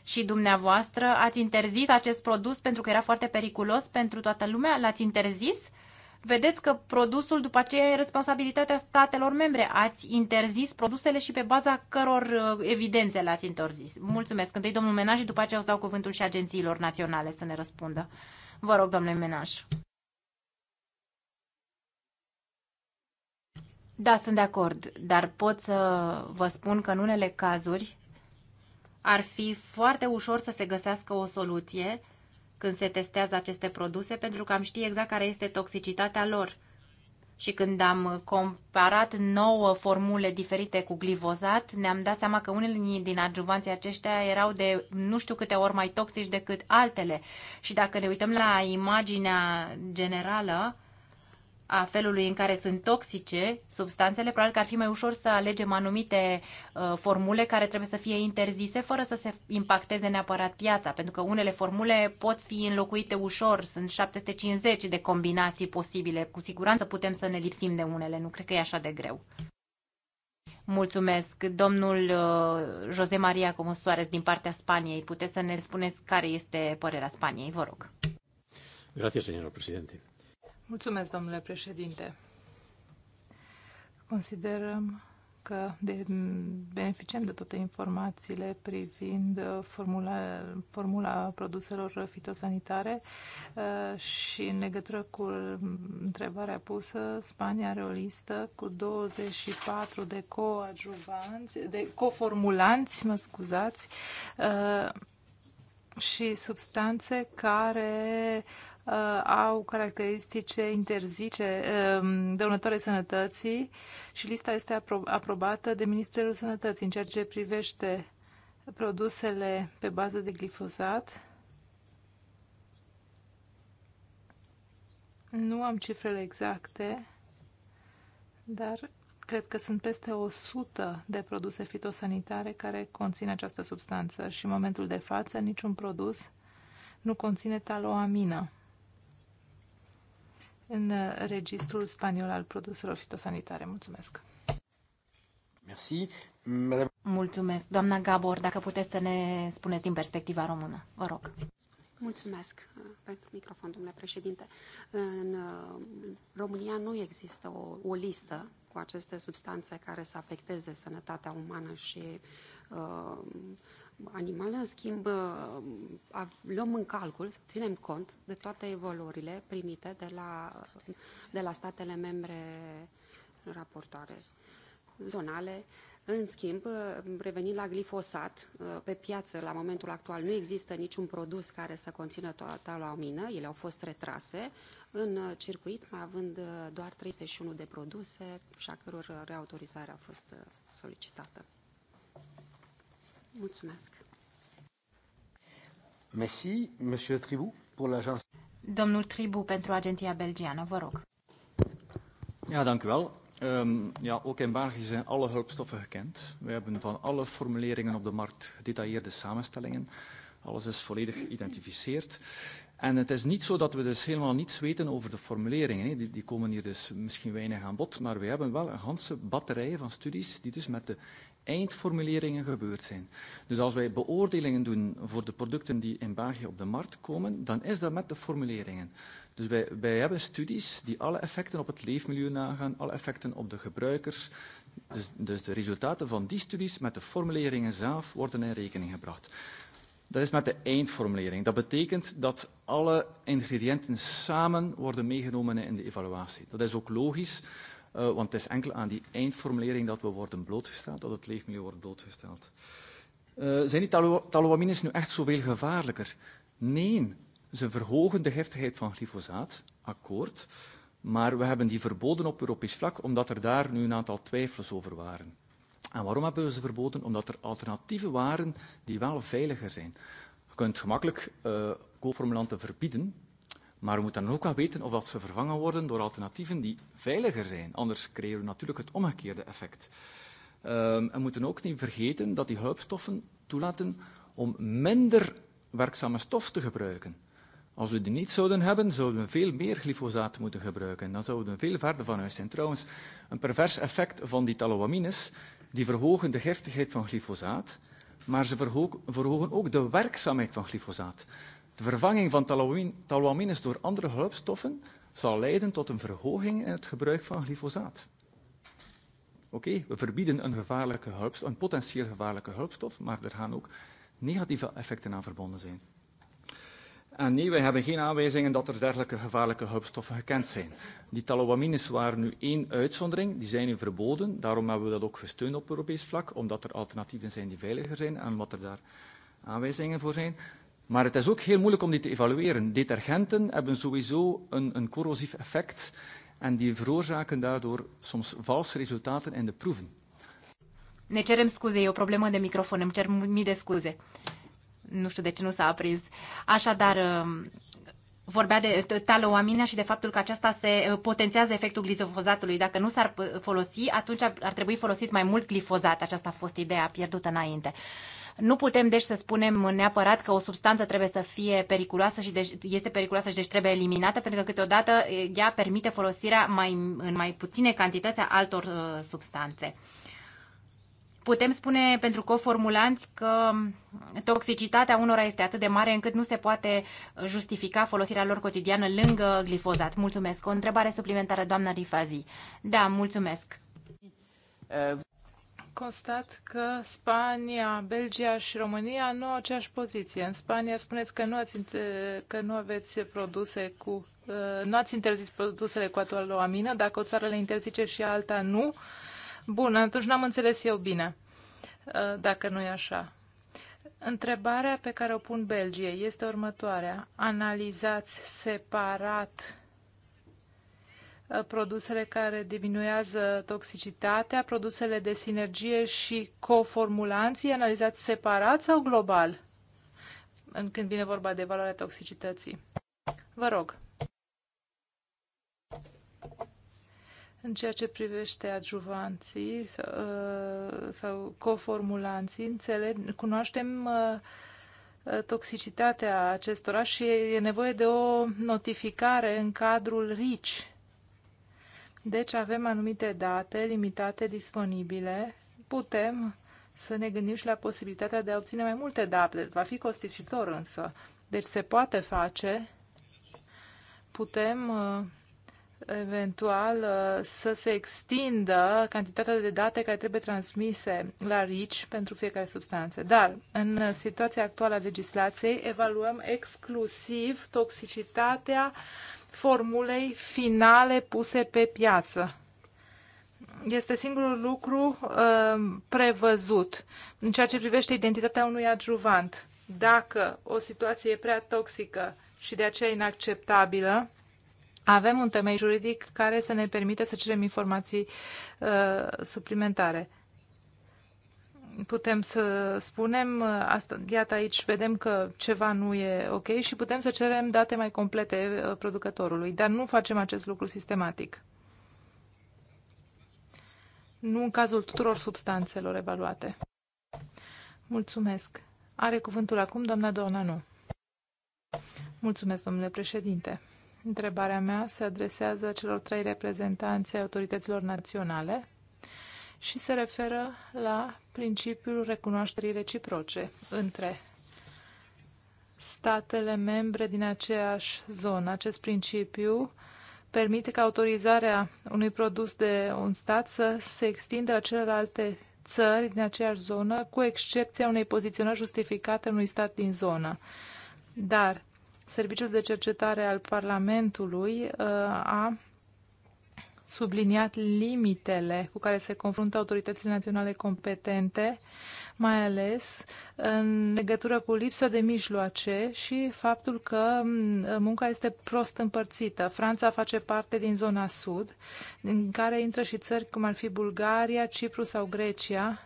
Și dumneavoastră ați interzis acest produs pentru că era foarte periculos pentru toată lumea? L-ați interzis? vedeți că produsul după aceea e responsabilitatea statelor membre. Ați interzis produsele și pe baza căror uh, evidențe le-ați interzis. Mulțumesc. Întâi domnul Menaj și după aceea o dau cuvântul și agențiilor naționale să ne răspundă. Vă rog, domnule Menaj. Da, sunt de acord, dar pot să vă spun că în unele cazuri ar fi foarte ușor să se găsească o soluție când se testează aceste produse pentru că am ști exact care este toxicitatea lor. Și când am comparat nouă formule diferite cu glivozat, ne-am dat seama că unele din adjuvanții aceștia erau de nu știu câte ori mai toxici decât altele. Și dacă ne uităm la imaginea generală, a felului în care sunt toxice substanțele, probabil că ar fi mai ușor să alegem anumite uh, formule care trebuie să fie interzise fără să se impacteze neapărat piața, pentru că unele formule pot fi înlocuite ușor, sunt 750 de combinații posibile, cu siguranță putem să ne lipsim de unele, nu cred că e așa de greu. Mulțumesc. Domnul uh, Jose José Maria Comus Soares din partea Spaniei, puteți să ne spuneți care este părerea Spaniei, vă rog. Gracias, señora presidente. Mulțumesc, domnule președinte. Considerăm că de, beneficiem de toate informațiile privind formula, formula produselor fitosanitare uh, și în legătură cu întrebarea pusă, Spania are o listă cu 24 de coadjuvanți, de coformulanți, mă scuzați, uh, și substanțe care uh, au caracteristice interzice, uh, dăunătoare sănătății și lista este apro aprobată de Ministerul Sănătății în ceea ce privește produsele pe bază de glifosat. Nu am cifrele exacte, dar cred că sunt peste 100 de produse fitosanitare care conțin această substanță și în momentul de față niciun produs nu conține taloamină în registrul spaniol al produselor fitosanitare. Mulțumesc! Merci. Mulțumesc. Doamna Gabor, dacă puteți să ne spuneți din perspectiva română, vă rog. Mulțumesc uh, pentru microfon, domnule președinte. În uh, România nu există o, o listă cu aceste substanțe care să afecteze sănătatea umană și uh, animale, în schimb, luăm în calcul, să ținem cont de toate valorile primite de la, de la statele membre raportoare zonale. În schimb, revenind la glifosat, ă, pe piață, la momentul actual, nu există niciun produs care să conțină mină. ele au fost retrase în circuit, mai având ă, doar 31 de produse și a căror reautorizare a fost ă, solicitată. Mulțumesc! Merci, Monsieur Tribu, pour l'agence. Domnul Tribu pentru Agenția Belgiană, vă rog. Ja, dank u wel. Um, ja, ook in België zijn alle hulpstoffen gekend. We hebben van alle formuleringen op de markt gedetailleerde samenstellingen. Alles is volledig geïdentificeerd. En het is niet zo dat we dus helemaal niets weten over de formuleringen. Die, die komen hier dus misschien weinig aan bod, maar we hebben wel een ganse batterij van studies die dus met de eindformuleringen gebeurd zijn. Dus als wij beoordelingen doen voor de producten die in België op de markt komen, dan is dat met de formuleringen. Dus wij, wij hebben studies die alle effecten op het leefmilieu nagaan, alle effecten op de gebruikers. Dus, dus de resultaten van die studies met de formuleringen zelf worden in rekening gebracht. Dat is met de eindformulering. Dat betekent dat alle ingrediënten samen worden meegenomen in de evaluatie. Dat is ook logisch, Uh, want het is enkel aan die eindformulering dat we worden blootgesteld, dat het leefmilieu wordt blootgesteld. Uh, zijn die taloamines nu echt zoveel gevaarlijker? Nee, ze verhogen de giftigheid van glyfosaat, akkoord. Maar we hebben die verboden op Europees vlak, omdat er daar nu een aantal twijfels over waren. En waarom hebben we ze verboden? Omdat er alternatieven waren die wel veiliger zijn. Je kunt gemakkelijk uh, co-formulanten verbieden, Maar we moeten dan ook wel weten of dat ze vervangen worden door alternatieven die veiliger zijn. Anders creëren we natuurlijk het omgekeerde effect. Um, ehm, en we moeten ook niet vergeten dat die hulpstoffen toelaten om minder werkzame stof te gebruiken. Als we die niet zouden hebben, zouden we veel meer glyfosaat moeten gebruiken. Dan zouden we veel verder van huis zijn. Trouwens, een pervers effect van die taloamines, die verhogen de giftigheid van glyfosaat, maar ze verhogen, verhogen ook de werkzaamheid van glyfosaat. De vervanging van talwamines door andere hulpstoffen zal leiden tot een verhoging in het gebruik van glyfosaat. Oké, okay, we verbieden een, gevaarlijke hulpstof, een potentieel gevaarlijke hulpstof, maar er gaan ook negatieve effecten aan verbonden zijn. En nee, wij hebben geen aanwijzingen dat er dergelijke gevaarlijke hulpstoffen gekend zijn. Die tallawamines waren nu één uitzondering, die zijn nu verboden. Daarom hebben we dat ook gesteund op Europees vlak, omdat er alternatieven zijn die veiliger zijn en omdat er daar aanwijzingen voor zijn. Maar het is ook heel moeilijk om die te evalueren. Detergenten hebben sowieso een, een corrosief effect en die veroorzaken daardoor soms valse resultaten in de proeven. Ne cerem scuze, e o problemă de microfon, îmi cer mii de scuze. Nu știu de ce nu s-a aprins. Așadar, um, vorbea de taloamina și de faptul că aceasta se uh, potențează efectul glifozatului. Dacă nu s-ar folosi, atunci ar trebui folosit mai mult glifozat. Aceasta a fost ideea pierdută înainte. Uh, nu putem deci să spunem neapărat că o substanță trebuie să fie periculoasă și deci este periculoasă și deci trebuie eliminată, pentru că câteodată ea permite folosirea mai, în mai puține cantități a altor uh, substanțe. Putem spune pentru coformulanți că toxicitatea unora este atât de mare încât nu se poate justifica folosirea lor cotidiană lângă glifozat. Mulțumesc. O întrebare suplimentară, doamna Rifazi. Da, mulțumesc. Uh, constat că Spania, Belgia și România nu au aceeași poziție. În Spania spuneți că nu, ați, că nu aveți produse cu... Uh, nu ați interzis produsele cu atoloamină, dacă o țară le interzice și alta nu. Bun, atunci n-am înțeles eu bine, uh, dacă nu e așa. Întrebarea pe care o pun Belgie este următoarea. Analizați separat produsele care diminuează toxicitatea, produsele de sinergie și coformulanții analizați separat sau global în când vine vorba de valoarea toxicității? Vă rog. În ceea ce privește adjuvanții sau, uh, sau coformulanții, înțeleg, cunoaștem uh, toxicitatea acestora și e nevoie de o notificare în cadrul RICI deci avem anumite date limitate disponibile. Putem să ne gândim și la posibilitatea de a obține mai multe date. Va fi costisitor însă. Deci se poate face. Putem uh, eventual uh, să se extindă cantitatea de date care trebuie transmise la RICI pentru fiecare substanță. Dar în situația actuală a legislației evaluăm exclusiv toxicitatea uh, formulei finale puse pe piață. Este singurul lucru uh, prevăzut în ceea ce privește identitatea unui adjuvant. Dacă o situație e prea toxică și de aceea inacceptabilă, avem un temei juridic care să ne permite să cerem informații uh, suplimentare putem să spunem, ă, asta, iată aici vedem că ceva nu e ok și putem să cerem date mai complete ă, producătorului, dar nu facem acest lucru sistematic. Nu în cazul tuturor substanțelor evaluate. Mulțumesc. Are cuvântul acum doamna nu. Mulțumesc, domnule președinte. Întrebarea mea se adresează celor trei reprezentanți ai autorităților naționale și se referă la principiul recunoașterii reciproce între statele membre din aceeași zonă. Acest principiu permite ca autorizarea unui produs de un stat să se extindă la celelalte țări din aceeași zonă, cu excepția unei poziționări justificate unui stat din zonă. Dar Serviciul de Cercetare al Parlamentului uh, a subliniat limitele cu care se confruntă autoritățile naționale competente, mai ales în legătură cu lipsa de mijloace și faptul că mm, munca este prost împărțită. Franța face parte din zona sud, în care intră și țări cum ar fi Bulgaria, Cipru sau Grecia,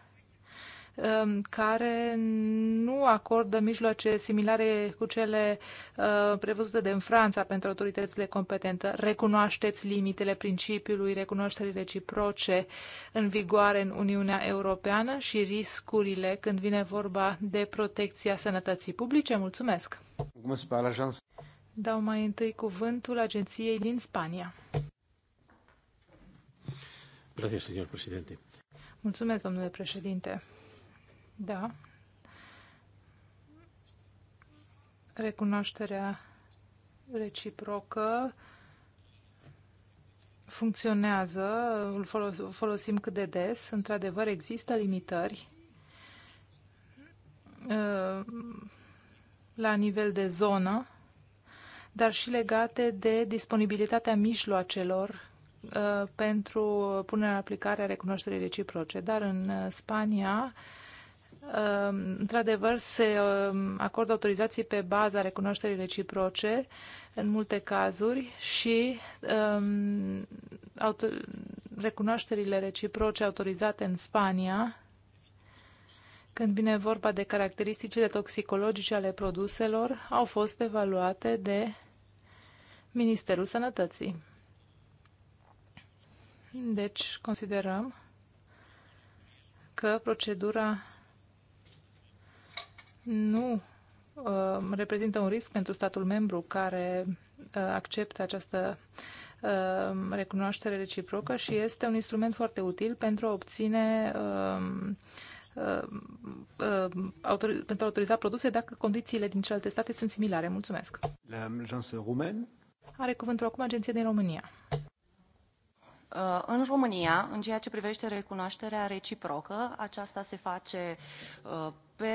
Um, care nu acordă mijloace similare cu cele uh, prevăzute de în Franța pentru autoritățile competente. Recunoașteți limitele principiului recunoașterii reciproce în vigoare în Uniunea Europeană și riscurile când vine vorba de protecția sănătății publice. Mulțumesc! Dau mai întâi cuvântul agenției din Spania. Gracias, señor presidente. Mulțumesc, domnule președinte. Da. Recunoașterea reciprocă funcționează, îl folosim cât de des. Într-adevăr, există limitări uh, la nivel de zonă, dar și legate de disponibilitatea mijloacelor uh, pentru punerea în aplicare a recunoașterii reciproce. Dar în uh, Spania, Um, într-adevăr, se um, acordă autorizații pe baza recunoașterii reciproce în multe cazuri și um, auto recunoașterile reciproce autorizate în Spania, când vine vorba de caracteristicile toxicologice ale produselor, au fost evaluate de Ministerul Sănătății. Deci, considerăm că procedura nu uh, reprezintă un risc pentru statul membru care uh, acceptă această uh, recunoaștere reciprocă și este un instrument foarte util pentru a obține um, uh, uh pentru a autoriza produse dacă condițiile din celelalte state sunt similare. Mulțumesc. Are cuvântul acum agenția din România. Uh, în România, în ceea ce privește recunoașterea reciprocă, aceasta se face uh, pe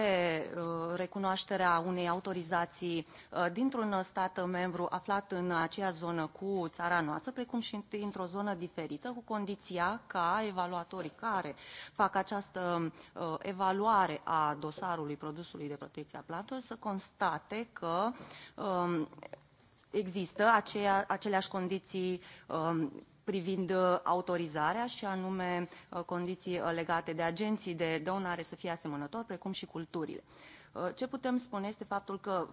uh, recunoașterea unei autorizații dintr-un stat membru aflat în aceea zonă cu țara noastră, precum și într-o zonă diferită, cu condiția ca evaluatorii care fac această evaluare a dosarului produsului de protecție a plantelor să constate că um, există aceea, aceleași condiții um, privind uh, autorizarea și anume uh, condiții uh, legate de agenții de donare să fie asemănător, precum și culturile. Ce putem spune este faptul că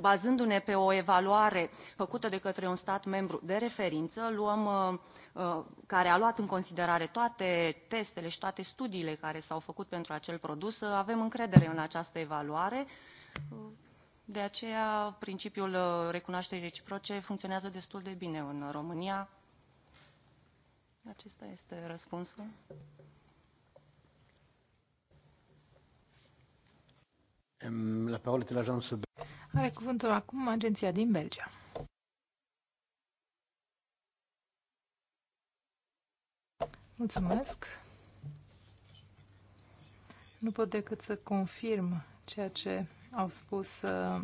bazându-ne pe o evaluare făcută de către un stat membru de referință, luăm, care a luat în considerare toate testele și toate studiile care s-au făcut pentru acel produs, avem încredere în această evaluare. De aceea, principiul recunoașterii reciproce funcționează destul de bine în România, acesta este răspunsul. La parole de l'agence. Are cuvântul acum agenția din Belgia. Mulțumesc. Nu pot decât să confirm ceea ce au spus uh,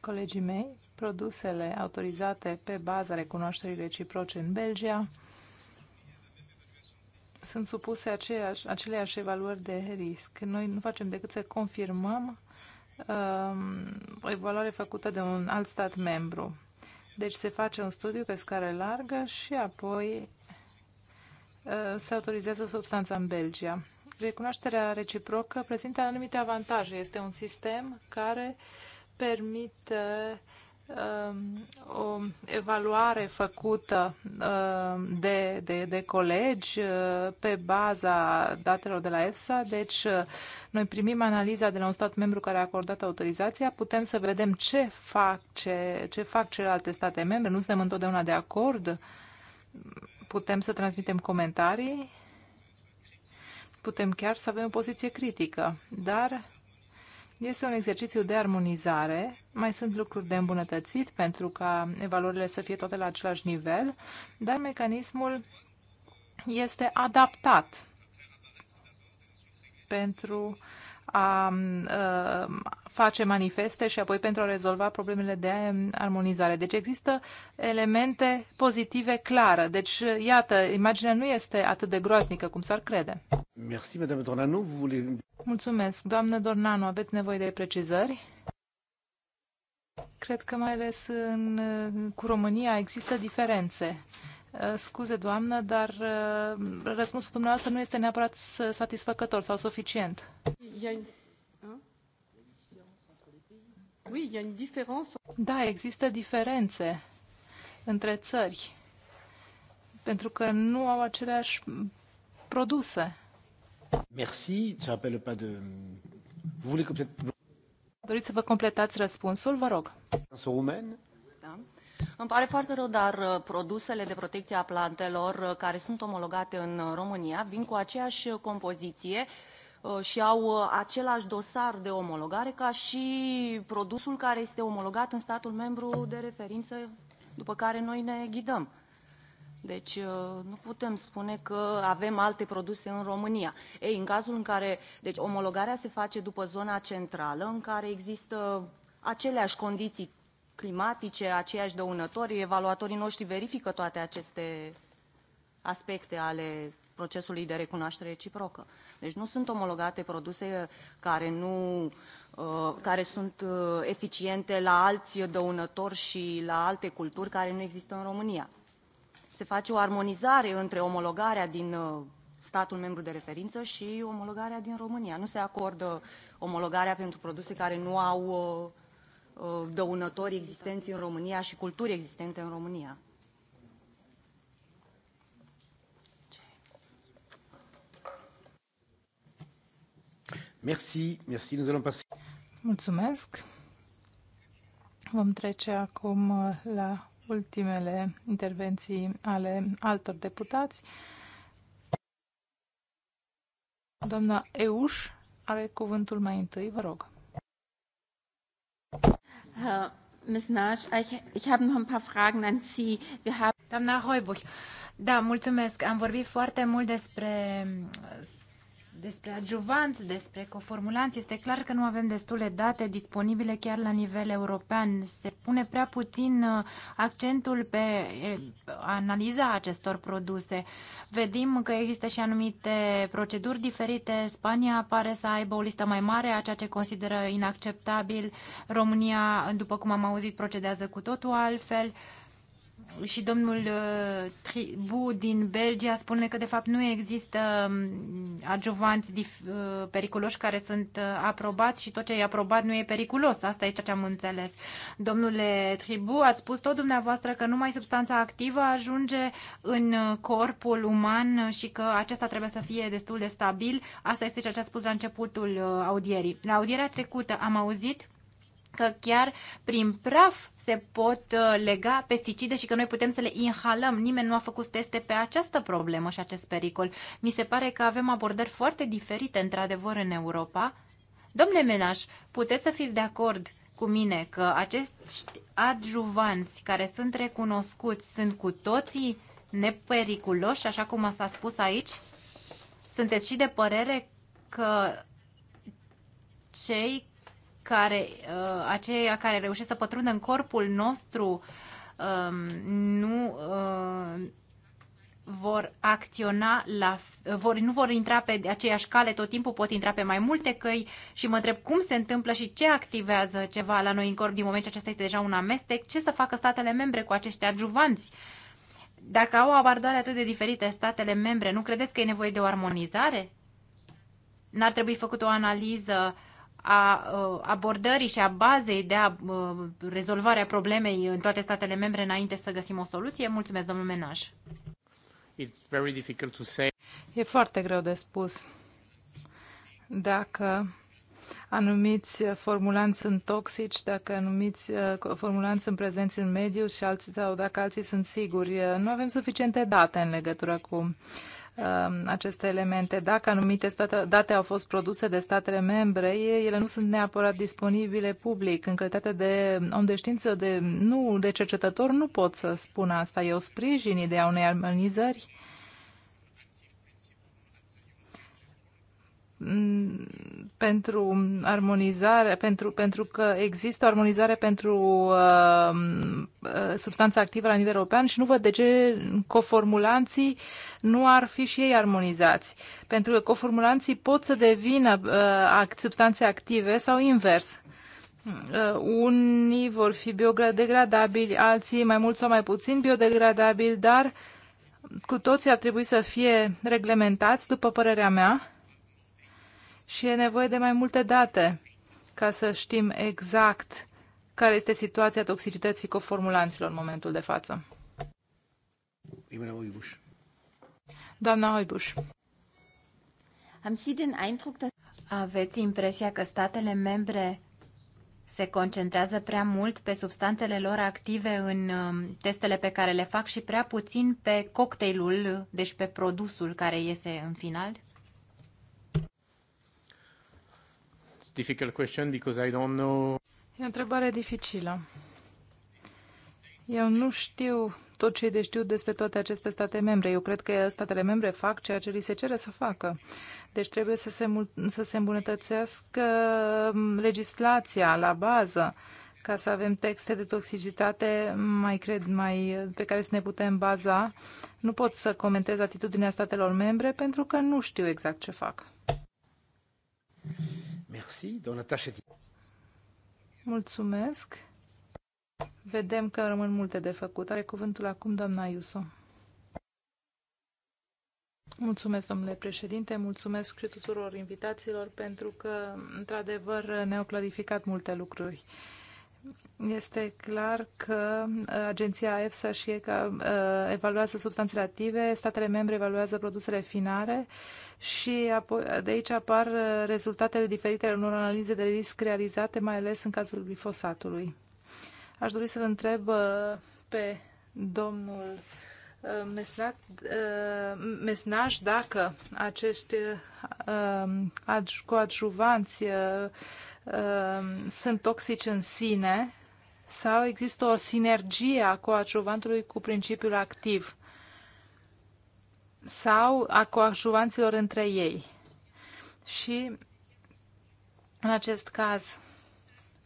colegii mei. Produsele autorizate pe baza recunoașterii reciproce în Belgia sunt supuse aceleași, aceleași evaluări de risc. Noi nu facem decât să confirmăm um, o evaluare făcută de un alt stat membru. Deci se face un studiu pe scară largă și apoi uh, se autorizează substanța în Belgia. Recunoașterea reciprocă prezintă anumite avantaje. Este un sistem care permite Um, o evaluare făcută um, de, de, de colegi uh, pe baza datelor de la EFSA. Deci, uh, noi primim analiza de la un stat membru care a acordat autorizația, putem să vedem ce fac, ce, ce fac celelalte state membre. Nu suntem întotdeauna de acord. Putem să transmitem comentarii. Putem chiar să avem o poziție critică. Dar este un exercițiu de armonizare. Mai sunt lucruri de îmbunătățit pentru ca evaluările să fie toate la același nivel, dar mecanismul este adaptat pentru a uh, face manifeste și apoi pentru a rezolva problemele de armonizare. Deci există elemente pozitive clare. Deci, iată, imaginea nu este atât de groaznică cum s-ar crede. Merci, Madame Dornano. Voulez... Mulțumesc. Doamnă Dornano, aveți nevoie de precizări? Cred că mai ales în, cu România există diferențe Eh, scuze, doamnă, dar eh, răspunsul dumneavoastră nu este neapărat satisfăcător sau suficient. Da, există diferențe între țări, pentru că nu au aceleași produse. Merci, pas de... Doriți să vă completați răspunsul, vă rog. Îmi pare foarte rău, dar uh, produsele de protecție a plantelor uh, care sunt omologate în uh, România vin cu aceeași compoziție și au același dosar de omologare ca și produsul care este omologat în statul membru de referință după care noi ne ghidăm. Deci nu putem spune că avem alte produse în România. Ei, în cazul în care, deci omologarea se face după zona centrală, în care există aceleași condiții climatice, aceiași dăunători. Evaluatorii noștri verifică toate aceste aspecte ale procesului de recunoaștere reciprocă. Deci nu sunt omologate produse care, nu, uh, care sunt uh, eficiente la alți dăunători și la alte culturi care nu există în România. Se face o armonizare între omologarea din uh, statul membru de referință și omologarea din România. Nu se acordă omologarea pentru produse care nu au uh, Uh, dăunători existenți în România și culturi existente în România. Merci, merci, nous allons passer. Mulțumesc. Vom trece acum uh, la ultimele intervenții ale altor deputați. Doamna Euș are cuvântul mai întâi, vă rog. Herr Ms. ich habe noch ein paar Fragen an Sie. Wir haben Doamna Hoibuch, da, mulțumesc. Am vorbit foarte mult despre despre adjuvanți, despre coformulanți, este clar că nu avem destule date disponibile chiar la nivel european. Se pune prea puțin uh, accentul pe eh, analiza acestor produse. Vedem că există și anumite proceduri diferite. Spania pare să aibă o listă mai mare a ceea ce consideră inacceptabil. România, după cum am auzit, procedează cu totul altfel. Uh, și domnul uh, Tribu din Belgia spune că de fapt nu există um, adjuvanți dif- uh, periculoși care sunt uh, aprobați și tot ce e aprobat nu e periculos. Asta e ceea ce am înțeles. Domnule Tribu, ați spus tot dumneavoastră că numai substanța activă ajunge în corpul uman și că acesta trebuie să fie destul de stabil. Asta este ceea ce a spus la începutul audierii. La audierea trecută am auzit că chiar prin praf se pot uh, lega pesticide și că noi putem să le inhalăm. Nimeni nu a făcut teste pe această problemă și acest pericol. Mi se pare că avem abordări foarte diferite, într-adevăr, în Europa. Domnule Menaș, puteți să fiți de acord cu mine că acești adjuvanți care sunt recunoscuți sunt cu toții nepericuloși, așa cum s-a spus aici? Sunteți și de părere că cei care, uh, aceia care reușesc să pătrundă în corpul nostru um, nu uh, vor acționa la, vor, nu vor intra pe aceeași cale tot timpul, pot intra pe mai multe căi și mă întreb cum se întâmplă și ce activează ceva la noi în corp din moment ce acesta este deja un amestec, ce să facă statele membre cu acești adjuvanți. Dacă au o abordare atât de diferite statele membre, nu credeți că e nevoie de o armonizare? N-ar trebui făcut o analiză uh, a uh, abordării și a bazei de a uh, rezolvarea problemei în toate statele membre înainte să găsim o soluție? Mulțumesc, domnul Menaj. It's very difficult to say. E foarte greu de spus dacă anumiți formulanți sunt toxici, dacă anumiți uh, formulanți sunt prezenți în mediu și alții, sau dacă alții sunt siguri. Nu avem suficiente date în legătură cu uh, Um, aceste elemente. Dacă anumite state, date au fost produse de statele membre, ele nu sunt neapărat disponibile public. În calitate de om de știință, de, nu, de cercetător, nu pot să spun asta. Eu sprijin ideea unei armonizări pentru armonizare, pentru, pentru că există armonizare pentru uh, uh, substanța activă la nivel european și nu văd de ce coformulanții nu ar fi și ei armonizați. Pentru că coformulanții pot să devină uh, substanțe active sau invers. Uh, unii vor fi biodegradabili, alții mai mult sau mai puțin biodegradabili, dar cu toții ar trebui să fie reglementați, după părerea mea, și e nevoie de mai multe date ca să știm exact care este situația toxicității coformulanților în momentul de față. Doamna Hoibuș. Aveți impresia că statele membre se concentrează prea mult pe substanțele lor active în um, testele pe care le fac și prea puțin pe cocktailul, deci pe produsul care iese în final? difficult question because I don't know. E o întrebare dificilă. Eu nu știu tot ce de știu despre toate aceste state membre. Eu cred că statele membre fac ceea ce li se cere să facă. Deci trebuie să se, să se îmbunătățească mm, legislația la bază ca să avem texte de toxicitate mai cred, mai, pe care să ne putem baza. Nu pot să comentez atitudinea statelor membre pentru că nu știu exact ce fac. Merci. Doamna Tașeti. Mulțumesc. Vedem că rămân multe de făcut. Are cuvântul acum doamna Iuso. Mulțumesc, domnule președinte, mulțumesc și tuturor invitațiilor pentru că, într-adevăr, ne-au clarificat multe lucruri. Este clar că uh, agenția EFSA și ECA uh, evaluează substanțele active, statele membre evaluează produsele finale și de aici apar uh, rezultatele diferite ale unor analize de risc realizate, mai ales în cazul glifosatului. Aș dori să-l întreb pe domnul Mesnaș mesnaj dacă acești um, coadjuvanți sunt toxici în sine sau există o sinergie a coajuvantului cu principiul activ sau a coajuvanților între ei. Și în acest caz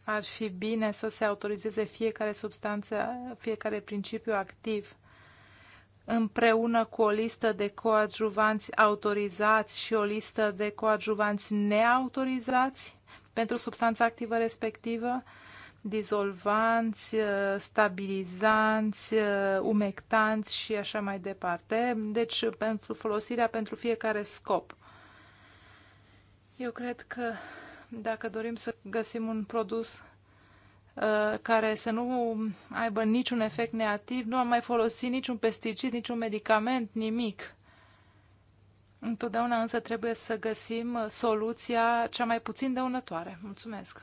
ar fi bine să se autorizeze fiecare substanță, fiecare principiu activ împreună cu o listă de coadjuvanți autorizați și o listă de coadjuvanți neautorizați pentru substanța activă respectivă dizolvanți, uh, stabilizanți, uh, umectanți și așa mai departe. Deci, pentru folosirea pentru fiecare scop. Eu cred că dacă dorim să găsim un produs uh, care să nu aibă niciun efect negativ, nu am mai folosit niciun pesticid, niciun medicament, nimic. Întotdeauna însă trebuie să găsim soluția cea mai puțin dăunătoare. Mulțumesc!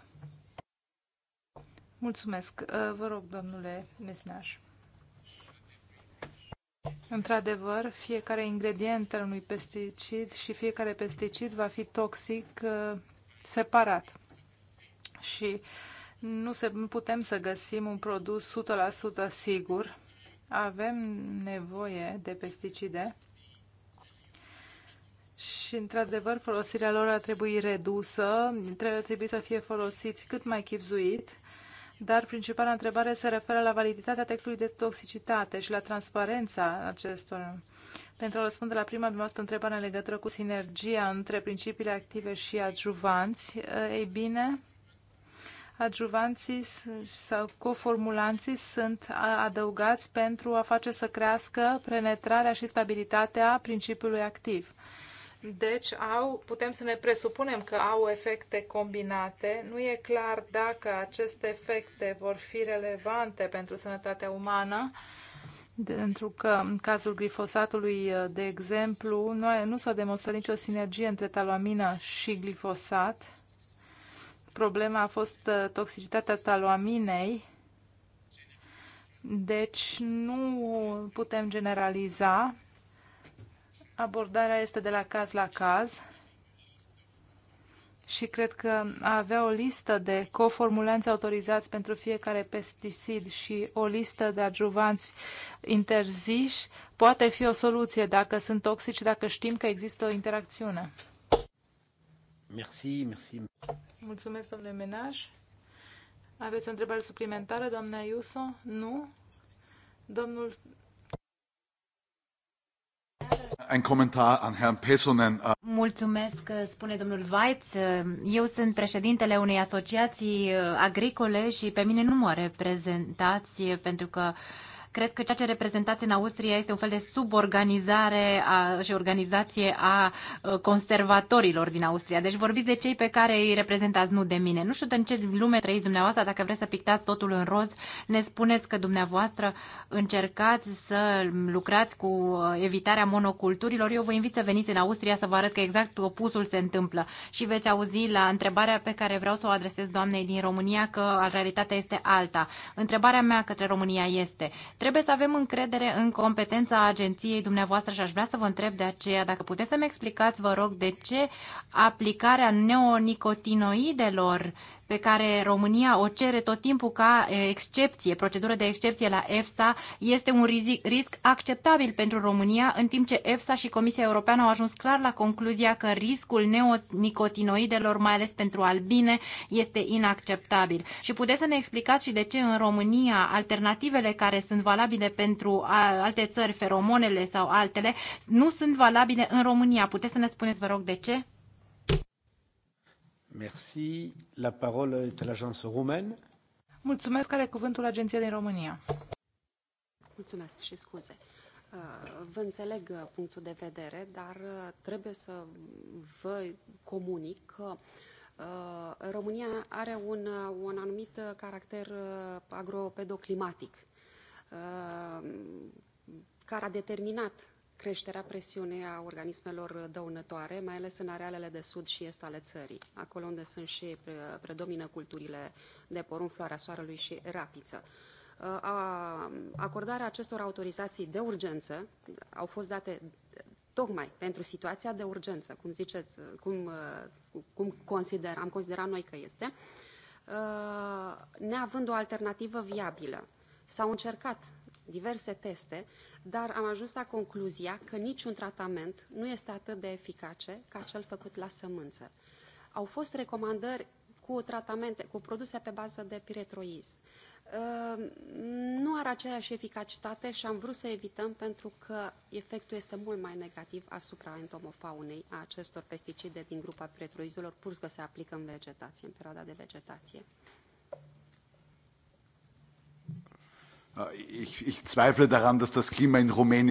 Mulțumesc. Uh, vă rog, domnule Mesneaș. Într-adevăr, fiecare ingredient al unui pesticid și fiecare pesticid va fi toxic uh, separat. Și nu, se, nu putem să găsim un produs 100% sigur. Avem nevoie de pesticide și, într-adevăr, folosirea lor ar trebui redusă, trebuie să fie folosiți cât mai chipzuit dar principala întrebare se referă la validitatea textului de toxicitate și la transparența acestor. Pentru a răspunde la prima dumneavoastră întrebare în legătură cu sinergia între principiile active și adjuvanți, eh, ei bine, adjuvanții sau coformulanții sunt adăugați pentru a face să crească penetrarea și stabilitatea principiului activ. Deci au, putem să ne presupunem că au efecte combinate. Nu e clar dacă aceste efecte vor fi relevante pentru sănătatea umană, pentru că în cazul glifosatului, uh, de exemplu, nu, nu s-a demonstrat nicio sinergie între taloamină și glifosat. Problema a fost uh, toxicitatea taloaminei, deci nu putem generaliza abordarea este de la caz la caz și cred că a avea o listă de coformulanți autorizați pentru fiecare pesticid și o listă de adjuvanți interziși poate fi o soluție dacă sunt toxici, dacă știm că există o interacțiune. Merci, merci. Mulțumesc, domnule Menaj. Aveți o întrebare suplimentară, doamna Iuso? Nu? Domnul un an Herrn Pesonen. Mulțumesc, uh, spune domnul Weitz. Uh, eu sunt președintele unei asociații uh, agricole și pe mine nu mă reprezentați pentru că uh, Cred că ceea ce reprezentați în Austria este un fel de suborganizare a, și organizație a conservatorilor din Austria. Deci vorbiți de cei pe care îi reprezentați, nu de mine. Nu știu în ce lume trăiți dumneavoastră, dacă vreți să pictați totul în roz, ne spuneți că dumneavoastră încercați să lucrați cu uh, evitarea monoculturilor. Eu vă invit să veniți în Austria să vă arăt că exact opusul se întâmplă și veți auzi la întrebarea pe care vreau să o adresez doamnei din România că realitatea este alta. Întrebarea mea către România este, Trebuie să avem încredere în competența agenției dumneavoastră și aș vrea să vă întreb de aceea dacă puteți să-mi explicați, vă rog, de ce aplicarea neonicotinoidelor pe care România o cere tot timpul ca excepție, procedură de excepție la EFSA, este un rizic, risc acceptabil pentru România, în timp ce EFSA și Comisia Europeană au ajuns clar la concluzia că riscul neonicotinoidelor, mai ales pentru albine, este inacceptabil. Și puteți să ne explicați și de ce în România alternativele care sunt valabile pentru alte țări, feromonele sau altele, nu sunt valabile în România. Puteți să ne spuneți, vă rog, de ce? Merci. La parole est à l'agence roumaine. Mulțumesc, care cuvântul agenția din România. Mulțumesc și scuze. Uh, vă înțeleg uh, punctul de vedere, dar uh, trebuie să vă comunic că România are un, un anumit caracter agropedoclimatic care a determinat creșterea presiunii a organismelor dăunătoare, mai ales în arealele de sud și est ale țării, acolo unde sunt și predomină culturile de porumb, floarea soarelui și rapiță. Uh, acordarea acestor autorizații de urgență au fost date tocmai pentru situația de urgență, cum ziceți, cum, uh, cum consider, am considerat noi că este, uh, neavând o alternativă viabilă. S-au încercat diverse teste, dar am ajuns la concluzia că niciun tratament nu este atât de eficace ca cel făcut la sămânță. Au fost recomandări cu tratamente, cu produse pe bază de piretroiz. Ă, nu are aceeași eficacitate și am vrut să evităm pentru că efectul este mult mai negativ asupra entomofaunei a acestor pesticide din grupa piretroizelor, pur că se aplică în vegetație, în perioada de vegetație. Äh, ich, ich zweifle daran, dass das Klima in Rumänien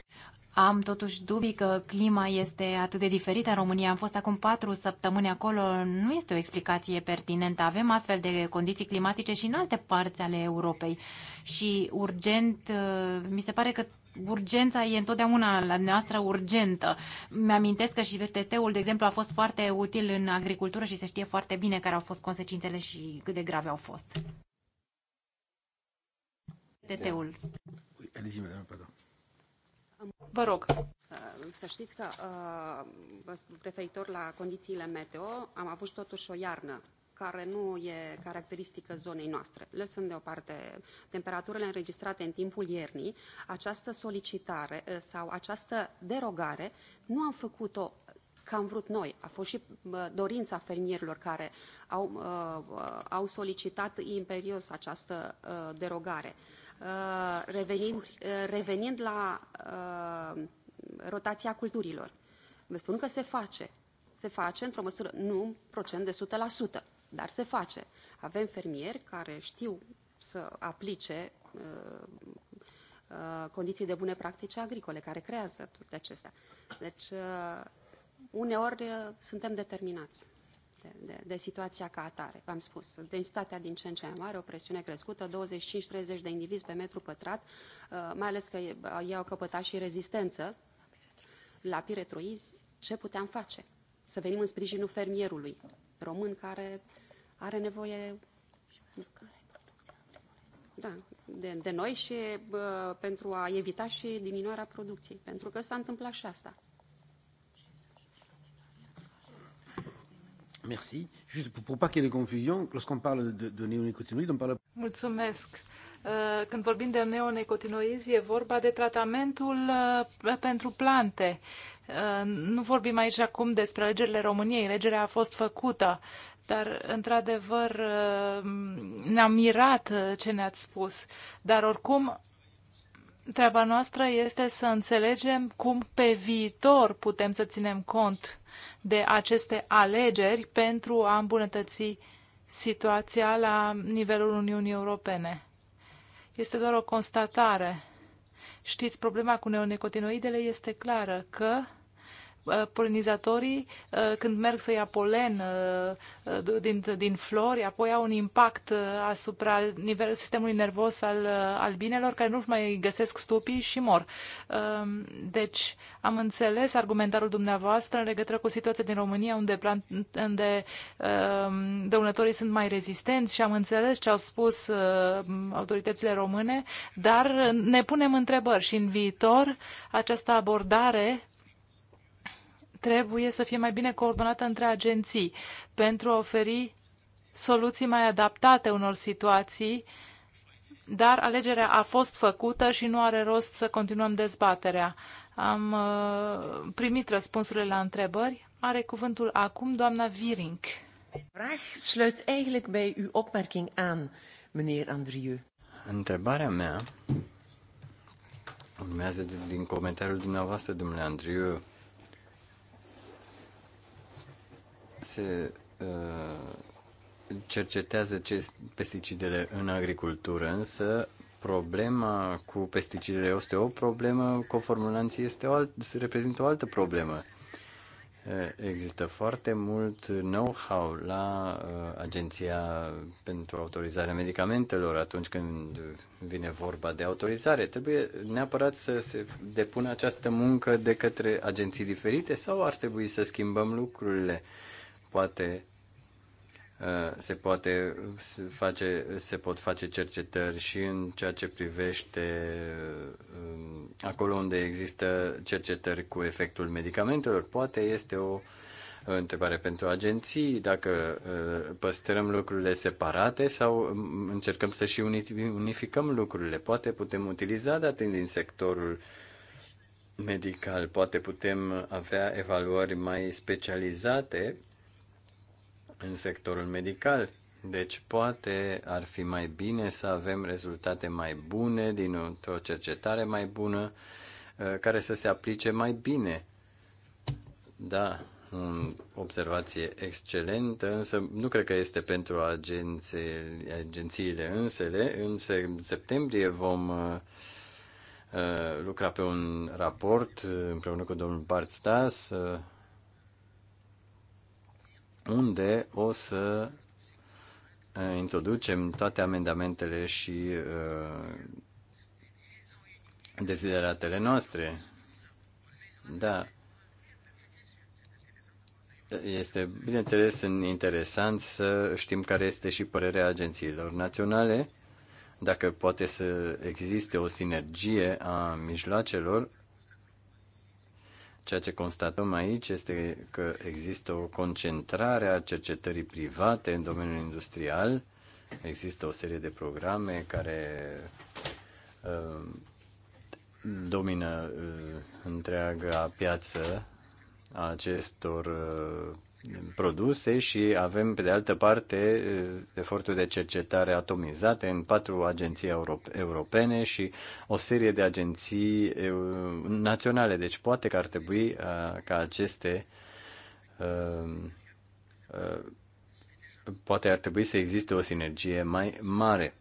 am totuși dubii că clima este atât de diferită în România. Am fost acum patru săptămâni acolo. Nu este o explicație pertinentă. Avem astfel de condiții climatice și în alte părți ale Europei. Și urgent, uh, mi se pare că urgența e întotdeauna la noastră urgentă. Mi-amintesc că și VTT-ul, de exemplu, a fost foarte util în agricultură și se știe foarte bine care au fost consecințele și cât de grave au fost. TT-ul. Elizi, păi, Vă rog. Uh, să știți că uh, referitor la condițiile meteo, am avut totuși o iarnă care nu e caracteristică zonei noastre. Lăsând deoparte temperaturile înregistrate în timpul iernii, această solicitare uh, sau această derogare nu am făcut-o ca am vrut noi. A fost și dorința fermierilor care au, au solicitat imperios această derogare. Uh, revenind, uh, revenind la uh, rotația culturilor. Vă spun că se face. Se face într-o măsură, nu un procent de 100%, dar se face. Avem fermieri care știu să aplice uh, uh, condiții de bune practici agricole, care creează toate acestea. Deci, uh, uneori suntem determinați de, de, de situația ca atare. V-am spus, densitatea din ce în ce mai mare, o presiune crescută, 25-30 de indivizi pe metru pătrat, uh, mai ales că ei uh, au căpătat și rezistență la piretruizi, ce puteam face? Să venim în sprijinul fermierului român care are nevoie da, de, de noi și bă, uh, pentru a evita și diminuarea producției. Pentru că s-a întâmplat și asta. Merci. Juste pour pas qu'il y ait de confusion, lorsqu'on parle de, de néonicotinoïdes, on parle... Mulțumesc. Uh, când vorbim de neonicotinoizi, e vorba de tratamentul uh, pentru plante. Uh, nu vorbim aici acum despre alegerile României. Legerea a fost făcută, dar, într-adevăr, ne-am mirat ce ne-ați spus. Dar, oricum, treaba noastră este să înțelegem cum pe viitor putem să ținem cont de aceste alegeri pentru a îmbunătăți situația la nivelul Uniunii Europene. Este doar o constatare. Știți, problema cu neonicotinoidele este clară că Uh, polinizatorii, uh, când merg să ia polen uh, din, din flori, apoi au un impact asupra nivelul sistemului nervos al albinelor, care nu mai găsesc stupii și mor. Um, deci, am înțeles argumentarul dumneavoastră în legătură cu situația din România, unde, plant, unde um, dăunătorii sunt mai rezistenți și am înțeles ce au spus autoritățile române, dar ne punem întrebări și în viitor această abordare trebuie să fie mai bine coordonată între agenții pentru a oferi soluții mai adaptate unor situații, dar alegerea a fost făcută și nu are rost să continuăm dezbaterea. Am uh, primit răspunsurile la întrebări. Are cuvântul acum doamna Viring. Întrebarea mea urmează din comentariul dumneavoastră, domnule Andriu. se uh, cercetează ce pesticidele în agricultură, însă problema cu pesticidele este o problemă, cu formulanții este o alt, se reprezintă o altă problemă. Uh, există foarte mult know-how la uh, Agenția pentru Autorizarea Medicamentelor atunci când vine vorba de autorizare. Trebuie neapărat să se depună această muncă de către agenții diferite sau ar trebui să schimbăm lucrurile? Uh, Uh, poate se poate face, se pot face cercetări și în ceea ce privește um, acolo unde există cercetări cu efectul medicamentelor. Poate este o uh, întrebare pentru agenții, dacă uh, păstrăm lucrurile separate sau um, încercăm să și unificăm lucrurile. Poate putem utiliza date din sectorul medical, poate putem avea evaluări mai specializate în sectorul medical. Deci poate ar fi mai bine să avem rezultate mai bune din o cercetare mai bună uh, care să se aplice mai bine. Da, o observație excelentă, însă nu cred că este pentru agenții, agențiile însele. În septembrie vom uh, uh, lucra pe un raport împreună cu domnul Bart Stas unde o să uh, introducem toate amendamentele și uh, dezideratele noastre. Da. Este, bineînțeles, interesant să știm care este și părerea agențiilor naționale, dacă poate să existe o sinergie a mijloacelor Ceea ce constatăm aici este că există o concentrare a cercetării private în domeniul industrial. Există o serie de programe care uh, domină uh, întreaga piață a acestor uh, produse și avem, pe de altă parte, eh, efortul de cercetare atomizate în patru agenții europene și o serie de agenții eh, naționale. Deci poate că ar trebui eh, ca aceste poate ar trebui să existe o sinergie mai mare.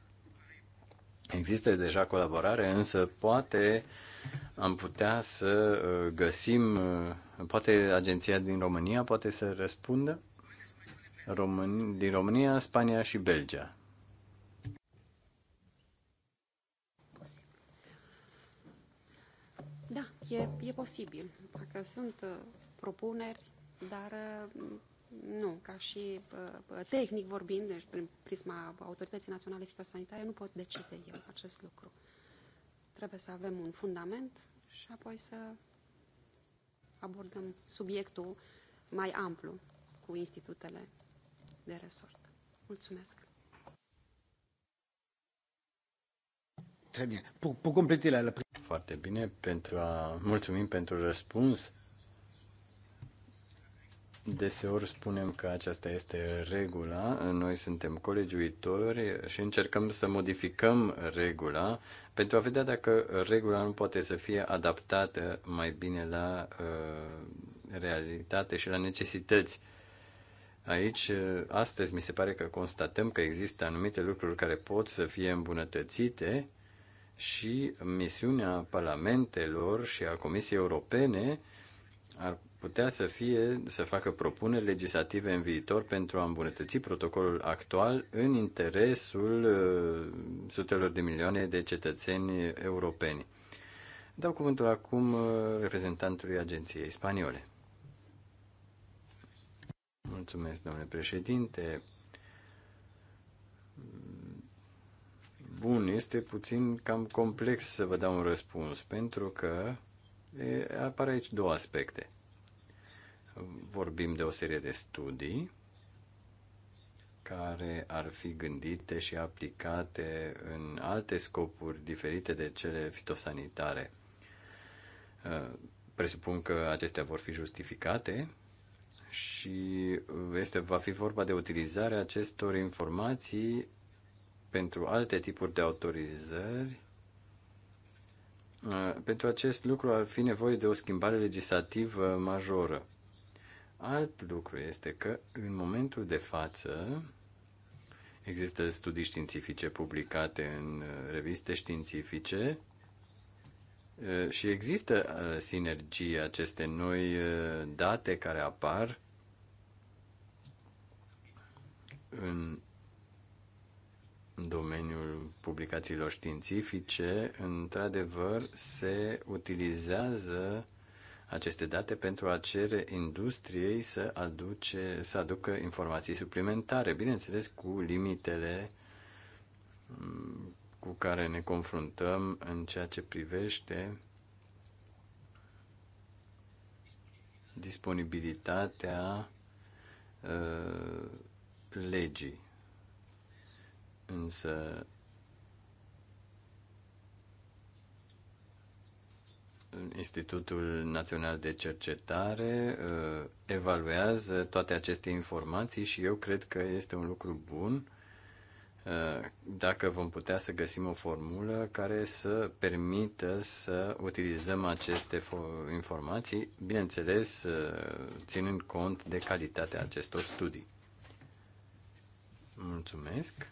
Există deja colaborare, însă poate am putea să găsim Poate agenția din România poate să răspundă? Român, din România, Spania și Belgia. Da, e, e posibil. Dacă sunt uh, propuneri, dar uh, nu, ca și uh, tehnic vorbind, deci prin prisma Autorității Naționale Fitosanitare, nu pot decide eu acest lucru. Trebuie să avem un fundament și apoi să abordăm subiectul mai amplu cu institutele de resort. Mulțumesc! Foarte bine, pentru a mulțumim pentru răspuns Deseori spunem că aceasta este regula, noi suntem colegiuitori și încercăm să modificăm regula pentru a vedea dacă regula nu poate să fie adaptată mai bine la uh, realitate și la necesități. Aici, uh, astăzi, mi se pare că constatăm că există anumite lucruri care pot să fie îmbunătățite și misiunea parlamentelor și a Comisiei Europene ar putea să fie să facă propuneri legislative în viitor pentru a îmbunătăți protocolul actual în interesul uh, sutelor de milioane de cetățeni europeni. Dau cuvântul acum uh, reprezentantului agenției spaniole. Mulțumesc, domnule președinte. Bun, este puțin cam complex să vă dau un răspuns, pentru că apar aici două aspecte vorbim de o serie de studii care ar fi gândite și aplicate în alte scopuri diferite de cele fitosanitare. Uh, presupun că acestea vor fi justificate și uh, este, va fi vorba de utilizarea acestor informații pentru alte tipuri de autorizări. Uh, pentru acest lucru ar fi nevoie de o schimbare legislativă majoră. Alt lucru este că în momentul de față există studii științifice publicate în uh, reviste științifice uh, și există uh, sinergie aceste noi date care apar în domeniul publicațiilor științifice, într-adevăr, se utilizează aceste date pentru a cere industriei să, aduce, să aducă informații suplimentare, bineînțeles cu limitele mm, cu care ne confruntăm în ceea ce privește disponibilitatea uh, legii. Însă Institutul Național de Cercetare uh, evaluează toate aceste informații și eu cred că este un lucru bun uh, dacă vom putea să găsim o formulă care să permită să utilizăm aceste informații, bineînțeles, uh, ținând cont de calitatea acestor studii. Mulțumesc.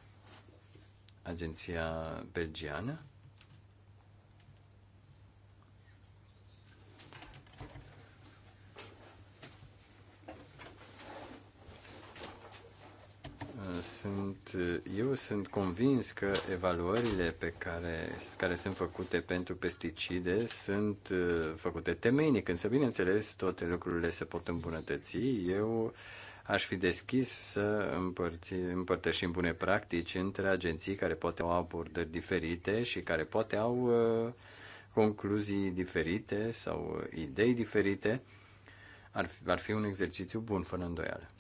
Agenția belgiană. sunt, eu sunt convins că evaluările pe care, care sunt făcute pentru pesticide sunt uh, făcute temeinic, însă bineînțeles toate lucrurile se pot îmbunătăți. Eu aș fi deschis să împărți, împărtășim bune practici între agenții care poate au abordări diferite și care poate au uh, concluzii diferite sau idei diferite. Ar fi, ar fi un exercițiu bun, fără îndoială.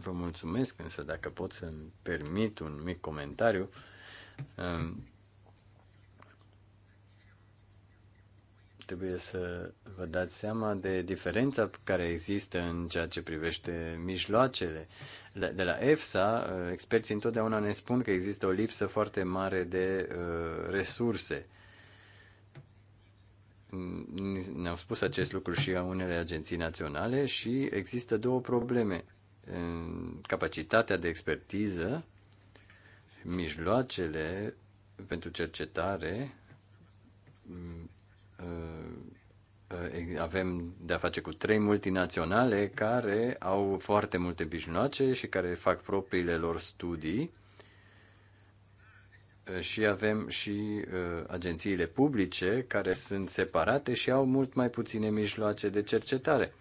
Vă mulțumesc, însă dacă pot să-mi permit un mic comentariu. Um, trebuie să vă dați seama de diferența care există în ceea ce privește mijloacele. De la EFSA, uh, experții întotdeauna ne spun că există o lipsă foarte mare de uh, resurse ne-au spus acest lucru și a unele agenții naționale și există două probleme capacitatea de expertiză, mijloacele pentru cercetare, mm, uh, uh, avem de-a face cu trei multinaționale care au foarte multe mijloace și care fac propriile lor studii uh, și avem și uh, agențiile publice care sunt separate și au mult mai puține mijloace de cercetare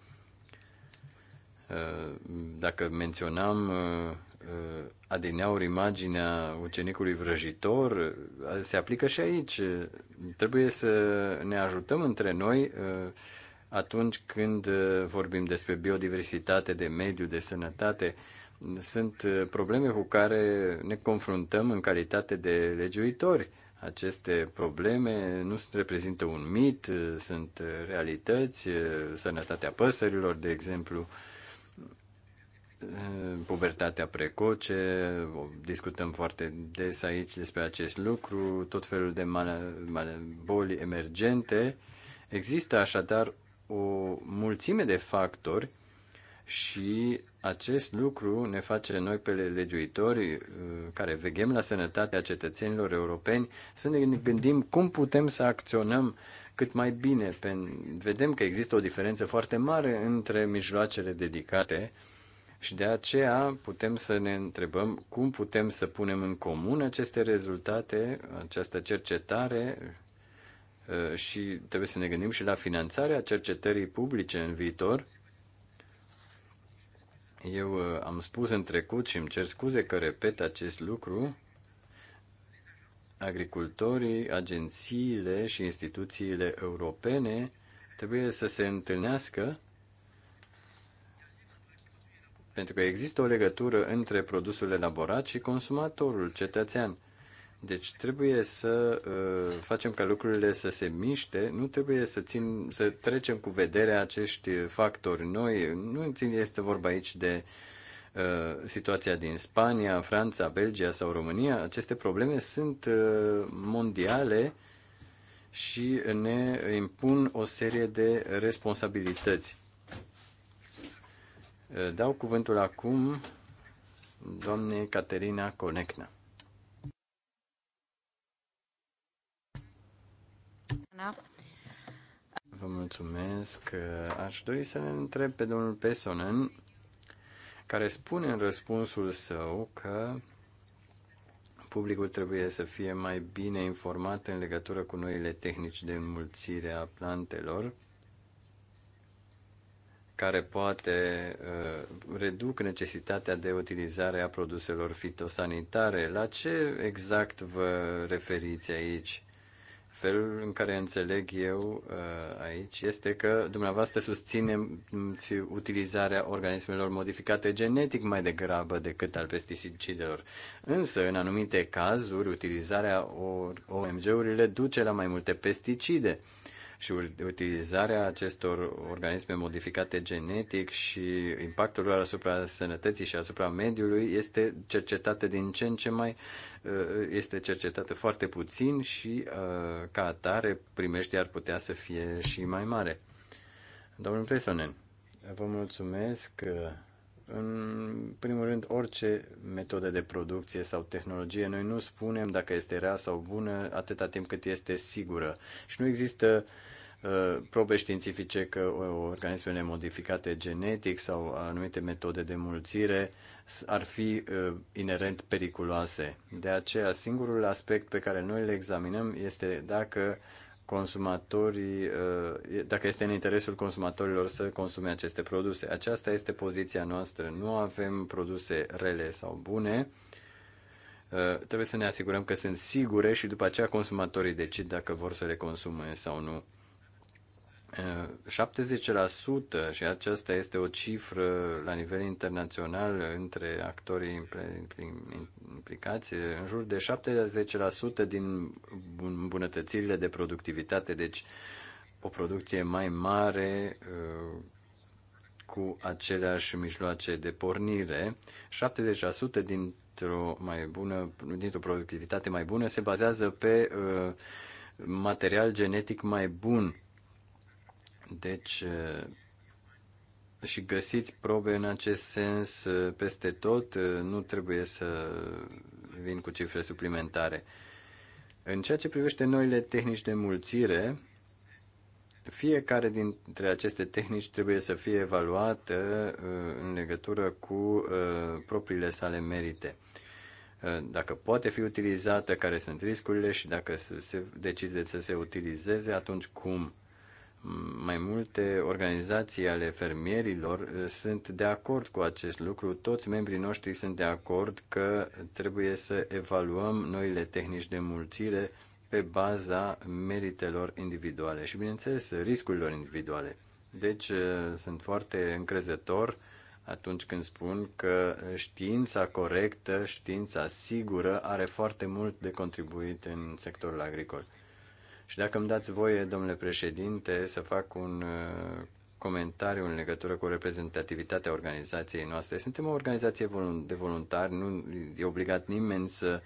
dacă menționam uh, uh, adineauri imaginea ucenicului vrăjitor, uh, se aplică și aici. Trebuie să ne ajutăm între noi atunci când vorbim despre biodiversitate, de mediu, de sănătate. Sunt probleme cu care ne confruntăm în calitate de legiuitori. Aceste probleme nu reprezintă un mit, sunt realități, sănătatea păsărilor, de exemplu, pubertatea precoce, discutăm foarte des aici despre acest lucru, tot felul de boli emergente. Există așadar o mulțime de factori și acest lucru ne face noi pe legiuitori uh, care veghem la sănătatea cetățenilor europeni să ne gândim cum putem să acționăm cât mai bine. Vedem că există o diferență foarte mare între mijloacele dedicate uh, și de aceea putem să ne întrebăm cum putem să punem în comun aceste rezultate, această cercetare uh, și trebuie să ne gândim și la finanțarea cercetării publice în viitor. Eu uh, am spus în trecut și îmi cer scuze că repet acest lucru. Agricultorii, agențiile și instituțiile europene trebuie să se întâlnească pentru că există o legătură între produsul elaborat și consumatorul, cetățean. Deci trebuie să uh, facem ca lucrurile să se miște, nu trebuie să, țin, să trecem cu vederea acești factori noi. Nu țin, este vorba aici de uh, situația din Spania, Franța, Belgia sau România. Aceste probleme sunt uh, mondiale și ne impun o serie de responsabilități Eh, dau cuvântul acum doamnei Caterina Conecna. Vă mulțumesc. Eh, aș dori să ne întreb pe domnul Pesonen, care spune în răspunsul său că publicul trebuie să fie mai bine informat în legătură cu noile tehnici de înmulțire a plantelor care poate uh, reduc necesitatea de utilizare a produselor fitosanitare. La ce exact vă referiți aici? Felul în care înțeleg eu uh, aici este că dumneavoastră susțineți mm, utilizarea organismelor modificate genetic mai degrabă decât al pesticidelor. Însă, în anumite cazuri, utilizarea OMG-urile duce la mai multe pesticide. Uh, și utilizarea acestor organisme modificate genetic și impactul lor asupra sănătății și asupra mediului este cercetată din ce în ce mai uh, este cercetată foarte puțin și uh, ca atare primește ar putea să fie și mai mare. Domnul Presonen, vă mulțumesc uh, în primul rând, orice metodă de producție sau tehnologie, noi nu spunem dacă este rea sau bună atâta timp cât este sigură. Și nu există uh, probe științifice că uh, organismele modificate genetic sau anumite metode de mulțire ar fi uh, inerent periculoase. De aceea, singurul aspect pe care noi le examinăm este dacă uh, consumatorii, uh, dacă este în interesul consumatorilor să consume aceste produse. Aceasta este poziția noastră. Nu avem produse rele sau bune. Uh, trebuie să ne asigurăm că sunt sigure și după aceea consumatorii decid dacă vor să le consume sau nu. 70% și aceasta este o cifră la nivel internațional între actorii implicați, în jur de 70% din îmbunătățirile de productivitate, deci o producție mai mare uh, cu aceleași mijloace de pornire, 70% dintr-o mai bună, dintr-o productivitate mai bună se bazează pe uh, material genetic mai bun deci, și găsiți probe în acest sens uh, peste tot, uh, nu trebuie să vin cu cifre suplimentare. În ceea ce privește noile tehnici de mulțire, fiecare dintre aceste tehnici trebuie să fie evaluată uh, în legătură cu propriile sale merite. Dacă poate fi utilizată, care sunt riscurile și dacă se decide să se utilizeze, atunci cum mai multe organizații ale fermierilor uh, sunt de acord cu acest lucru. Toți membrii noștri sunt de acord că trebuie să evaluăm noile tehnici de mulțire pe baza meritelor individuale și, bineînțeles, riscurilor individuale. Deci, uh, sunt foarte încrezător atunci când spun că știința corectă, știința sigură, are foarte mult de contribuit în sectorul agricol. Și dacă îmi dați voie, domnule președinte, să fac un uh, comentariu în legătură cu reprezentativitatea organizației noastre. Suntem o organizație de voluntari, nu e obligat nimeni să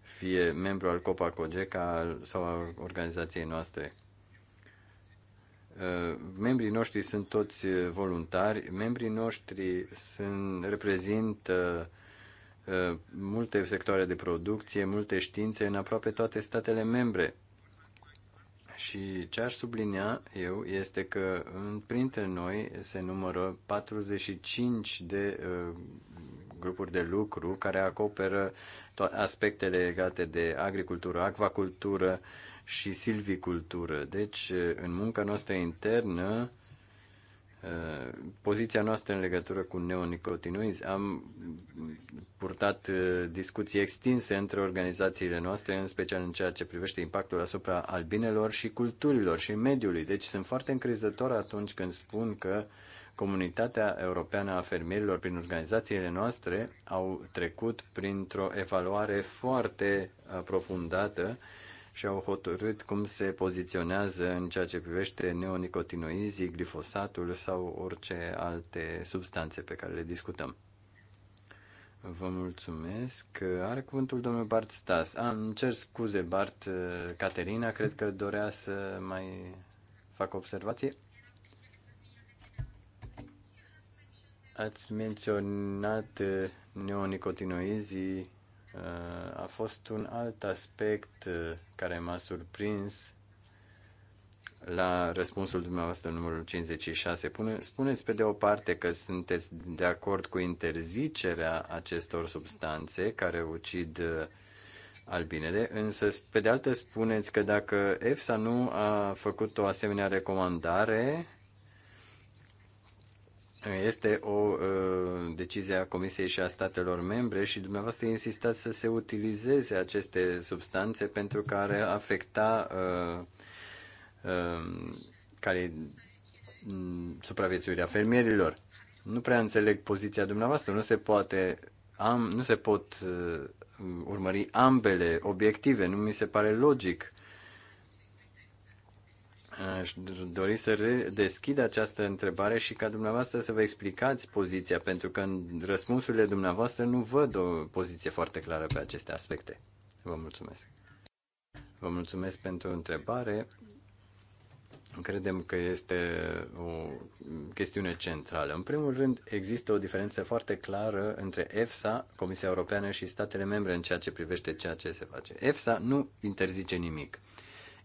fie membru al Copa Cogeca sau al organizației noastre. Uh, membrii noștri sunt toți uh, voluntari, membrii noștri sunt, reprezintă multe sectoare de producție, multe științe în aproape toate statele membre și ce aș sublinia eu este că printre noi se numără 45 de uh, grupuri de lucru care acoperă aspectele legate de agricultură, acvacultură și silvicultură. Deci, uh, în munca noastră internă, Eh, poziția noastră în legătură cu neonicotinoizi. Am purtat eh, discuții extinse între organizațiile noastre, în special în ceea ce privește impactul asupra albinelor și culturilor și mediului. Deci sunt foarte încrezător atunci când spun că comunitatea europeană a fermierilor prin organizațiile noastre au trecut printr-o evaluare foarte aprofundată și au hotărât cum se poziționează în ceea ce privește neonicotinoizii, glifosatul sau orice alte substanțe pe care le discutăm. Vă mulțumesc. Are cuvântul domnul Bart Stas. Am ah, cer scuze, Bart, uh, Caterina, cred că dorea să mai fac observație. Ați menționat uh, neonicotinoizii a fost un alt aspect uh, care m-a surprins la răspunsul dumneavoastră numărul 56. Pune, spuneți pe de o parte că sunteți de acord cu interzicerea acestor substanțe care ucid uh, albinele, însă pe de altă spuneți că dacă EFSA nu a făcut o asemenea recomandare, este o uh, decizie a Comisiei și a statelor membre și dumneavoastră insistați să se utilizeze aceste substanțe pentru care afecta uh, uh, care mm, supraviețuirea fermierilor. Nu prea înțeleg poziția dumneavoastră. Nu se poate am, nu se pot uh, urmări ambele obiective. Nu mi se pare logic Aș dori să deschid această întrebare și ca dumneavoastră să vă explicați poziția, pentru că în răspunsurile dumneavoastră nu văd o poziție foarte clară pe aceste aspecte. Vă mulțumesc. Vă mulțumesc pentru întrebare. Credem că este o chestiune centrală. În primul rând, există o diferență foarte clară între EFSA, Comisia Europeană și statele membre în ceea ce privește ceea ce se face. EFSA nu interzice nimic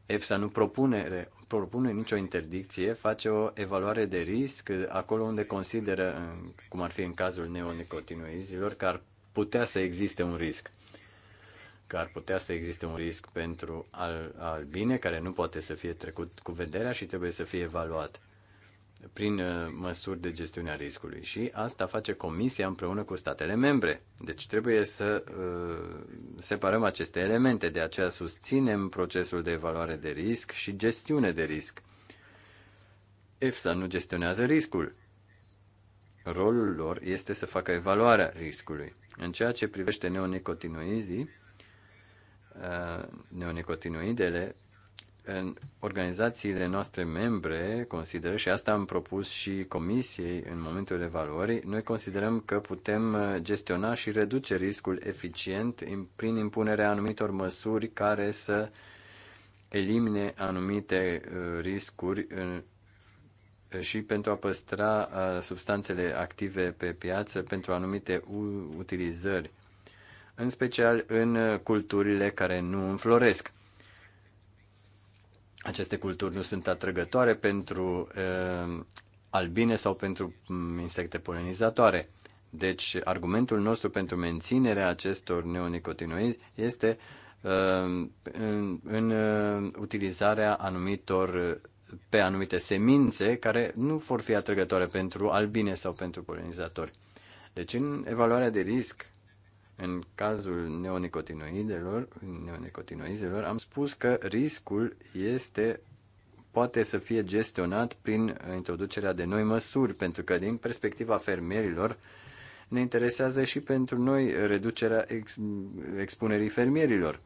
EFSA nu propune, propune nicio interdicție, face o evaluare de risc acolo unde consideră, cum ar fi în cazul neonicotinoizilor, că ar putea să existe un risc. Că ar putea să existe un risc pentru al, albine care nu poate să fie trecut cu vederea și trebuie să fie evaluat prin uh, măsuri de gestiune a riscului și asta face Comisia împreună cu statele membre. Deci trebuie să uh, separăm aceste elemente, de aceea susținem procesul de evaluare de risc și gestiune de risc. EFSA nu gestionează riscul. Rolul lor este să facă evaluarea riscului. În ceea ce privește neonicotinoizii, uh, neonicotinoidele în organizațiile noastre membre consideră, și asta am propus și comisiei în momentul evaluării, noi considerăm că putem uh, gestiona și reduce riscul eficient prin impunerea anumitor măsuri care să elimine anumite uh, riscuri uh, și pentru a păstra substanțele active pe piață pentru anumite utilizări, în special în culturile care nu înfloresc aceste culturi nu sunt atrăgătoare pentru uh, albine sau pentru mm, insecte polenizatoare. Deci, argumentul nostru pentru menținerea acestor neonicotinoizi este uh, în, în uh, utilizarea anumitor pe anumite semințe care nu vor fi atrăgătoare pentru albine sau pentru polinizatori. Deci, în evaluarea de risc, în cazul neonicotinoidelor, neonicotinoidelor am spus că riscul este poate să fie gestionat prin introducerea de noi măsuri, pentru că din perspectiva fermierilor ne interesează și pentru noi reducerea ex- expunerii fermierilor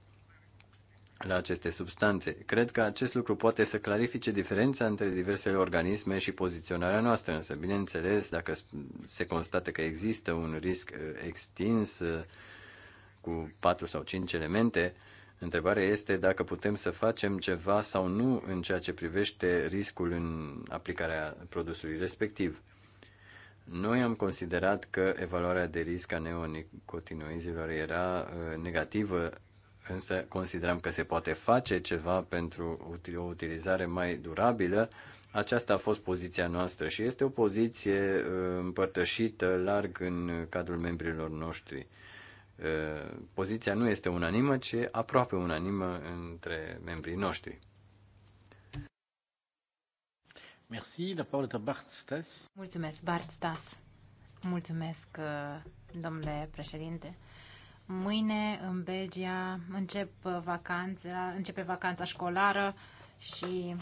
la aceste substanțe. Cred că acest lucru poate să clarifice diferența între diversele organisme și poziționarea noastră, însă, bineînțeles, dacă se constată că există un risc uh, extins uh, cu patru sau cinci elemente, întrebarea este dacă putem să facem ceva sau nu în ceea ce privește riscul în aplicarea produsului respectiv. Noi am considerat că evaluarea de risc a neonicotinoizilor era uh, negativă însă considerăm că se poate face ceva pentru o utilizare mai durabilă. Aceasta a fost poziția noastră și este o poziție uh, împărtășită larg în cadrul membrilor noștri. Uh, poziția nu este unanimă, ci aproape unanimă între membrii noștri. Merci, la parole est Bart Stas. Mulțumesc, Bart Stas. Mulțumesc, uh, domnule președinte. Mâine, în Belgia, încep vacanța, începe vacanța școlară și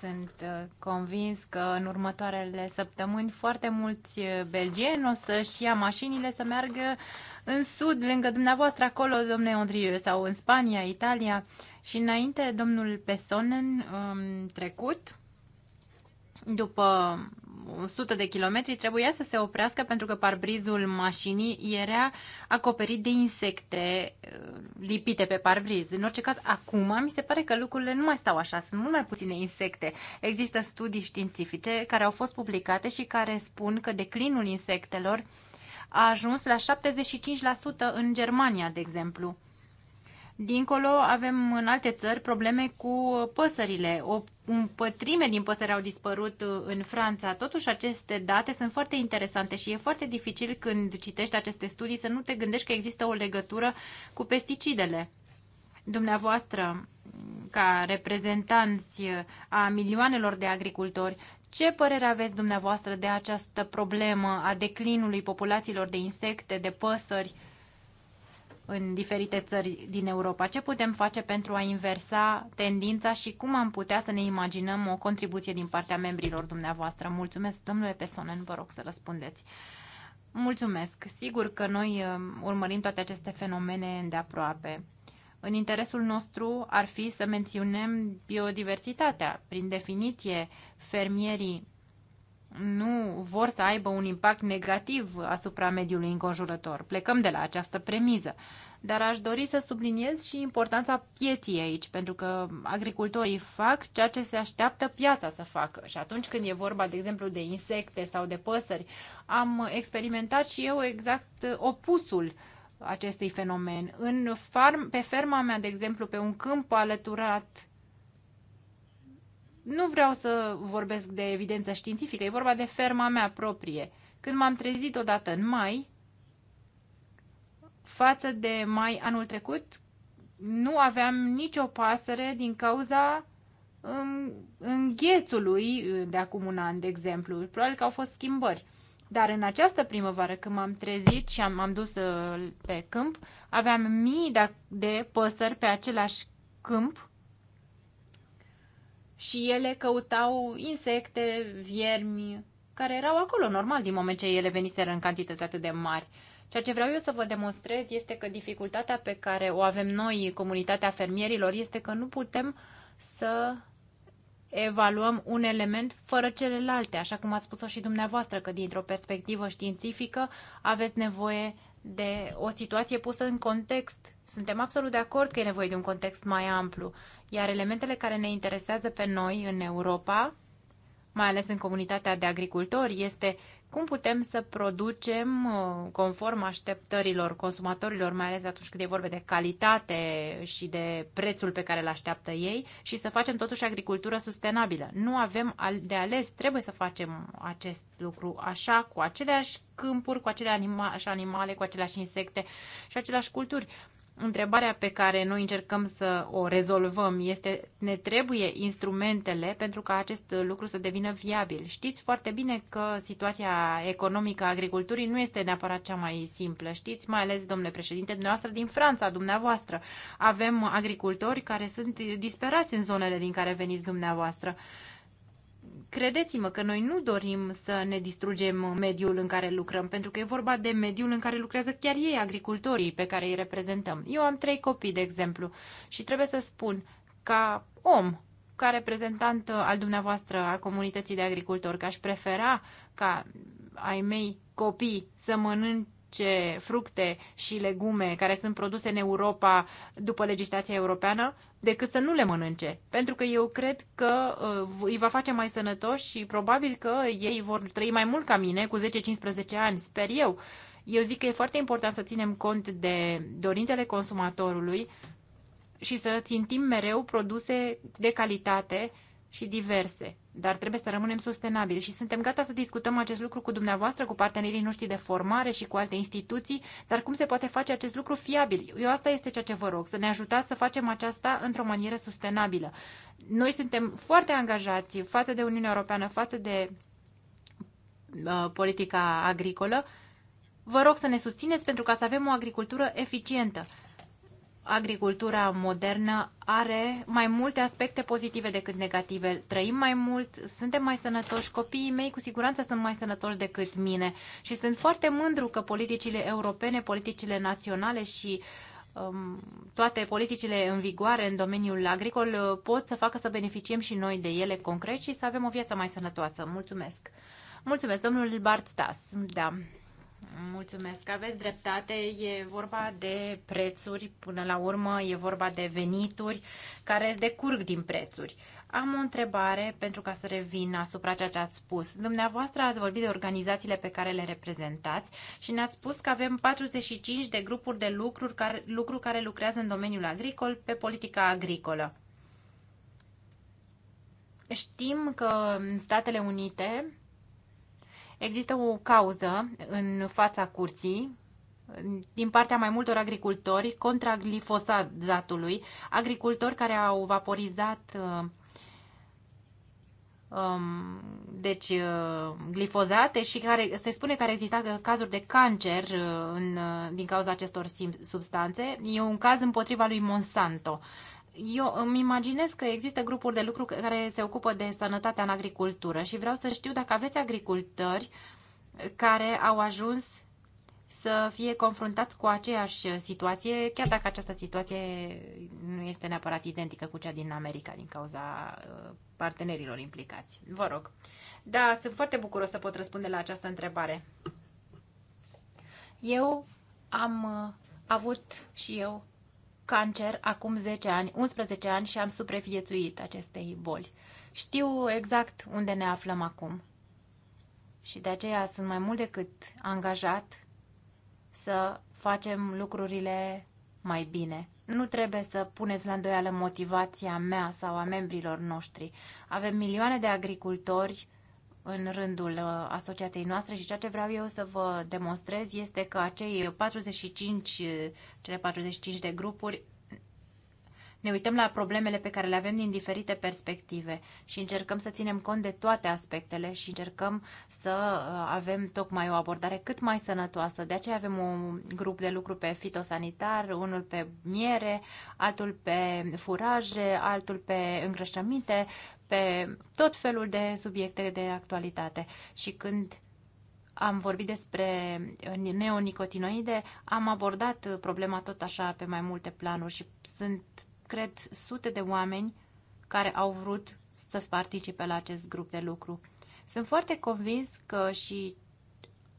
sunt uh, convins că în următoarele săptămâni foarte mulți uh, belgieni o să-și ia mașinile să meargă în sud, lângă dumneavoastră, acolo, domnule Andriu, sau în Spania, Italia. Și înainte, domnul Pesonen, um, trecut, după 100 de kilometri, trebuia să se oprească pentru că parbrizul mașinii era acoperit de insecte uh, lipite pe parbriz. În orice caz, acum mi se pare că lucrurile nu mai stau așa, sunt mult mai puține insecte. Există studii științifice care au fost publicate și care spun că declinul insectelor a ajuns la 75% în Germania, de exemplu. Dincolo avem în alte țări probleme cu păsările. O un pătrime din păsări au dispărut uh, în Franța. Totuși, aceste date sunt foarte interesante și e foarte dificil când citești aceste studii să nu te gândești că există o legătură cu pesticidele. Dumneavoastră, ca reprezentanți uh, a milioanelor de agricultori, ce părere aveți dumneavoastră de această problemă a declinului populațiilor de insecte, de păsări în diferite țări din Europa. Ce putem face pentru a inversa tendința și cum am putea să ne imaginăm o contribuție din partea membrilor dumneavoastră? Mulțumesc, domnule Pesonen, vă rog să răspundeți. Mulțumesc. Sigur că noi um, urmărim toate aceste fenomene îndeaproape. În interesul nostru ar fi să menționăm biodiversitatea. Prin definiție, fermierii nu vor să aibă un impact negativ asupra mediului înconjurător. Plecăm de la această premiză. Dar aș dori să subliniez și importanța pieții aici, pentru că agricultorii fac ceea ce se așteaptă piața să facă. Și atunci când e vorba, de exemplu, de insecte sau de păsări, am experimentat și eu exact opusul acestui fenomen. În farm, pe ferma mea, de exemplu, pe un câmp alăturat nu vreau să vorbesc de evidență științifică, e vorba de ferma mea proprie. Când m-am trezit odată în mai, față de mai anul trecut, nu aveam nicio pasăre din cauza um, înghețului uh, de acum un an, de exemplu. Probabil că au fost schimbări. Dar în această primăvară, când m-am trezit și am, am dus uh, pe câmp, aveam mii de, de păsări pe același câmp și ele căutau insecte, viermi, care erau acolo, normal, din moment ce ele veniseră în cantități atât de mari. Ceea ce vreau eu să vă demonstrez este că dificultatea pe care o avem noi, comunitatea fermierilor, este că nu putem să evaluăm un element fără celelalte, așa cum ați spus-o și dumneavoastră, că dintr-o perspectivă științifică aveți nevoie de o situație pusă în context. Suntem absolut de acord că e nevoie de un context mai amplu iar elementele care ne interesează pe noi în Europa, mai ales în comunitatea de agricultori, este cum putem să producem uh, conform așteptărilor consumatorilor, mai ales atunci când e vorba de calitate și de prețul pe care îl așteaptă ei și să facem totuși agricultură sustenabilă. Nu avem de ales, trebuie să facem acest lucru așa, cu aceleași câmpuri, cu aceleași animale, cu aceleași insecte și aceleași culturi întrebarea pe care noi încercăm să o rezolvăm este ne trebuie instrumentele pentru ca acest lucru să devină viabil. Știți foarte bine că situația economică a agriculturii nu este neapărat cea mai simplă. Știți, mai ales, domnule președinte, dumneavoastră din Franța, dumneavoastră, avem agricultori care sunt disperați în zonele din care veniți dumneavoastră. Credeți-mă că noi nu dorim să ne distrugem mediul în care lucrăm, pentru că e vorba de mediul în care lucrează chiar ei, agricultorii pe care îi reprezentăm. Eu am trei copii, de exemplu, și trebuie să spun, ca om, ca reprezentant al dumneavoastră a comunității de agricultori, că aș prefera ca ai mei copii să mănânce ce fructe și legume care sunt produse în Europa după legislația europeană, decât să nu le mănânce. Pentru că eu cred că uh, îi va face mai sănătoși și probabil că ei vor trăi mai mult ca mine, cu 10-15 ani, sper eu. Eu zic că e foarte important să ținem cont de dorințele consumatorului și să țintim mereu produse de calitate și diverse dar trebuie să rămânem sustenabili și suntem gata să discutăm acest lucru cu dumneavoastră, cu partenerii noștri de formare și cu alte instituții, dar cum se poate face acest lucru fiabil? Eu asta este ceea ce vă rog, să ne ajutați să facem aceasta într-o manieră sustenabilă. Noi suntem foarte angajați față de Uniunea Europeană, față de uh, politica agricolă. Vă rog să ne susțineți pentru ca să avem o agricultură eficientă agricultura modernă are mai multe aspecte pozitive decât negative. Trăim mai mult, suntem mai sănătoși, copiii mei cu siguranță sunt mai sănătoși decât mine și sunt foarte mândru că politicile europene, politicile naționale și um, toate politicile în vigoare în domeniul agricol uh, pot să facă să beneficiem și noi de ele concret și să avem o viață mai sănătoasă. Mulțumesc! Mulțumesc, domnul Bart Stas. Da. Mulțumesc, aveți dreptate. E vorba de prețuri, până la urmă e vorba de venituri care decurg din prețuri. Am o întrebare pentru ca să revin asupra ceea ce ați spus. Dumneavoastră ați vorbit de organizațiile pe care le reprezentați și ne-ați spus că avem 45 de grupuri de lucruri care, lucru care lucrează în domeniul agricol pe politica agricolă. Știm că în Statele Unite Există o cauză în fața curții din partea mai multor agricultori contra glifosatului, agricultori care au vaporizat uh, um, deci uh, glifozate și care se spune că ar exista cazuri de cancer uh, în, din cauza acestor substanțe. E un caz împotriva lui Monsanto eu îmi imaginez că există grupuri de lucru care se ocupă de sănătatea în agricultură și vreau să știu dacă aveți agricultori care au ajuns să fie confruntați cu aceeași situație, chiar dacă această situație nu este neapărat identică cu cea din America din cauza uh, partenerilor implicați. Vă rog. Da, sunt foarte bucuros să pot răspunde la această întrebare. Eu am uh, avut și eu cancer acum 10 ani, 11 ani și am supraviețuit acestei boli. Știu exact unde ne aflăm acum. Și de aceea sunt mai mult decât angajat să facem lucrurile mai bine. Nu trebuie să puneți la îndoială motivația mea sau a membrilor noștri. Avem milioane de agricultori în rândul uh, asociației noastre și ceea ce vreau eu să vă demonstrez este că acei 45, cele 45 de grupuri ne uităm la problemele pe care le avem din diferite perspective și încercăm să ținem cont de toate aspectele și încercăm să uh, avem tocmai o abordare cât mai sănătoasă. De aceea avem un grup de lucru pe fitosanitar, unul pe miere, altul pe furaje, altul pe îngrășăminte, pe tot felul de subiecte de actualitate. Și când am vorbit despre uh, neonicotinoide, am abordat uh, problema tot așa pe mai multe planuri și sunt cred, sute de oameni care au vrut să participe la acest grup de lucru. Sunt foarte convins că și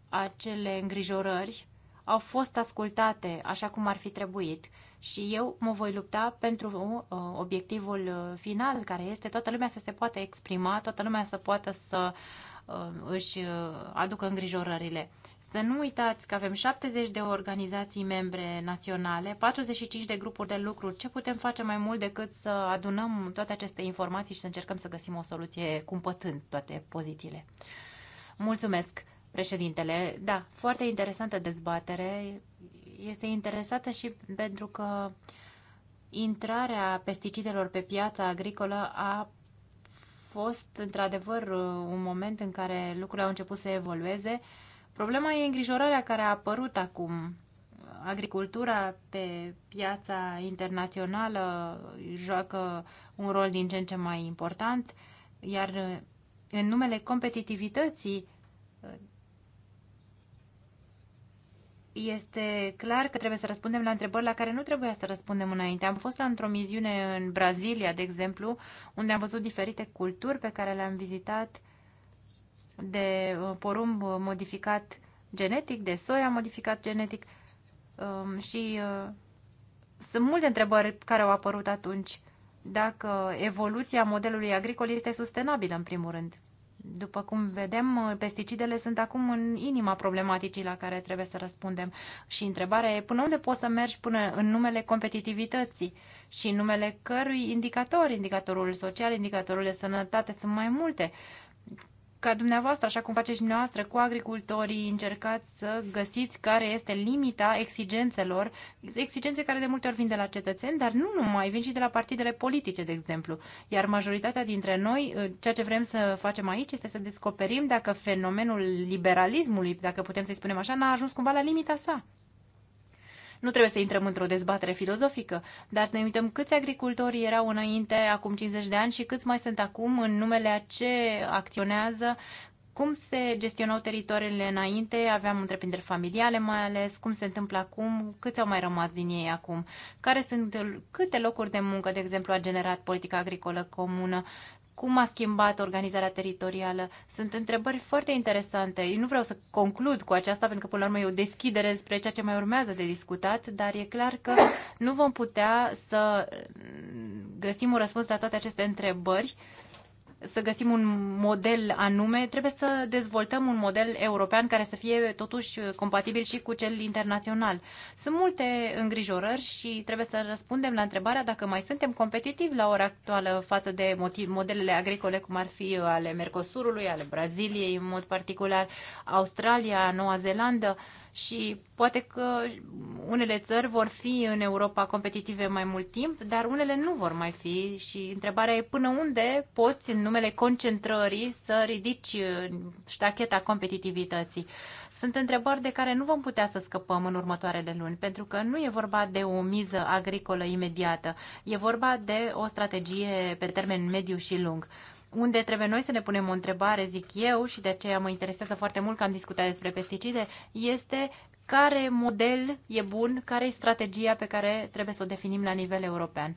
acele îngrijorări au fost ascultate așa cum ar fi trebuit și eu mă voi lupta pentru uh, obiectivul uh, final, care este toată lumea să se poată exprima, toată lumea să poată să uh, își aducă îngrijorările. Să nu uitați că avem 70 de organizații membre naționale, 45 de grupuri de lucru. Ce putem face mai mult decât să adunăm toate aceste informații și să încercăm să găsim o soluție cumpătând toate pozițiile? Mulțumesc, președintele. Da, foarte interesantă dezbatere. Este interesată și pentru că intrarea pesticidelor pe piața agricolă a fost într-adevăr un moment în care lucrurile au început să evolueze Problema e îngrijorarea care a apărut acum. Agricultura pe piața internațională joacă un rol din ce în ce mai important, iar în numele competitivității este clar că trebuie să răspundem la întrebări la care nu trebuia să răspundem înainte. Am fost la într-o miziune în Brazilia, de exemplu, unde am văzut diferite culturi pe care le-am vizitat de uh, porumb modificat genetic, de soia modificat genetic um, și uh, sunt multe întrebări care au apărut atunci dacă evoluția modelului agricol este sustenabilă, în primul rând. După cum vedem, pesticidele sunt acum în inima problematicii la care trebuie să răspundem. Și întrebarea e până unde poți să mergi până în numele competitivității și în numele cărui indicatori, indicatorul social, indicatorul de sănătate, sunt mai multe ca dumneavoastră, așa cum faceți dumneavoastră cu agricultorii, încercați să găsiți care este limita exigențelor, exigențe care de multe ori vin de la cetățeni, dar nu numai, vin și de la partidele politice, de exemplu. Iar majoritatea dintre noi, uh, ceea ce vrem să facem aici este să descoperim dacă fenomenul liberalismului, dacă putem să-i spunem așa, n-a ajuns cumva la limita sa. Nu trebuie să intrăm într-o dezbatere filozofică, dar să ne uităm câți agricultori erau înainte, acum 50 de ani, și câți mai sunt acum, în numele a ce acționează, cum se gestionau teritoriile înainte, aveam întreprinderi familiale mai ales, cum se întâmplă acum, câți au mai rămas din ei acum, care sunt, câte locuri de muncă, de exemplu, a generat politica agricolă comună cum a schimbat organizarea teritorială. Sunt întrebări foarte interesante. Eu nu vreau să conclud cu aceasta, pentru că până la urmă e o deschidere spre ceea ce mai urmează de discutat, dar e clar că nu vom putea să găsim un răspuns la toate aceste întrebări să găsim un model anume, trebuie să dezvoltăm un model european care să fie totuși compatibil și cu cel internațional. Sunt multe îngrijorări și trebuie să răspundem la întrebarea dacă mai suntem competitivi la ora actuală față de modelele agricole cum ar fi ale Mercosurului, ale Braziliei în mod particular, Australia, Noua Zeelandă. Uh, și poate că unele țări vor fi în Europa competitive mai mult timp, dar unele nu vor mai fi și întrebarea e până unde poți, în numele concentrării, să ridici uh, ștacheta competitivității. Sunt întrebări de care nu vom putea să scăpăm în următoarele luni, pentru că nu e vorba de o miză agricolă imediată, e vorba de o strategie pe termen mediu și lung unde trebuie noi să ne punem o întrebare, zic eu, și de aceea mă interesează foarte mult că am discutat despre pesticide, este care model e bun, care e strategia pe care trebuie să o definim la nivel european.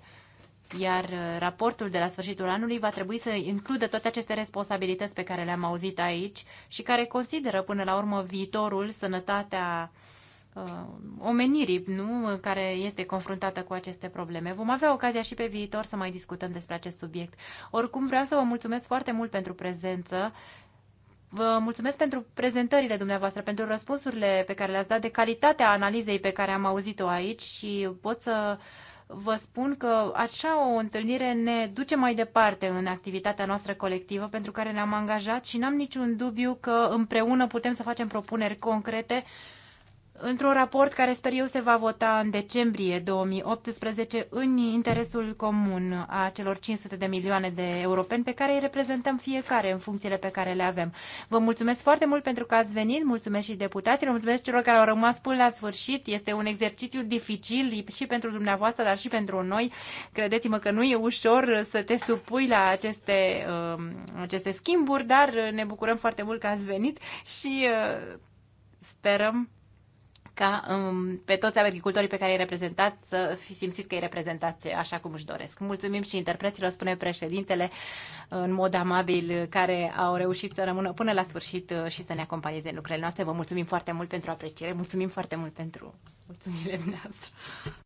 Iar uh, raportul de la sfârșitul anului va trebui să includă toate aceste responsabilități pe care le-am auzit aici și care consideră până la urmă viitorul, sănătatea uh, uh, omenirii nu? care este confruntată cu aceste probleme. Vom avea ocazia și pe viitor să mai discutăm despre acest subiect. Oricum vreau să vă mulțumesc foarte mult pentru prezență. Vă mulțumesc pentru prezentările dumneavoastră, pentru răspunsurile pe care le-ați dat, de calitatea analizei pe care am auzit-o aici și pot să vă spun că așa o întâlnire ne duce mai departe în activitatea noastră colectivă pentru care ne-am angajat și n-am niciun dubiu că împreună putem să facem propuneri concrete uh, într-un raport care sper eu se va vota în decembrie 2018 în interesul comun a celor 500 de milioane de europeni pe care îi reprezentăm fiecare în funcțiile pe care le avem. Vă mulțumesc foarte mult pentru că ați venit, mulțumesc și deputaților, mulțumesc celor care au rămas până la sfârșit. Este un exercițiu dificil și pentru dumneavoastră, dar și pentru noi. Credeți-mă că nu e ușor să te supui la aceste, um, aceste schimburi, dar ne bucurăm foarte mult că ați venit și uh, sperăm ca um, pe toți agricultorii pe care îi reprezentați să fi simțit că îi reprezentați așa cum își doresc. Mulțumim și interpreților, spune președintele, în mod amabil, care au reușit să rămână până la sfârșit uh, și să ne acompanieze în lucrările noastre. Vă mulțumim foarte mult pentru apreciere, mulțumim foarte mult pentru mulțumirile noastre.